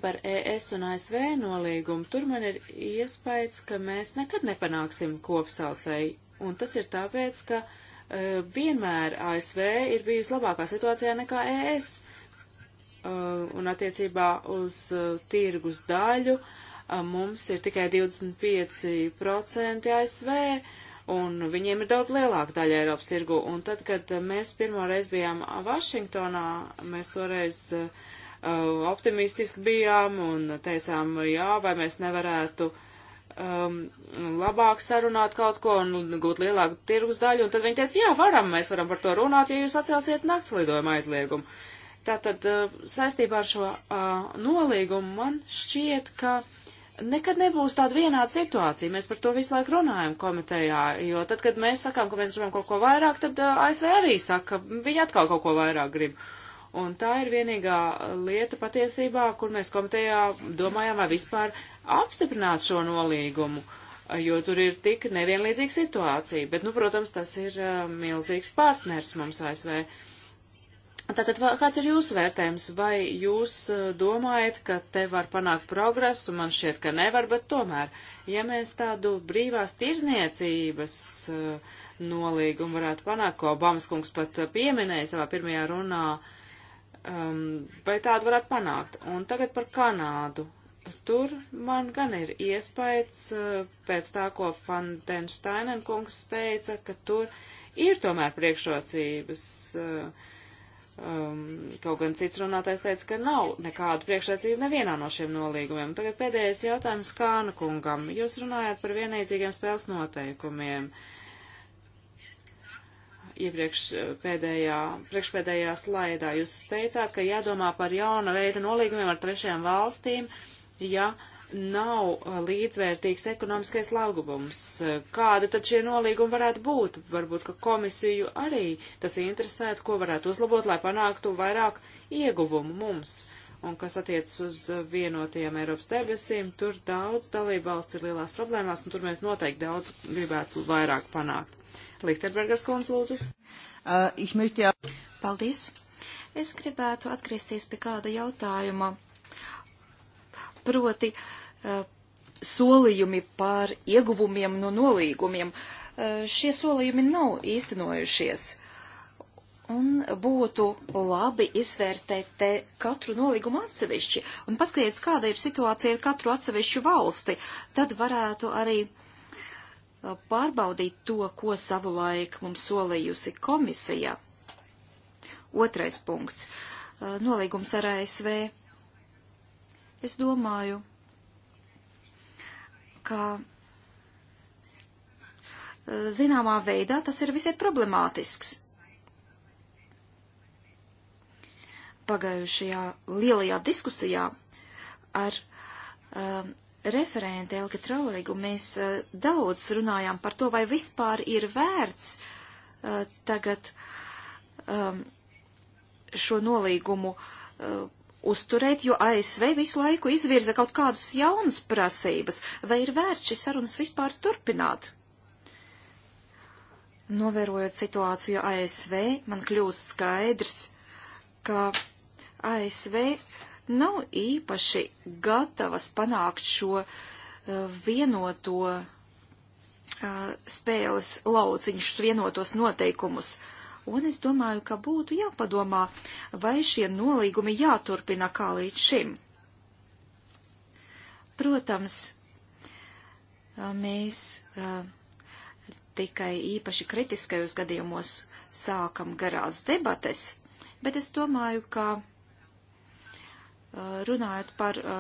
par ES un ASV nolīgumu, tur man ir iespējas, ka mēs nekad nepanāksim kopsaucēju. Un tas ir tāpēc, ka uh, vienmēr ASV ir bijusi labākā situācijā nekā ES. Uh, e, un attiecībā uz uh, tirgus daļu uh, mums ir tikai 25% ASV. Uh, un viņiem ir daudz lielāka daļa Eiropas tirgu. Un tad, kad mēs pirmo reizi bijām Vašingtonā, mēs toreiz uh, Uh, optimistiski bijām un teicām, jā, vai mēs nevarētu um, labāk sarunāt kaut ko un gūt lielāku tirgus daļu. Un tad viņi teica, jā, varam, mēs varam par to runāt, ja jūs atcelsiet nakts lidojuma aizliegumu. Tātad uh, saistībā ar šo uh, nolīgumu man šķiet, ka nekad nebūs tāda vienāda situācija. Mēs par to visu laiku runājam komitejā, jo tad, kad mēs sakām, ka mēs gribam kaut ko vairāk, tad uh, ASV arī saka, ka viņi atkal kaut ko vairāk grib. Uh, Un tā ir vienīgā lieta patiesībā, kur mēs komitejā domājām, vai vispār apstiprināt šo nolīgumu, jo tur ir tik nevienlīdzīga situācija. Bet, nu, protams, tas ir uh, milzīgs partners mums ASV. Tātad, kāds ir jūsu vērtējums? Vai jūs uh, domājat, ka te var panākt progresu? Man šķiet, ka nevar, bet tomēr, ja mēs tādu brīvās tirzniecības uh, nolīgumu varētu panākt, ko Obamas kungs pat pieminēja savā pirmajā runā um, vai tādu varētu panākt. Un tagad par Kanādu. Tur man gan ir iespējas uh, pēc tā, ko Fandensteinen kungs teica, ka tur ir tomēr priekšrocības. Uh, um, kaut gan cits runātais teica, ka nav nekādu priekšrocību nevienā no šiem nolīgumiem. Tagad pēdējais jautājums Kāna kungam. Jūs runājat par vienīdzīgiem spēles noteikumiem. Uh, iepriekš eh, pēdējā, priekšpēdējā slaidā. Jūs teicāt, ka jādomā par jauna veida nolīgumiem ar trešajām valstīm, ja nav eh, līdzvērtīgs ekonomiskais laugubums. Kāda tad šie nolīgumi varētu būt? Varbūt, ka komisiju arī tas interesētu, ko varētu uzlabot, lai panāktu vairāk ieguvumu mums. Un kas attiecas uz vienotajām Eiropas debesīm, tur daudz dalība valsts ir lielās problēmās, un tur mēs noteikti daudz gribētu vairāk panākt. Likterbergas kundz, lūdzu. Uh, Paldies. Es gribētu atgriezties pie kāda jautājuma. Proti, uh, solījumi par ieguvumiem no nolīgumiem. Uh, šie solījumi nav īstenojušies. Un būtu labi izvērtēt te katru nolīgumu atsevišķi un paskatīties, kāda ir situācija ar katru atsevišķu valsti. Tad varētu arī uh, pārbaudīt to, ko savulaik mums solījusi komisija. Otrais punkts uh, - nolīgums ar ASV. Es domāju, ka uh, zināmā veidā tas ir visai problemātisks. Pagājušajā lielajā diskusijā ar um, referente Elke Traurigu mēs uh, daudz runājām par to, vai vispār ir vērts uh, tagad um, šo nolīgumu uh, uzturēt, jo ASV visu laiku izvirza kaut kādus jaunas prasības, vai ir vērts šis sarunas vispār turpināt. Novērojot situāciju ASV, man kļūst skaidrs, ka ASV uh, nav īpaši gatavas panākt šo eh, vienoto eh, spēles lauciņus, vienotos noteikumus. Un es domāju, ka būtu jāpadomā, vai šie nolīgumi jāturpina kā līdz šim. Protams, eh, mēs tikai īpaši kritiskajos gadījumos sākam garās debates, bet es domāju, ka Eh, runājot par eh,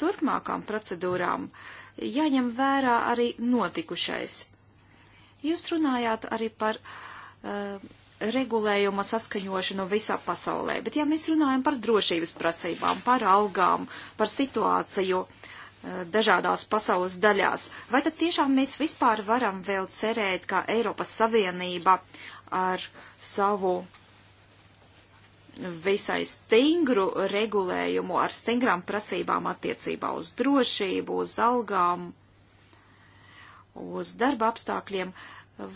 turpmākām procedūrām, jāņem vērā arī notikušais. Jūs runājāt arī par uh, regulējuma saskaņošanu visā pasaulē, bet ja mēs runājam par drošības prasībām, par algām, par situāciju uh, dažādās pasaules daļās, vai tad tiešām mēs vispār varam vēl cerēt, ka Eiropas Savienība ar savu uh, visai stingru regulējumu ar stingrām prasībām attiecībā uz drošību, uz algām, uz darba apstākļiem,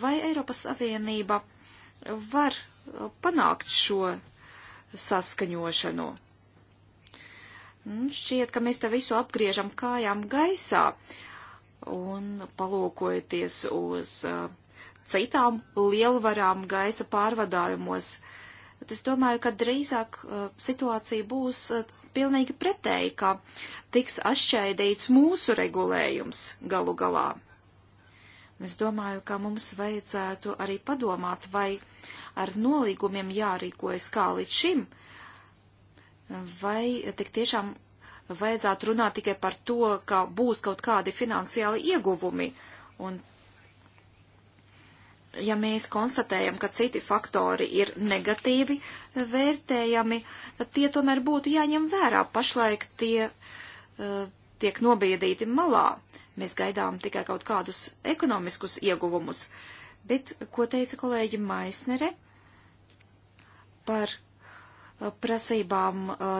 vai Eiropas Savienība var panākt šo saskaņošanu. Un nu, šķiet, ka mēs te visu apgriežam kājām gaisā un palūkojoties uz uh, citām lielvarām gaisa pārvadājumos. Uh, tad es domāju, ka drīzāk uh, situācija būs uh, pilnīgi pretēji, ka tiks atšķaidīts mūsu regulējums galu galā. Es domāju, ka mums vajadzētu arī padomāt, vai ar nolīgumiem jārīkojas kā līdz šim, vai tik tiešām vajadzētu runāt tikai par to, ka būs kaut kādi finansiāli ieguvumi, un ja mēs konstatējam, ka citi faktori ir negatīvi vērtējami, tad tie tomēr būtu jāņem vērā. Pašlaik tie uh, tiek nobiedīti malā. Mēs gaidām tikai kaut kādus ekonomiskus ieguvumus. Bet, ko teica kolēģi Maisnere par uh, prasībām uh,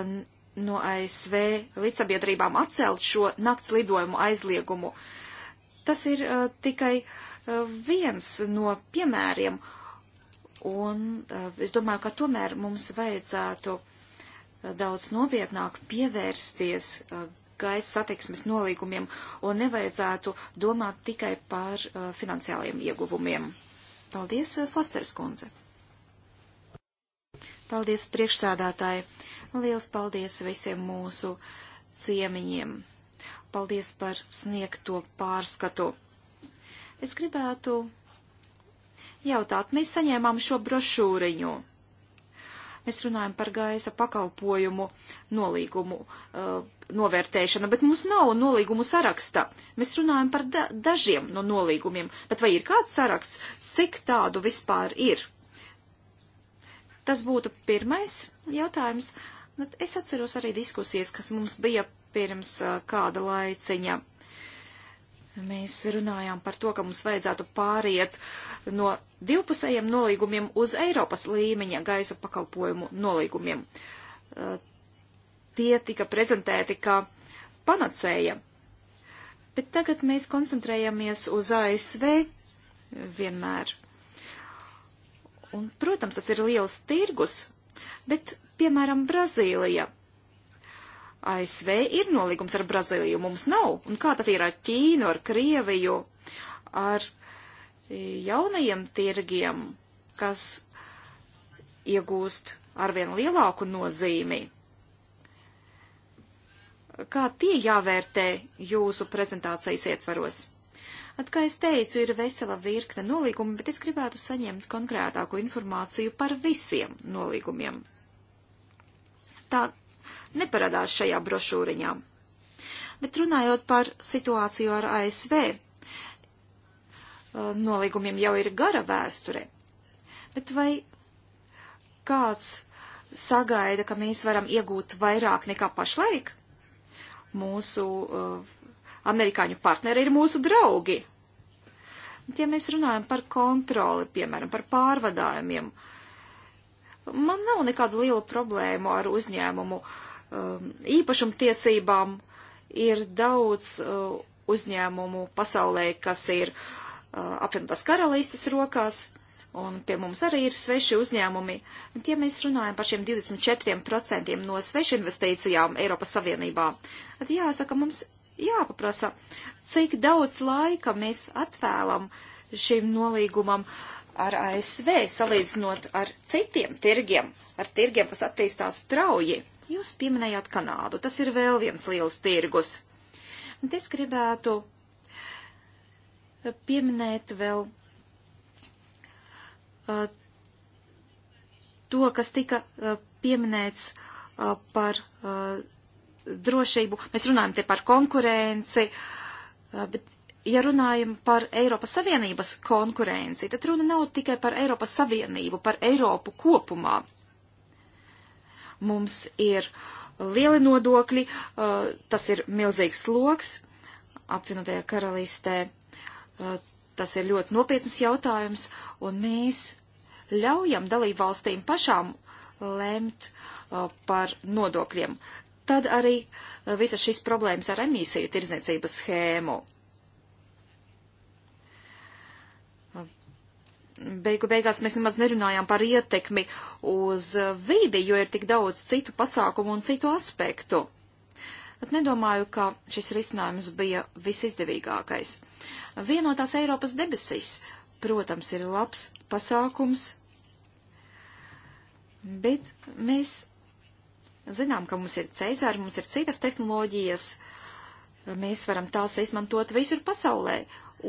no ASV līdzsabiedrībām atcelt šo nakts lidojumu aizliegumu, tas ir tikai uh, viens no piemēriem, un eh, es domāju, ka tomēr mums vajadzētu eh, daudz nopietnāk pievērsties eh, gaisa satiksmes nolīgumiem un nevajadzētu domāt tikai par uh, finansiāliem ieguvumiem. Paldies, Fosters kundze! Paldies, priekšsādātāji! Liels paldies visiem mūsu ciemiņiem! Paldies par sniegto pārskatu! Es gribētu jautāt, mēs saņēmām šo brošūriņu. Mēs runājam par gaisa pakalpojumu nolīgumu uh, novērtēšanu, bet mums nav nolīgumu saraksta. Mēs runājam par da dažiem no nolīgumiem, bet vai ir kāds saraksts, cik tādu vispār ir? Tas būtu pirmais jautājums. Es atceros arī diskusijas, kas mums bija pirms uh, kāda laiciņa. Uh, Mēs runājām par to, ka mums vajadzētu pāriet no divpusējiem nolīgumiem uz Eiropas līmeņa gaisa pakalpojumu nolīgumiem. Eh, tie tika prezentēti kā panacēja. Bet tagad mēs koncentrējamies uz ASV vienmēr. Un, protams, tas ir liels tirgus, bet, piemēram, Brazīlija ASV ir nolīgums ar Brazīliju, mums nav. Un kā tad ir ar Ķīnu, ar Krieviju, ar e, jaunajiem tirgiem, kas iegūst arvien lielāku nozīmi? Kā tie jāvērtē jūsu prezentācijas ietvaros? At, kā es teicu, ir vesela virkne nolīgumi, bet es gribētu saņemt konkrētāku informāciju par visiem nolīgumiem. Tā neparādās šajā brošūriņā. Bet runājot par situāciju ar ASV, eh, nolīgumiem jau ir gara vēsture. Bet vai kāds sagaida, ka mēs varam iegūt vairāk nekā pašlaik? Mūsu uh, amerikāņu partneri ir mūsu draugi. Bet, ja mēs runājam par kontroli, piemēram, par pārvadājumiem, man nav nekādu lielu problēmu ar uzņēmumu uh, Um, īpašumtiesībām ir daudz uh, uzņēmumu pasaulē, kas ir uh, apvienotās karalistes rokās, un pie mums arī ir sveši uzņēmumi. Un tie mēs runājam par šiem 24% no svešu investīcijām Eiropas Savienībā. Tad jāsaka, mums jāpaprasa, cik daudz laika mēs atvēlam šim nolīgumam ar ASV, salīdzinot ar citiem tirgiem, ar tirgiem, kas attīstās strauji. Jūs pieminējāt Kanādu. Tas ir vēl viens liels tirgus. Un es gribētu pieminēt vēl uh, to, kas tika uh, pieminēts uh, par drošību. Mēs runājam te par konkurenci, bet ja runājam par Eiropas Savienības konkurenci, tad runa nav tikai par Eiropas Savienību, par Eiropu kopumā. Mums ir uh, lieli nodokļi, uh, tas ir milzīgs sloks apvienotajā karalistē. Uh, tas ir ļoti nopietnas jautājums, un mēs ļaujam dalībvalstīm pašām lemt par nodokļiem. Tad arī visas šīs problēmas ar emisiju tirdzniecības schēmu. beigu beigās mēs nemaz nerunājām par ietekmi uz vidi, jo ir tik daudz citu pasākumu un citu aspektu. Bet nedomāju, ka šis risinājums bija visizdevīgākais. Vienotās Eiropas debesis, protams, ir labs pasākums, bet mēs zinām, ka mums ir Cezāri, mums ir citas tehnoloģijas, mēs varam tās izmantot visur pasaulē,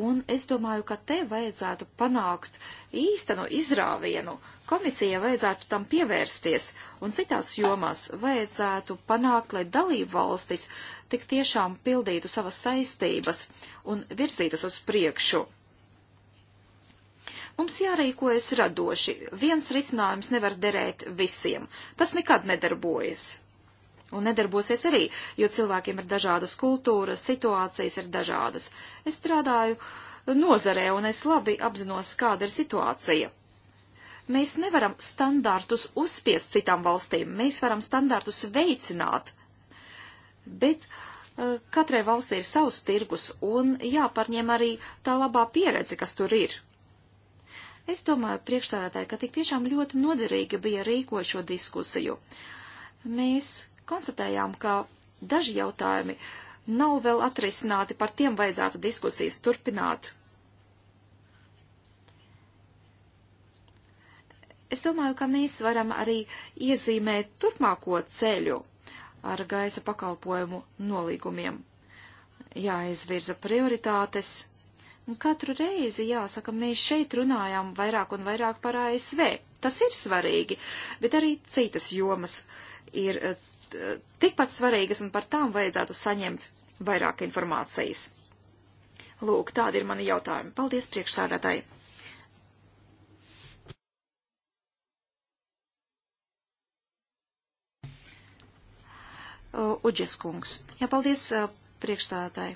Un es domāju, ka te vajadzētu panākt īstenu izrāvienu. Komisija vajadzētu tam pievērsties, un citās jomās vajadzētu panākt, lai dalību valstis tik tiešām pildītu savas saistības un virzītus uz priekšu. Mums jārīkojas radoši. Viens risinājums nevar derēt visiem. Tas nekad nedarbojas un nedarbosies arī, jo cilvēkiem ir dažādas kultūras, situācijas ir dažādas. Es strādāju nozarē un es labi apzinos, kāda ir situācija. Mēs nevaram standārtus uzspiest citām valstīm, mēs varam standārtus veicināt, bet uh, katrai valstī ir savs tirgus un jāparņem arī tā labā pieredze, kas tur ir. Es domāju, priekšstādātāji, ka tik tiešām ļoti noderīgi bija rīkot šo diskusiju. Mēs konstatējām, ka daži jautājumi nav vēl atrisināti, par tiem vajadzētu diskusijas turpināt. Es domāju, ka mēs varam arī iezīmēt turpmāko ceļu ar gaisa pakalpojumu nolīgumiem. Jāizvirza prioritātes, un katru reizi jāsaka, mēs šeit runājam vairāk un vairāk par ASV. Tas ir svarīgi, bet arī citas jomas ir tikpat svarīgas un par tām vajadzētu saņemt vairāk informācijas. Lūk, tādi ir mani jautājumi. Paldies priekšsādātāji! Uh, Uģes kungs. Jā, paldies uh, priekšstādātāji.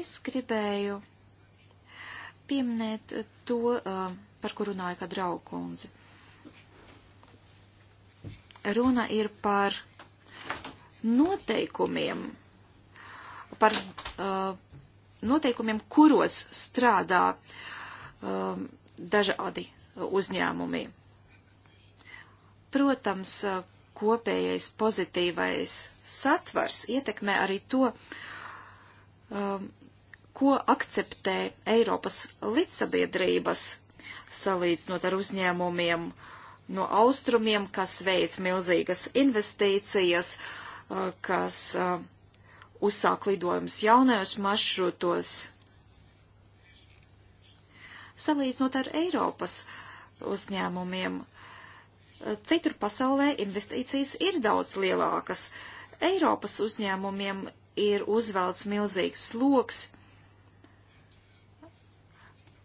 Es gribēju pieminēt to, uh, par kuru runāja kā draugu kundze. Runa ir par noteikumiem, par uh, noteikumiem, kuros strādā um, dažādi uzņēmumi. Protams, uh, kopējais pozitīvais satvars ietekmē arī to, um, ko akceptē Eiropas līdzsabiedrības salīdzinot ar uzņēmumiem uh, no austrumiem, kas veic milzīgas investīcijas, uh, kas uh, uzsāk lidojumus jaunajos maršrutos. Salīdzinot ar Eiropas uzņēmumiem, uh, citur pasaulē investīcijas ir daudz lielākas. Eiropas uzņēmumiem ir uzvelts milzīgs sloks,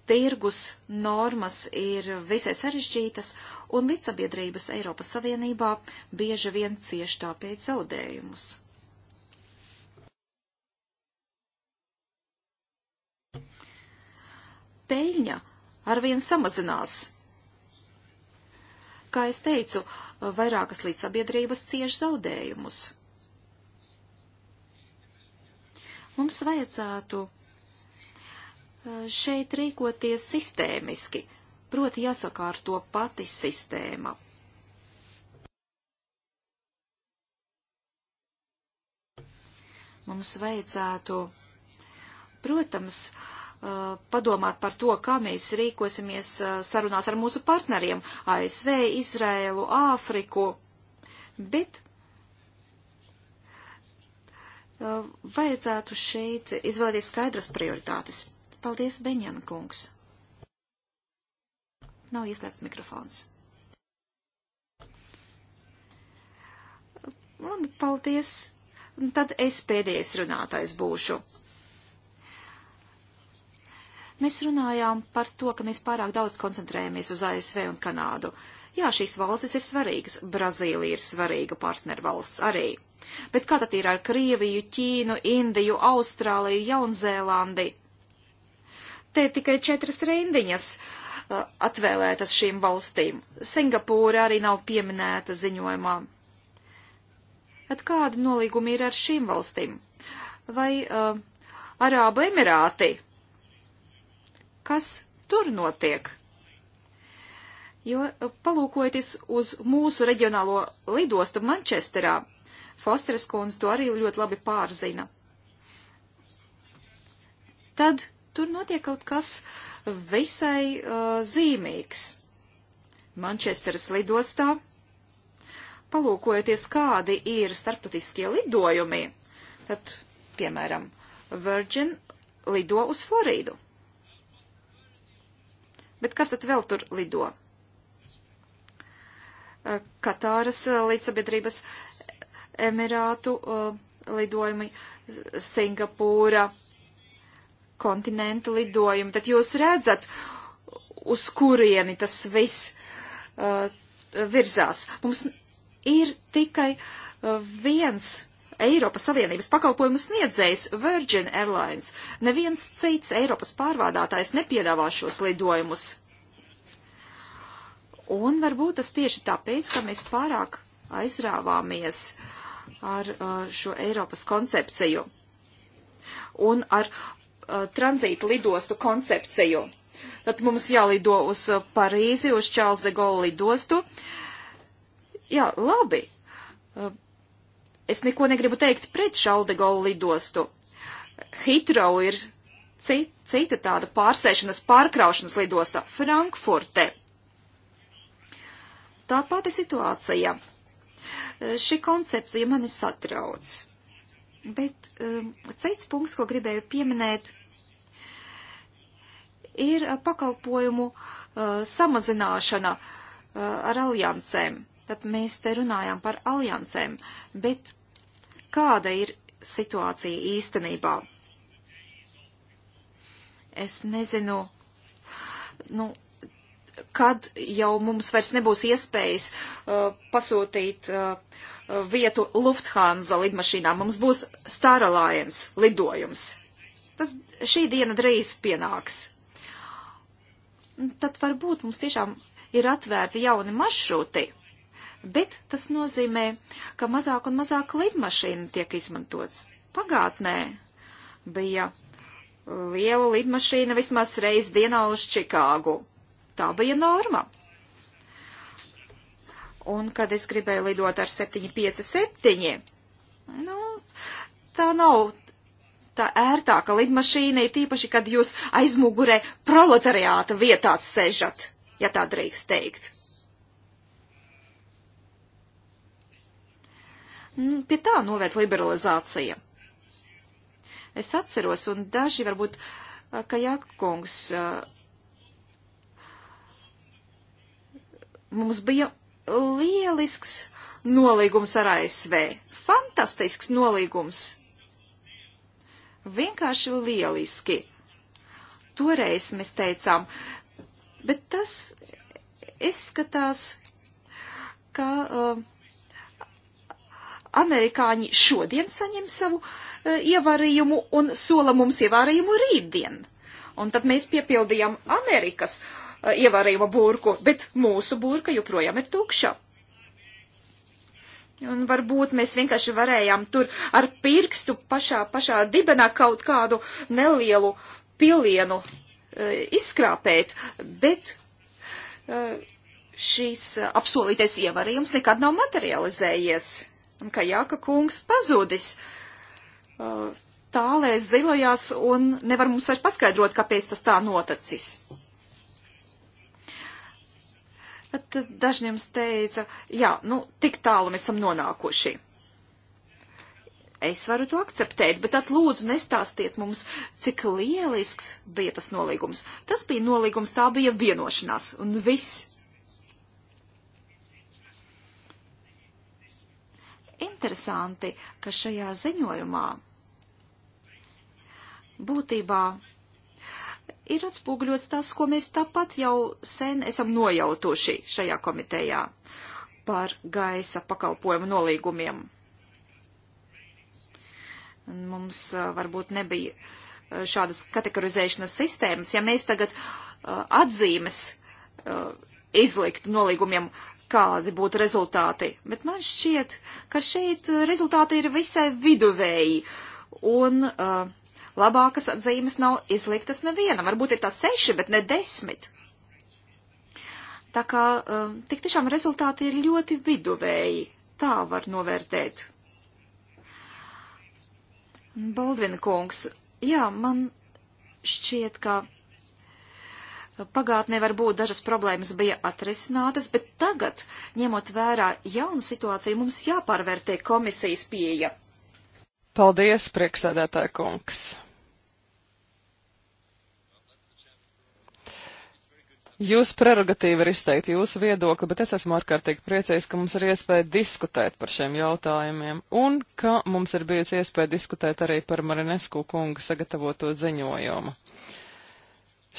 tirgus normas ir visai sarežģītas, un līdzsabiedrības Eiropas Savienībā bieži vien cieš tāpēc zaudējumus. Peļņa arvien samazinās. Kā es teicu, vairākas līdzsabiedrības cieš zaudējumus. Mums vajadzētu šeit rīkoties sistēmiski, proti jāsakārto pati sistēma. Mums vajadzētu, protams, padomāt par to, kā mēs rīkosimies sarunās ar mūsu partneriem - ASV, Izrēlu, Āfriku, bet vajadzētu šeit izvēlēties skaidras prioritātes. Paldies, Beņēna kungs. Nav ieslēgts mikrofons. Labi, paldies. Tad es pēdējais runātājs būšu. Mēs runājām par to, ka mēs pārāk daudz koncentrējamies uz ASV un Kanādu. Jā, šīs valstis ir svarīgas, Brazīlija ir svarīga partnervalsts arī. Bet kā tad ir ar Krieviju, Ķīnu, Indiju, Austrāliju, Jaunzēlandi? te tikai četras rindiņas uh, atvēlētas šīm valstīm. Singapūra arī nav pieminēta ziņojumā. At kādi nolīgumi ir ar šīm valstīm? Vai uh, Arābu Emirāti? Kas tur notiek? Jo uh, palūkojoties uz mūsu reģionālo lidostu Mančesterā, Fosteres kundze to arī ļoti labi pārzina. Tad tur notiek kaut kas visai uh, zīmīgs. Mančesteras lidostā, palūkojoties, kādi ir starptautiskie lidojumi, tad, piemēram, Virgin lido uz Floridu. Bet kas tad vēl tur lido? Uh, Katāras uh, līdzsabiedrības Emirātu uh, lidojumi, Singapūra, kontinentu lidojumu, tad jūs redzat, uz kurieni tas viss uh, virzās. Mums ir tikai uh, viens Eiropas Savienības pakalpojumu sniedzējs Virgin Airlines. Neviens cits Eiropas pārvādātājs nepiedāvā šos lidojumus. Un varbūt tas tieši tāpēc, ka mēs pārāk aizrāvāmies ar uh, šo Eiropas koncepciju un ar Uh, tranzīta lidostu koncepciju. Tad mums jālido uz uh, Parīzi, uz Čāles de Gaulle lidostu. Jā, labi. Uh, es neko negribu teikt pret Čāles de Gaulle lidostu. Hitrau ir cita tāda pārsēšanas, pārkraušanas lidosta - Frankfurte. Tā pati situācija. Šī koncepcija mani satrauc. Bet um, cits punkts, ko gribēju pieminēt, ir uh, pakalpojumu uh, samazināšana uh, ar aliansēm. Tad mēs te runājām par aliansēm, bet kāda ir situācija īstenībā? Es nezinu, nu, kad jau mums vairs nebūs iespējas uh, pasūtīt uh, vietu Lufthansa lidmašīnām. Mums būs Star Alliance lidojums. Tas šī diena drīz pienāks. Tad varbūt mums tiešām ir atvērti jauni maršruti, bet tas nozīmē, ka mazāk un mazāk lidmašīna tiek izmantots. Pagātnē bija liela lidmašīna vismaz reiz dienā uz Čikāgu. Tā bija norma. Un kad es gribēju lidot ar 757, nu, tā nav tā ērtāka lidmašīna, tīpaši, kad jūs aizmugurē proletariāta vietā sežat, ja tā drīkst teikt. Nu, pie tā noved liberalizācija. Es atceros, un daži varbūt, ka Jākungs mums bija lielisks nolīgums ar ASV. Fantastisks nolīgums. Vienkārši lieliski. Toreiz mēs teicām, bet tas izskatās, ka uh, amerikāņi šodien saņem savu uh, ievarījumu un sola mums ievarījumu rītdien. Un tad mēs piepildījām Amerikas uh, Uh, ievārījuma burku, bet mūsu burka joprojām ir tukša. Un varbūt mēs vienkārši varējām tur ar pirkstu pašā, pašā dibenā kaut kādu nelielu pilienu e, izskrāpēt, bet e, uh, šīs apsolītais ievarījums nekad nav materializējies. Un kā Jāka kungs pazudis e, tālēs zilajās un nevar mums vairs paskaidrot, kāpēc tas tā notacis. Tad eh, dažni jums teica, jā, nu, tik tālu mēs esam nonākuši. Es varu to akceptēt, bet tad lūdzu nestāstiet mums, cik lielisks bija tas nolīgums. Tas bija nolīgums, tā bija vienošanās un viss. Interesanti, ka šajā ziņojumā būtībā ir atspūgļots tas, ko mēs tāpat jau sen esam nojautuši šajā komitejā par gaisa pakalpojumu nolīgumiem. Mums varbūt nebija šādas kategorizēšanas sistēmas, ja mēs tagad atzīmes izliktu nolīgumiem, kādi būtu rezultāti. Bet man šķiet, ka šeit rezultāti ir visai viduvēji. Un uh, labākas atzīmes nav izliktas nevienam. Varbūt ir tā seši, bet ne desmit. Tā kā um, tik tiešām rezultāti ir ļoti viduvēji. Tā var novērtēt. Baldvina kungs, jā, man šķiet, ka Pagātnē varbūt dažas problēmas bija atrisinātas, bet tagad, ņemot vērā jaunu situāciju, mums jāpārvērtē komisijas pieeja. Paldies, prieksēdētāja kungs! Jūsu prerogatīva ir izteikt jūsu viedokli, bet es esmu ārkārtīgi priecīgs, ka mums ir iespēja diskutēt par šiem jautājumiem un ka mums ir bijusi iespēja diskutēt arī par Marinesku kungu sagatavoto ziņojumu.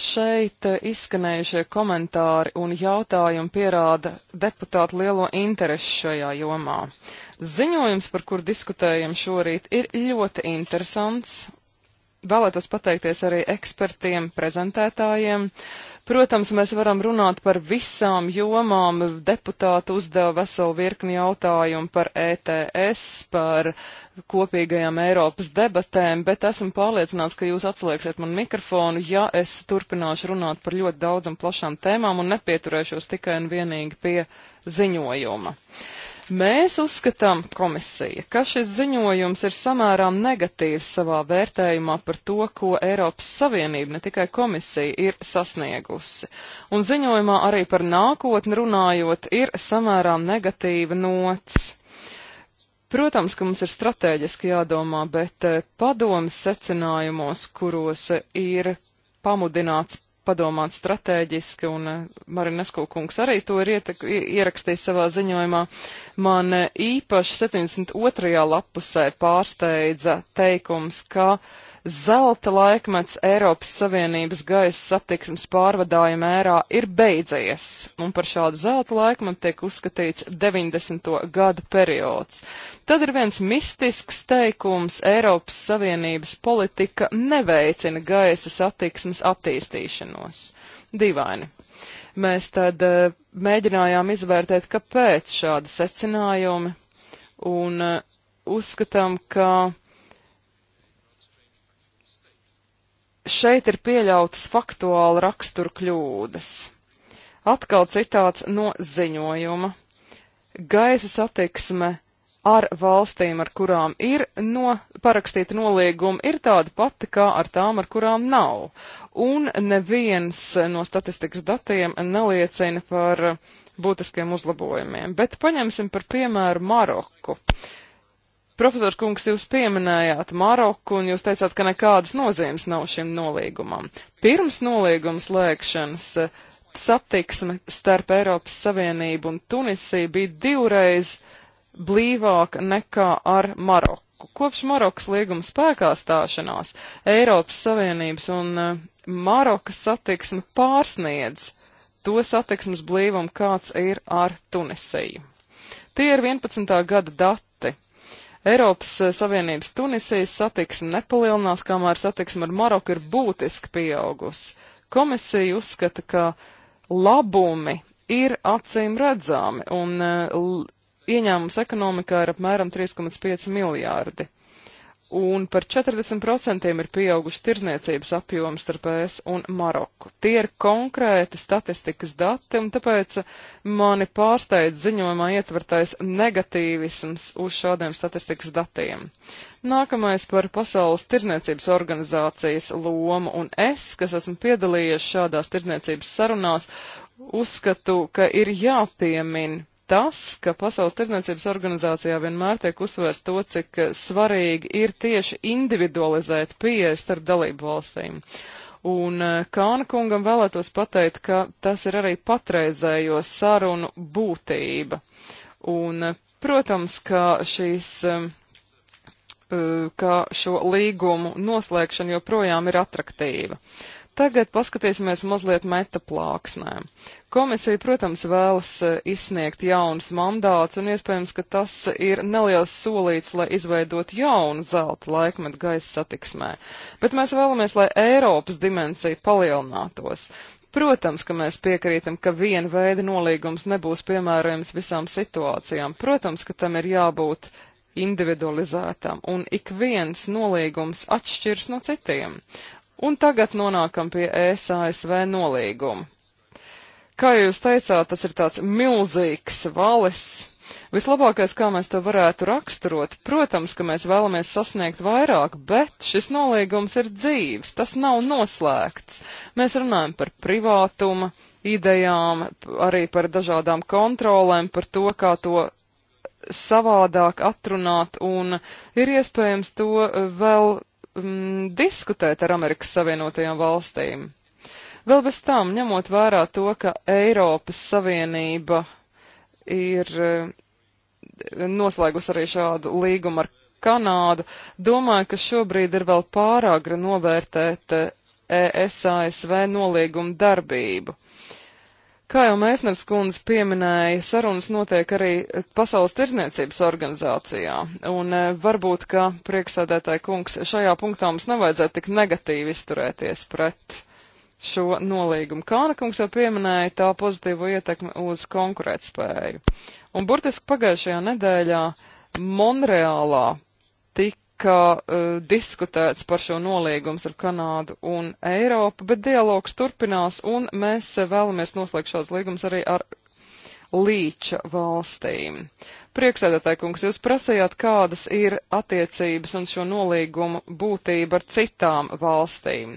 Šeit izskanējušie komentāri un jautājumi pierāda deputātu lielo interesi šajā jomā. Ziņojums, par kur diskutējam šorīt, ir ļoti interesants Vēlētos pateikties arī ekspertiem, prezentētājiem. Protams, mēs varam runāt par visām jomām. Deputāti uzdeva veselu virkni jautājumu par ETS, par kopīgajām Eiropas debatēm, bet esmu pārliecināts, ka jūs atslēgsiet man mikrofonu, ja es turpināšu runāt par ļoti daudzam plašām tēmām un nepieturēšos tikai un vienīgi pie ziņojuma. Uh, Mēs uzskatām, komisija, ka šis ziņojums ir samērā negatīvs savā vērtējumā par to, ko Eiropas Savienība, ne tikai komisija, ir sasniegusi. Un ziņojumā arī par nākotni runājot ir samērā negatīva nots. Protams, ka mums ir strateģiski jādomā, bet eh, padomas secinājumos, kuros eh, ir pamudināts padomāt strateģiski, un eh, Marinesko kungs arī to ir ietek, ierakstījis savā ziņojumā. Man eh, īpaši 72. lapusē pārsteidza teikums, ka uh, Zelta laikmets Eiropas Savienības gaisa satiksmes pārvadājuma ērā ir beidzies, un par šādu zelta laikmetu tiek uzskatīts 90. gadu periods. Tad ir viens mistisks teikums - Eiropas Savienības politika neveicina gaisa satiksmes attīstīšanos. Dīvaini. Mēs tad eh, mēģinājām izvērtēt, kāpēc šādi secinājumi, un eh, uzskatām, ka šeit ir pieļautas faktuāla rakstura kļūdas. Atkal citāts no ziņojuma. Gaisa satiksme ar valstīm, ar kurām ir no, parakstīta nolieguma, ir tāda pati kā ar tām, ar kurām nav. Un neviens no statistikas datiem neliecina par būtiskiem uzlabojumiem. Bet paņemsim par piemēru Maroku. Uh, Profesor Kungs, jūs pieminējāt Maroku un jūs teicāt, ka nekādas nozīmes nav šim nolīgumam. Pirms nolīguma slēgšanas eh, satiksme starp Eiropas Savienību un Tunisiju bija divreiz blīvāka nekā ar Maroku. Kopš Marokas līguma spēkā stāšanās Eiropas Savienības un eh, Marokas satiksme pārsniedz to satiksmes blīvumu, kāds ir ar Tunisiju. Tie ir 11. gada dati Eiropas eh, Savienības Tunisijas satiksme nepalielinās, kamēr satiksme ar Maroku ir būtiski pieaugusi. Komisija uzskata, ka labumi ir acīm redzami un uh, ieņēmums ekonomikā ir apmēram 3,5 miljārdi un par 40% ir pieauguši tirzniecības apjoms starp ES un Maroku. Tie ir konkrēti statistikas dati, un tāpēc mani pārsteidz ziņojumā ietvertais negatīvisms uz šādiem statistikas datiem. Nākamais par Pasaules tirzniecības organizācijas lomu, un es, kas esmu piedalījies šādās tirzniecības sarunās, uzskatu, ka ir jāpiemin tas, ka Pasaules tirdzniecības organizācijā vienmēr tiek uzsvērts to, cik eh, svarīgi ir tieši individualizēt pieeja starp dalību valstīm. Un eh, Kāna kungam vēlētos pateikt, ka tas ir arī patreizējo sarunu būtība. Un, eh, protams, ka šīs ka šo līgumu noslēgšana joprojām ir atraktīva. Uh, Tagad paskatīsimies mazliet meta plāksnēm. Komisija, protams, vēlas e, izsniegt jaunus mandātus, un iespējams, ka tas ir neliels solīts, lai izveidot jaunu zelta laikmetu gaisa satiksmē. Bet mēs vēlamies, lai Eiropas dimensija palielinātos. Protams, ka mēs piekrītam, ka viena veida nolīgums nebūs piemērojams visām situācijām. Protams, ka tam ir jābūt individualizētam, un ik viens nolīgums atšķirs no citiem. Un tagad nonākam pie ESASV nolīguma. Kā jūs teicāt, tas ir tāds milzīgs valis. Vislabākais, kā mēs to varētu raksturot, protams, ka mēs vēlamies sasniegt vairāk, bet šis nolīgums ir dzīves, tas nav noslēgts. Mēs runājam par privātuma idejām, arī par dažādām kontrolēm, par to, kā to savādāk atrunāt, un ir iespējams to vēl mm, diskutēt ar Amerikas Savienotajām valstīm. Vēl bez tam, ņemot vērā to, ka Eiropas Savienība ir eh, noslēgus arī šādu līgumu ar Kanādu, domāju, ka šobrīd ir vēl pāragri novērtēt ES-ASV eh, e nolīgumu darbību. Kā jau Mēsners kundze pieminēja, sarunas notiek arī Pasaules tirzniecības organizācijā, un e, varbūt, ka priekšsēdētāja kungs šajā punktā mums nevajadzētu tik negatīvi izturēties pret šo nolīgumu. Kāna kungs jau pieminēja tā pozitīvo ietekmi uz konkurētspēju. Un burtiski pagājušajā nedēļā Monreālā tika uh, diskutēts par šo nolīgums ar Kanādu un Eiropu, bet dialogs turpinās un mēs vēlamies noslēgt šāds līgums arī ar līča valstīm. Prieksēdētāji kungs, jūs prasījāt, kādas ir attiecības un šo nolīgumu būtība ar citām valstīm.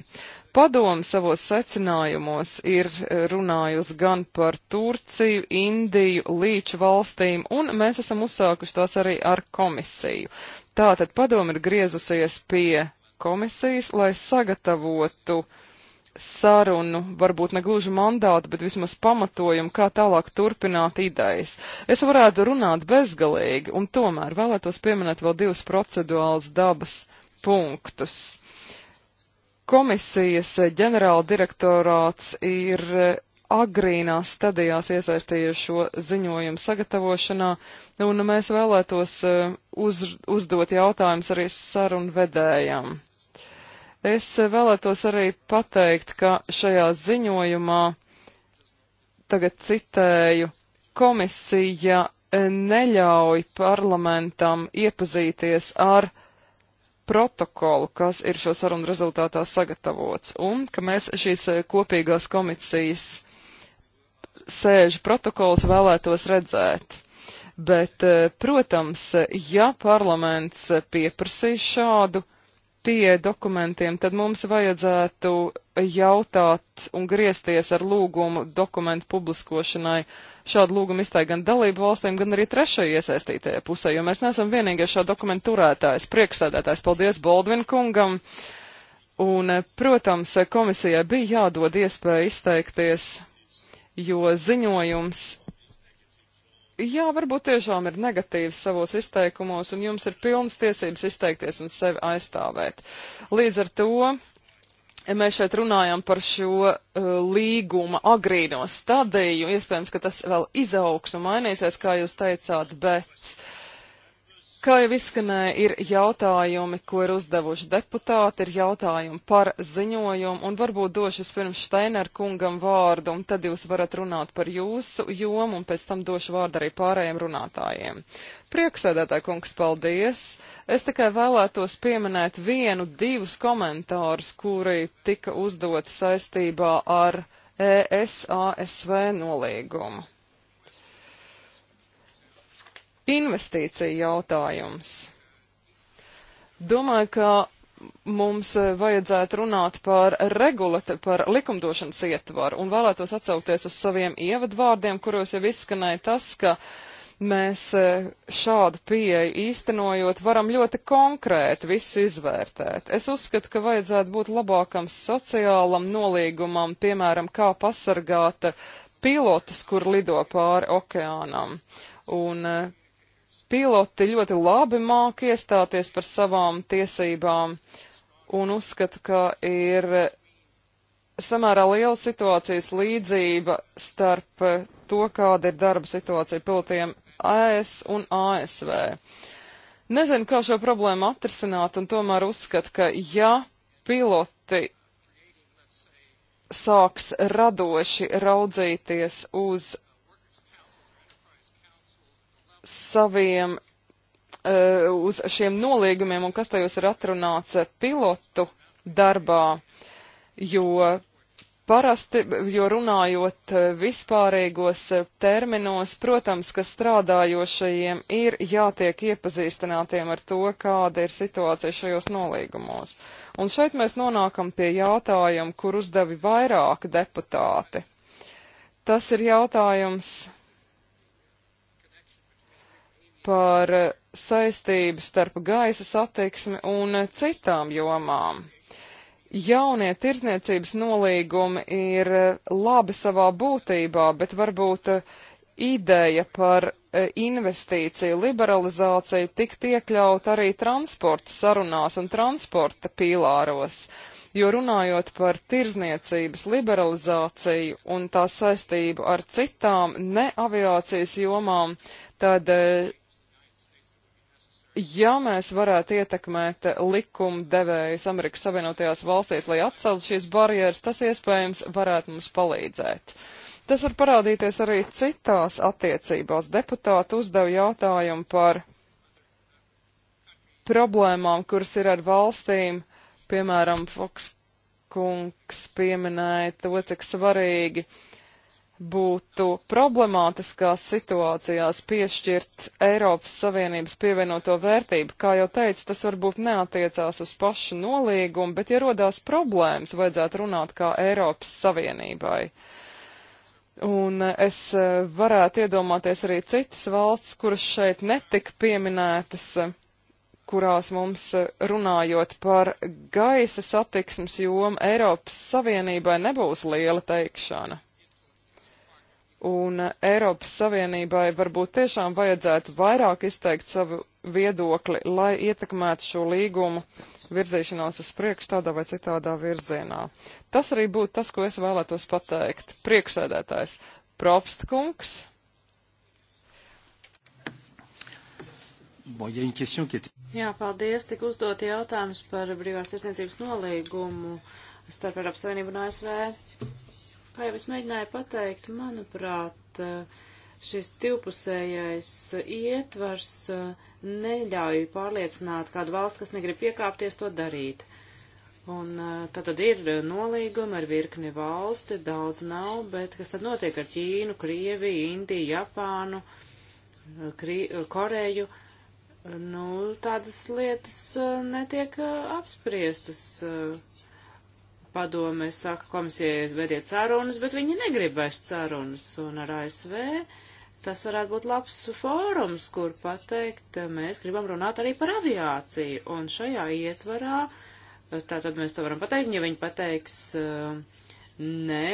Padomu savos secinājumos ir eh, runājusi gan par Turciju, Indiju, līča valstīm, un mēs esam uzsākuši tās arī ar komisiju. Tātad padomu ir griezusies pie komisijas, lai sagatavotu sarunu, varbūt ne gluži mandātu, bet vismaz pamatojumu, kā tālāk turpināt idejas. Es varētu runāt bezgalīgi, un tomēr vēlētos pieminēt vēl divus procedūāls dabas punktus. Komisijas ģenerāldirektorāts ir agrīnās stadijās iesaistījies šo ziņojumu sagatavošanā, un mēs vēlētos e, uz, uzdot jautājumus arī sarunu vedējam. Es vēlētos arī pateikt, ka šajā ziņojumā, tagad citēju, komisija neļauj parlamentam iepazīties ar protokolu, kas ir šo sarunu rezultātā sagatavots, un ka mēs šīs e, kopīgās komisijas sēžu protokols vēlētos redzēt. Bet, eh, protams, ja parlaments pieprasīs šādu pieeja dokumentiem, tad mums vajadzētu jautāt un griezties ar lūgumu dokumentu publiskošanai. Šādu lūgumu izteikt gan dalību valstīm, gan arī trešajai iesaistītajai pusē, jo mēs neesam vienīgie šā dokumentu turētājs, priekšsēdētājs. Paldies Baldvin kungam! Un, eh, protams, komisijai bija jādod iespēja izteikties jo ziņojums. Jā, varbūt tiešām ir negatīvs savos izteikumos, un jums ir pilnas tiesības izteikties un sevi aizstāvēt. Līdz ar to mēs šeit runājam par šo uh, līguma agrīno stadiju. Iespējams, ka tas vēl izaugs un mainīsies, kā jūs teicāt, bet Kā jau izskanēja, ir jautājumi, ko ir uzdevuši deputāti, ir jautājumi par ziņojumu, un varbūt došu es pirms Steiner kungam vārdu, un tad jūs varat runāt par jūsu jomu, un pēc tam došu vārdu arī pārējiem runātājiem. Prieksēdētāji kungs, paldies! Es tikai vēlētos pieminēt vienu, divus komentārus, kuri tika uzdoti saistībā ar ESASV nolīgumu investīcija jautājums. Domāju, ka mums eh, vajadzētu runāt par regulat, par likumdošanas ietvaru un vēlētos atsaukties uz saviem ievadvārdiem, kuros jau izskanēja tas, ka mēs eh, šādu pieeju īstenojot varam ļoti konkrēti visu izvērtēt. Es uzskatu, ka vajadzētu būt labākam sociālam nolīgumam, piemēram, kā pasargāt pilotus, kur lido pāri okeānam. Un eh, piloti ļoti labi māk iestāties par savām tiesībām un uzskatu, ka ir samērā liela situācijas līdzība starp to, kāda ir darba situācija pilotiem AS un ASV. Nezinu, kā šo problēmu atrisināt, un tomēr uzskatu, ka ja piloti sāks radoši raudzīties uz saviem, e, uz šiem nolīgumiem un kas tajos ir atrunāts pilotu darbā, jo parasti, jo runājot vispārīgos terminos, protams, ka strādājošajiem ir jātiek iepazīstinātiem ar to, kāda ir situācija šajos nolīgumos. Un šeit mēs nonākam pie jautājuma, kur uzdevi vairāki deputāti. Tas ir jautājums par eh, saistību starp gaisa satiksmi un eh, citām jomām. Jaunie tirzniecības nolīgumi ir eh, labi savā būtībā, bet varbūt ideja par investīciju liberalizāciju tikt iekļaut arī transporta sarunās un transporta pīlāros, jo runājot par tirzniecības liberalizāciju un tā saistību ar citām neaviācijas jomām, tad Ja mēs varētu ietekmēt likumdevējus Amerikas Savienotajās valstīs, lai atceltu šīs barjeras, tas iespējams varētu mums palīdzēt. Tas var parādīties arī citās attiecībās. Deputāti uzdeva jautājumu par problēmām, kuras ir ar valstīm, piemēram, Foks kungs pieminēja to, cik svarīgi ir būtu problemātiskās situācijās piešķirt Eiropas Savienības pievienoto vērtību. Kā jau teicu, tas varbūt neatiecās uz pašu nolīgumu, bet ja rodās problēmas, vajadzētu runāt kā Eiropas Savienībai. Un es eh, varētu iedomāties arī citas valsts, kuras šeit netika pieminētas, kurās mums eh, runājot par gaisa satiksmes jomu Eiropas Savienībai nebūs liela teikšana. Un eh, Eiropas Savienībai varbūt tiešām vajadzētu vairāk izteikt savu viedokli, lai ietekmētu šo līgumu virzīšanos uz priekšu tādā vai citādā virzienā. Tas arī būtu tas, ko es vēlētos pateikt. Priekšsēdētājs Propstkungs. Jā, paldies. Tik uzdot jautājums par brīvās tirsniecības nolīgumu starp Eiropas Savienību un ASV. Kā jau es mēģināju pateikt, manuprāt, šis divpusējais ietvars eh, neļauj pārliecināt kādu valstu, kas negrib piekāpties to darīt. Un eh, tā tad ir nolīgumi ar virkni valsti, daudz nav, bet kas tad notiek ar Ķīnu, Krieviju, Indiju, Japānu, eh, Kri Koreju? Nu, tādas lietas netiek apspriestas. Uh, Padome saka komisijai vediet sarunas, bet viņi negrib vēst sarunas. Un ar ASV tas varētu būt labs fórums, kur pateikt, mēs gribam runāt arī par aviāciju. Un šajā ietvarā, tātad mēs to varam pateikt, ja viņi pateiks nē,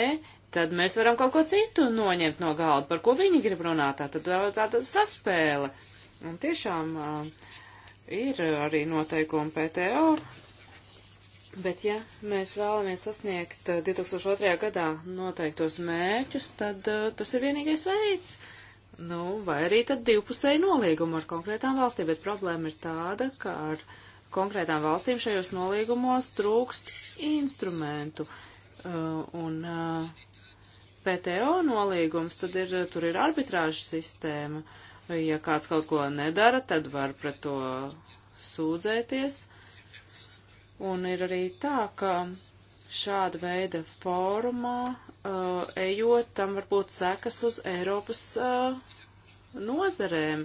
tad mēs varam kaut ko citu noņemt no galda, par ko viņi grib runāt. Tā tad tā tad saspēle. Un tiešām uh, ir arī noteikumi PTO, Bet ja mēs vēlamies sasniegt 2002. Eh, gadā noteiktos mērķus, tad eh, tas ir vienīgais veids. Nu, vai arī tad divpusēji nolīgumu ar konkrētām valstīm, bet problēma ir tāda, ka ar konkrētām valstīm šajos nolīgumos trūkst instrumentu. Uh, un uh, PTO nolīgums, tad ir, tur ir arbitrāža sistēma. Ja kāds kaut ko nedara, tad var pret to sūdzēties. Un ir arī tā, ka šāda veida fórumā uh, ejot, tam var būt sekas uz Eiropas uh, nozarēm.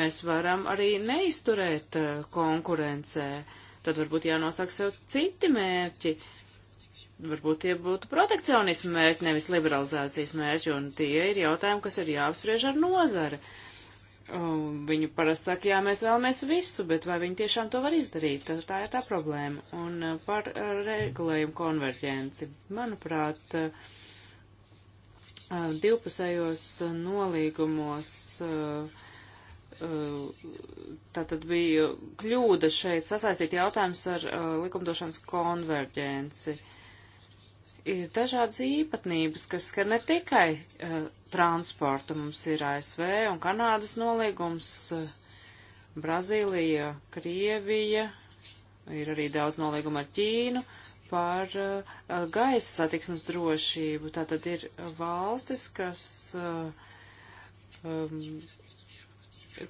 Mēs varam arī neizturēt uh, konkurencē. Tad varbūt jānosaka sev citi mērķi. Varbūt tie būtu protekcionismu mērķi, nevis liberalizācijas mērķi, un tie ir jautājumi, kas ir jāapspriež ar nozari. Uh, Viņu parasti saka, jā, mēs vēlamies visu, bet vai viņi tiešām to var izdarīt? Tā, tā ir tā problēma. Un uh, par uh, regulējumu konverģenci. Manuprāt, uh, divpusējos nolīgumos tātad bija kļūda šeit sasaistīt jautājums ar likumdošanas konverģenci. Ir dažādas īpatnības, kas skar ne tikai transportu. Mums ir ASV un Kanādas nolīgums, eh, Brazīlija, Krievija, ir arī daudz nolīguma ar Ķīnu par uh, gaisa satiksmes drošību. Tātad ir valstis, kas, uh, um,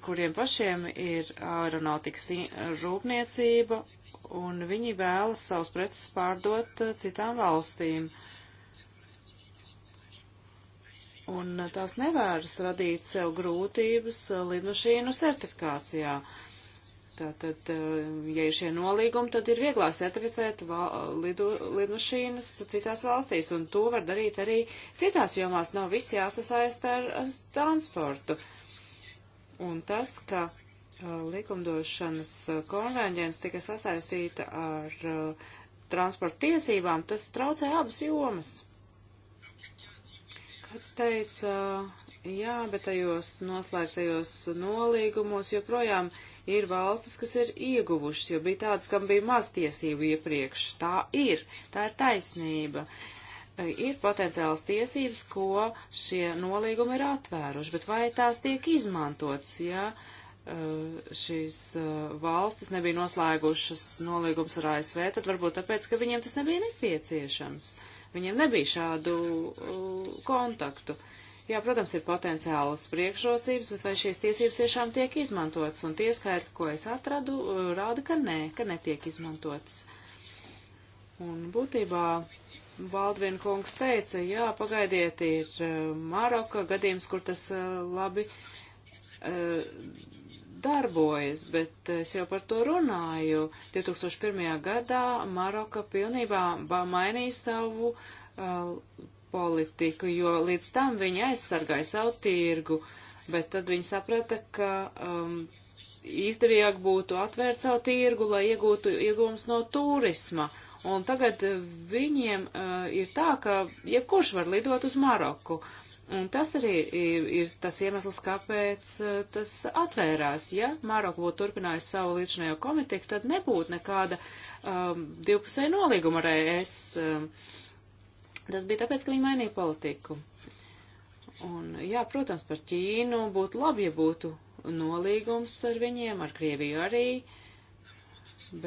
kuriem pašiem ir aeronautikas rūpniecība, un viņi vēlas savus preces pārdot uh, citām valstīm. Uh, un tās nevēras radīt sev grūtības lidmašīnu certifikācijā. Tātad, eh, ja ir šie nolīgumi, tad ir vieglāk certificēt lidu, lidmašīnas citās valstīs, un to var darīt arī citās jomās. Nav viss jāsasaist ar, ar transportu. Un tas, ka eh, likumdošanas konvenģents tika sasaistīta ar eh, transporta tiesībām, tas traucē abas jomas. Kāds teica, jā, bet tajos noslēgtajos nolīgumos joprojām ir valstis, kas ir ieguvušas, jo bija tādas, kam bija maz tiesību iepriekš. Tā ir, tā ir taisnība. E, ir potenciāls tiesības, ko šie nolīgumi ir atvēruši, bet vai tās tiek izmantotas, jā? Ja? E, šīs e, valstis nebija noslēgušas nolīgums ar ASV, tad varbūt tāpēc, ka viņiem tas nebija nepieciešams. Uh, Viņiem nebija šādu uh, kontaktu. Jā, protams, ir potenciālas priekšrocības, bet vai šīs tiesības tiešām tiek izmantotas? Un tie skaitļi, ko es atradu, uh, rāda, ka nē, ka netiek izmantotas. Un būtībā Baldvina kungs teica, jā, pagaidiet, ir uh, Maroka gadījums, kur tas uh, labi darbojas, bet es jau par to runāju. 2001. gadā Maroka pilnībā mainīja savu uh, politiku, jo līdz tam viņi aizsargāja savu tirgu, bet tad viņi saprata, ka um, izdevīgāk būtu atvērt savu tirgu, lai iegūtu iegūmus no turisma. Un tagad viņiem uh, ir tā, ka jebkurš var lidot uz Maroku. Uh, Un tas arī ir, ir tas iemesls, kāpēc e, tas atvērās. Ja Maroka būtu turpinājusi savu līdzinējo komiteju, tad nebūtu nekāda um, divpusēja nolīguma ar ES. Um, tas bija tāpēc, ka viņi mainīja politiku. Un, jā, protams, par Ķīnu būtu labi, ja būtu nolīgums ar viņiem, ar Krieviju arī.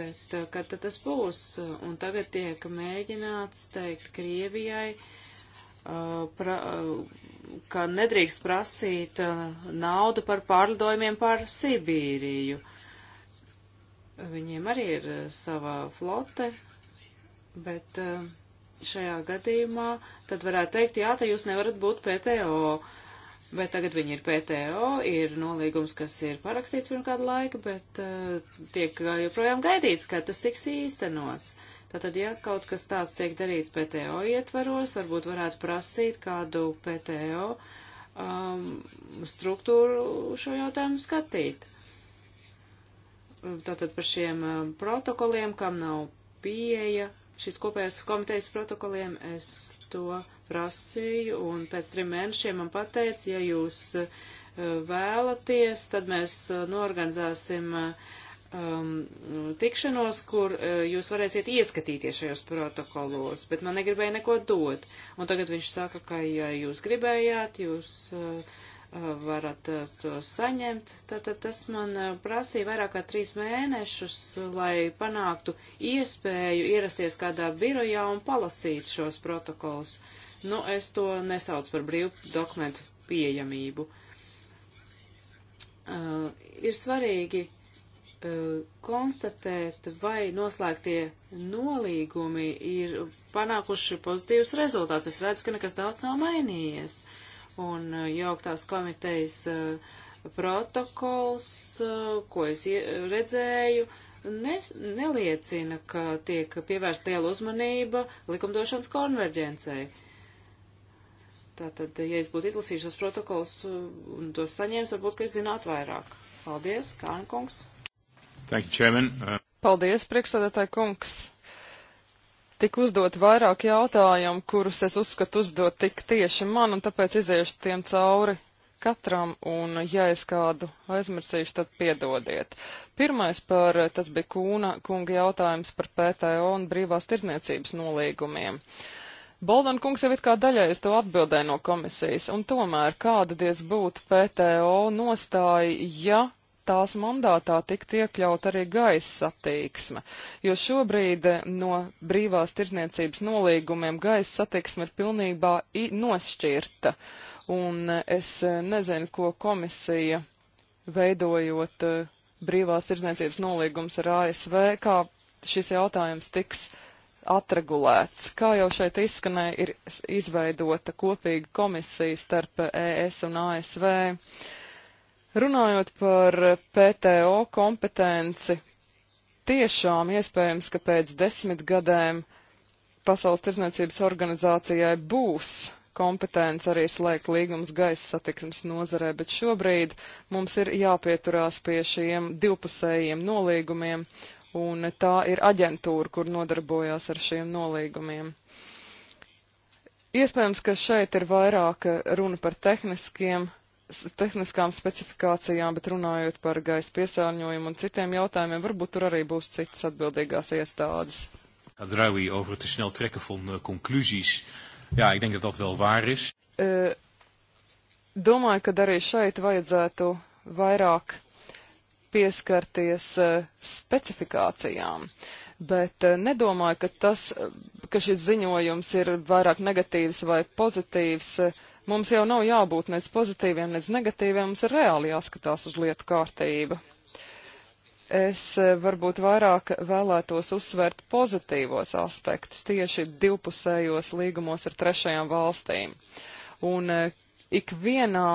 Bet e, kad tas būs? Un tagad tiek mēģināts teikt Krievijai, uh, Uh, pra, uh, ka nedrīkst prasīt uh, naudu par pārlidojumiem par Sibīriju. Viņiem arī ir sava flote, bet šajā gadījumā tad varētu teikt, jā, te jūs nevarat būt PTO. Bet tagad viņi ir PTO, ir nolīgums, kas ir parakstīts pirms kādu laiku, bet uh, tiek joprojām gaidīts, ka tas tiks īstenots. Uh, Tātad, ja kaut kas tāds tiek darīts PTO ietvaros, varbūt varētu prasīt kādu PTO um, struktūru šo jautājumu skatīt. Tātad par šiem um, protokoliem, kam nav pieeja šīs kopējās komitejas protokoliem, es to prasīju, un pēc trim mēnešiem man pateica, ja jūs uh, vēlaties, tad mēs uh, norganizēsim uh, um, tikšanos, kur uh, jūs varēsiet ieskatīties šajos protokolos, bet man negribēja neko dot. Un tagad viņš saka, ka ja jūs gribējāt, jūs uh, uh varat uh, to saņemt. Tātad tas man uh, prasīja vairāk kā trīs mēnešus, lai panāktu iespēju ierasties kādā birojā un palasīt šos protokolus. Nu, es to nesaucu par brīvu dokumentu pieejamību. Uh, ir svarīgi E, konstatēt, vai noslēgtie nolīgumi ir panākuši pozitīvus rezultātus. Es redzu, ka nekas daudz nav mainījies. Un e, jauktās komitejas e, protokols, ko es redzēju, ne, neliecina, ka tiek pievērsta liela uzmanība likumdošanas konverģencei. Tātad, ja es būtu izlasījis šos protokols un tos saņēmis, varbūt, ka es zinātu vairāk. Paldies, Kārnkungs! Thank you, Chairman. Uh... Paldies, priekšsēdētāji kungs. Tik uzdot vairāk jautājumu, kurus es uzskatu uzdot tik tieši man, un tāpēc iziešu tiem cauri katram, un ja es kādu aizmirsīšu, tad piedodiet. Pirmais par, tas bija Kūna kunga jautājums par PTO un brīvās tirzniecības nolīgumiem. Boldon kungs jau it kā daļai uz to atbildēja no komisijas, un tomēr kāda diez būtu PTO nostāja, ja tās mandātā tiktu iekļaut arī gaisa satiksme, jo šobrīd eh, no brīvās tirzniecības nolīgumiem gaisa satiksme ir pilnībā nošķirta, un eh, es eh, nezinu, ko komisija veidojot brīvās tirzniecības nolīgums ar ASV, kā šis jautājums tiks atregulēts. Kā jau šeit izskanēja, ir izveidota kopīga komisija starp ES e un ASV. Uh, Runājot par PTO kompetenci, tiešām iespējams, ka pēc desmit gadiem Pasaules tirsniecības organizācijai būs kompetence arī slēgt līgums gaisa satiksmes nozarē, bet šobrīd mums ir jāpieturās pie šiem divpusējiem nolīgumiem, un tā ir aģentūra, kur nodarbojās ar šiem nolīgumiem. Iespējams, ka šeit ir vairāk runa par tehniskiem tehniskām specifikācijām, bet runājot par gaisa piesārņojumu un citiem jautājumiem, varbūt tur arī būs citas atbildīgās iestādes. Adrawi over het te snel trekken van uh, conclusies. Ja, ik denk dat dat wel waar is. Uh, domāju, ka arī šeit vajadzētu vairāk pieskarties uh, specifikācijām, bet uh, nedomāju, ka, tas, ka šis ziņojums ir vairāk negatīvs vai pozitīvs. Uh, Mums jau nav jābūt nec pozitīviem, nec negatīviem, mums ir reāli jāskatās uz lietu kārtību. Es e, varbūt vairāk vēlētos uzsvērt pozitīvos aspektus tieši divpusējos līgumos ar trešajām valstīm. Un e, ikvienā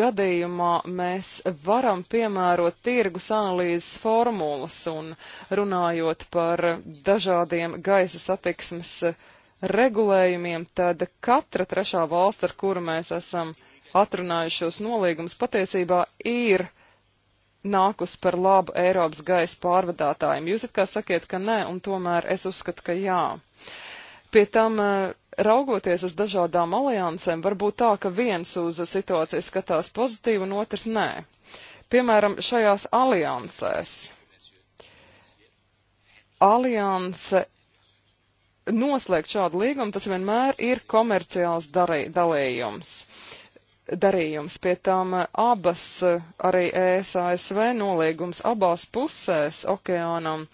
gadījumā mēs varam piemērot tirgus analīzes formulas un runājot par dažādiem gaisa satiksmes uh, regulējumiem, tad katra trešā valsts, ar kuru mēs esam atrunājušos nolīgumus, patiesībā ir nākus par labu Eiropas gaisa pārvadātājiem. Jūs it kā sakiet, ka nē, un tomēr es uzskatu, ka jā. Pie tam eh, raugoties uz dažādām aliansēm, var būt tā, ka viens uz situāciju skatās pozitīvi un otrs nē. Piemēram, šajās aliansēs. Alianse noslēgt šādu līgumu, tas vienmēr ir komerciāls darī, dalījums. Darījums pie tām eh, abas, eh, arī ESASV nolīgums abās pusēs okeānam,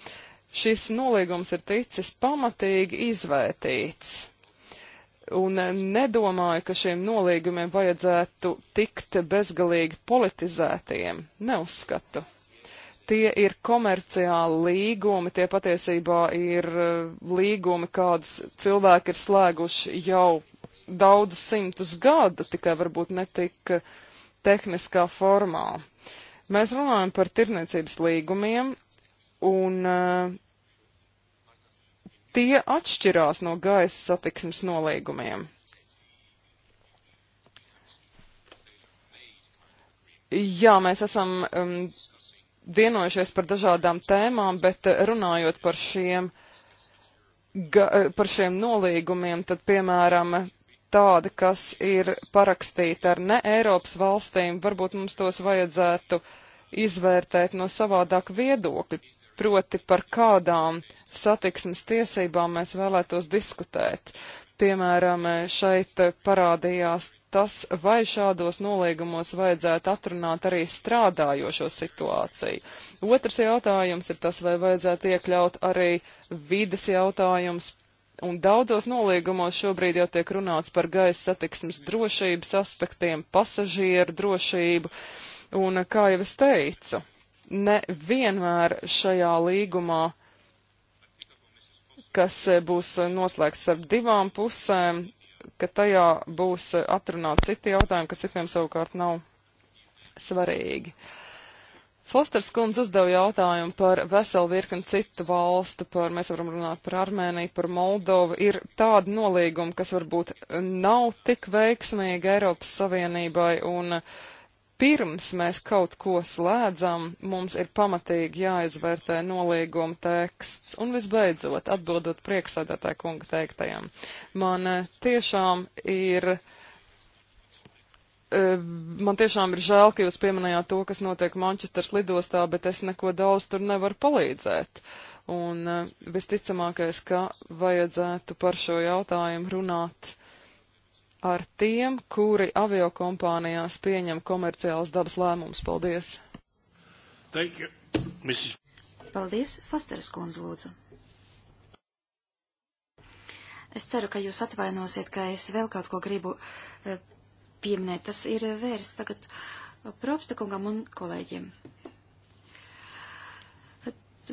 šis nolīgums ir ticis pamatīgi izvērtīts un eh, nedomāju, ka šiem nolīgumiem vajadzētu tikt bezgalīgi politizētiem. Neuzskatu tie ir komerciāli līgumi, tie patiesībā ir eh, līgumi, kādus cilvēki ir slēguši jau daudzus simtus gadu, tikai varbūt netik tehniskā formā. Mēs runājam par tirzniecības līgumiem, un eh, tie atšķirās no gaisa satiksmes nolīgumiem. Jā, mēs esam um, vienojušies par dažādām tēmām, bet eh, runājot par šiem, ga, eh, par šiem nolīgumiem, tad, piemēram, tādi, kas ir parakstīti ar ne Eiropas valstīm, varbūt mums tos vajadzētu izvērtēt no savādāk viedokļa, proti par kādām satiksmes tiesībām mēs vēlētos diskutēt. Piemēram, šeit eh, parādījās tas, vai šādos nolīgumos vajadzētu atrunāt arī strādājošo situāciju. Otrs jautājums ir tas, vai vajadzētu iekļaut arī vides jautājums. Un daudzos nolīgumos šobrīd jau tiek runāts par gaisa satiksmes drošības aspektiem, pasažieru drošību. Un, kā jau es teicu, nevienmēr šajā līgumā kas būs noslēgts starp divām pusēm, ka tajā būs eh, atrunāti citi jautājumi, kas citiem savukārt nav svarīgi. Fosters kundze uzdeva jautājumu par veselu virkni citu valstu, par mēs varam runāt par Armēniju, par Moldovu. Ir tāda nolīguma, kas varbūt nav tik veiksmīga Eiropas Savienībai un uh, pirms mēs kaut ko slēdzam, mums ir pamatīgi jāizvērtē nolīguma teksts. Un visbeidzot, atbildot prieksēdētāju kunga teiktajam, man eh, tiešām ir. Eh, man tiešām ir žēl, ka jūs pieminējāt to, kas notiek Manchesteras lidostā, bet es neko daudz tur nevaru palīdzēt. Un eh, visticamākais, ka vajadzētu par šo jautājumu runāt uh, ar tiem, kuri aviokompānijās pieņem komerciālas dabas lēmumus. Paldies! Thank you, Mrs. Paldies, Fosteras kundze, lūdzu. Es ceru, ka jūs atvainosiet, ka es vēl kaut ko gribu eh, pieminēt. Tas ir vērsts tagad propstakungam un kolēģiem.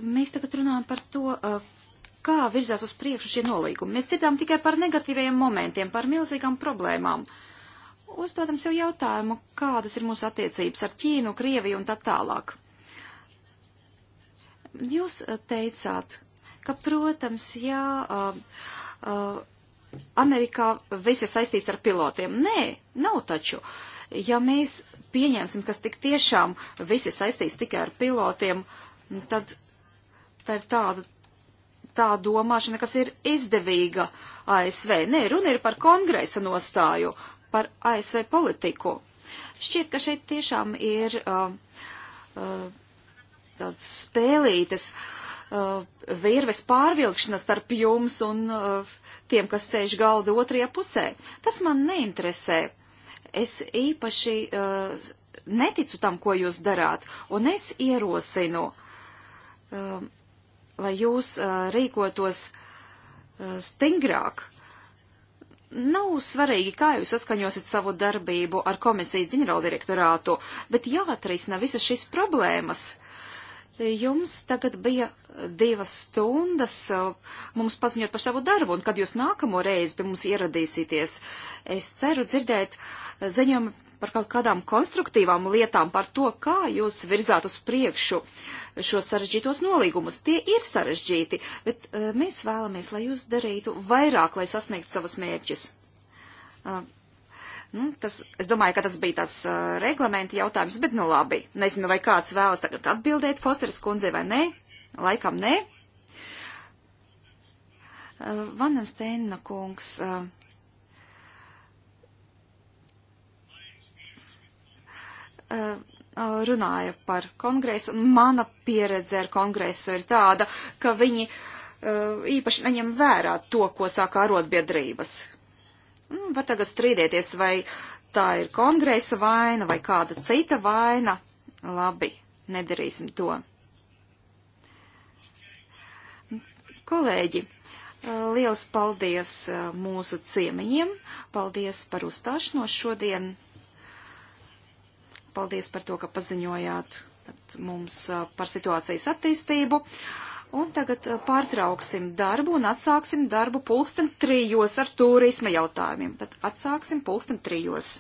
Mēs tagad runājam par to, eh, kā virzās uz priekšu šie nolīgumi. Mēs dzirdām tikai par negatīviem momentiem, par milzīgām problēmām. Uzdodam sev jautājumu, kādas ir mūsu attiecības ar Ķīnu, Krieviju un tā tālāk. Jūs eh, teicāt, ka, protams, jā, uh, uh, Amerikā viss ir saistīts ar pilotiem. Nē, nav taču. Ja mēs pieņemsim, kas tik tiešām viss ir saistīts tikai ar pilotiem, tad tā ir tāda tā domāšana, kas ir izdevīga ASV. Nē, runa ir par kongresa nostāju, par ASV politiku. Šķiet, ka šeit tiešām ir uh, uh, tāds spēlītas uh, virves pārvilkšanas starp jums un uh, tiem, kas sēž galda otrajā pusē. Tas man neinteresē. Es īpaši uh, neticu tam, ko jūs darāt, un es ierosinu. Uh, lai jūs rīkotos stingrāk. Nav svarīgi, kā jūs saskaņosiet savu darbību ar komisijas ģenerāldirektorātu, bet jāatrisina visas šīs problēmas. Jums tagad bija divas stundas mums paziņot par savu darbu, un kad jūs nākamo reizi pie mums ieradīsieties, es ceru dzirdēt ziņojumu par kaut kādām konstruktīvām lietām, par to, kā jūs virzāt uz priekšu šos sarežģītos nolīgumus. Tie ir sarežģīti, bet uh, mēs vēlamies, lai jūs darītu vairāk, lai sasniegtu savus mērķus. Uh, nu, tas, es domāju, ka tas bija tas uh, reglamenta jautājums, bet nu labi. Nezinu, vai kāds vēlas tagad atbildēt Fosteras kundzei vai nē. Laikam nē. Uh, Vanensteina kungs. Uh, E, e, runāja par kongresu, un mana pieredze ar kongresu ir tāda, ka viņi e, īpaši neņem vērā to, ko saka arotbiedrības. Nu, var tagad strīdēties, vai tā ir kongresa vaina vai kāda cita vaina. Labi, nedarīsim to. Kolēģi, liels paldies mūsu ciemiņiem, paldies par uzstāšanos šodien. Paldies par to, ka paziņojāt mums par situācijas attīstību. Un tagad pārtrauksim darbu un atsāksim darbu pulksten trijos ar turisma jautājumiem. Tad atsāksim pulksten trijos.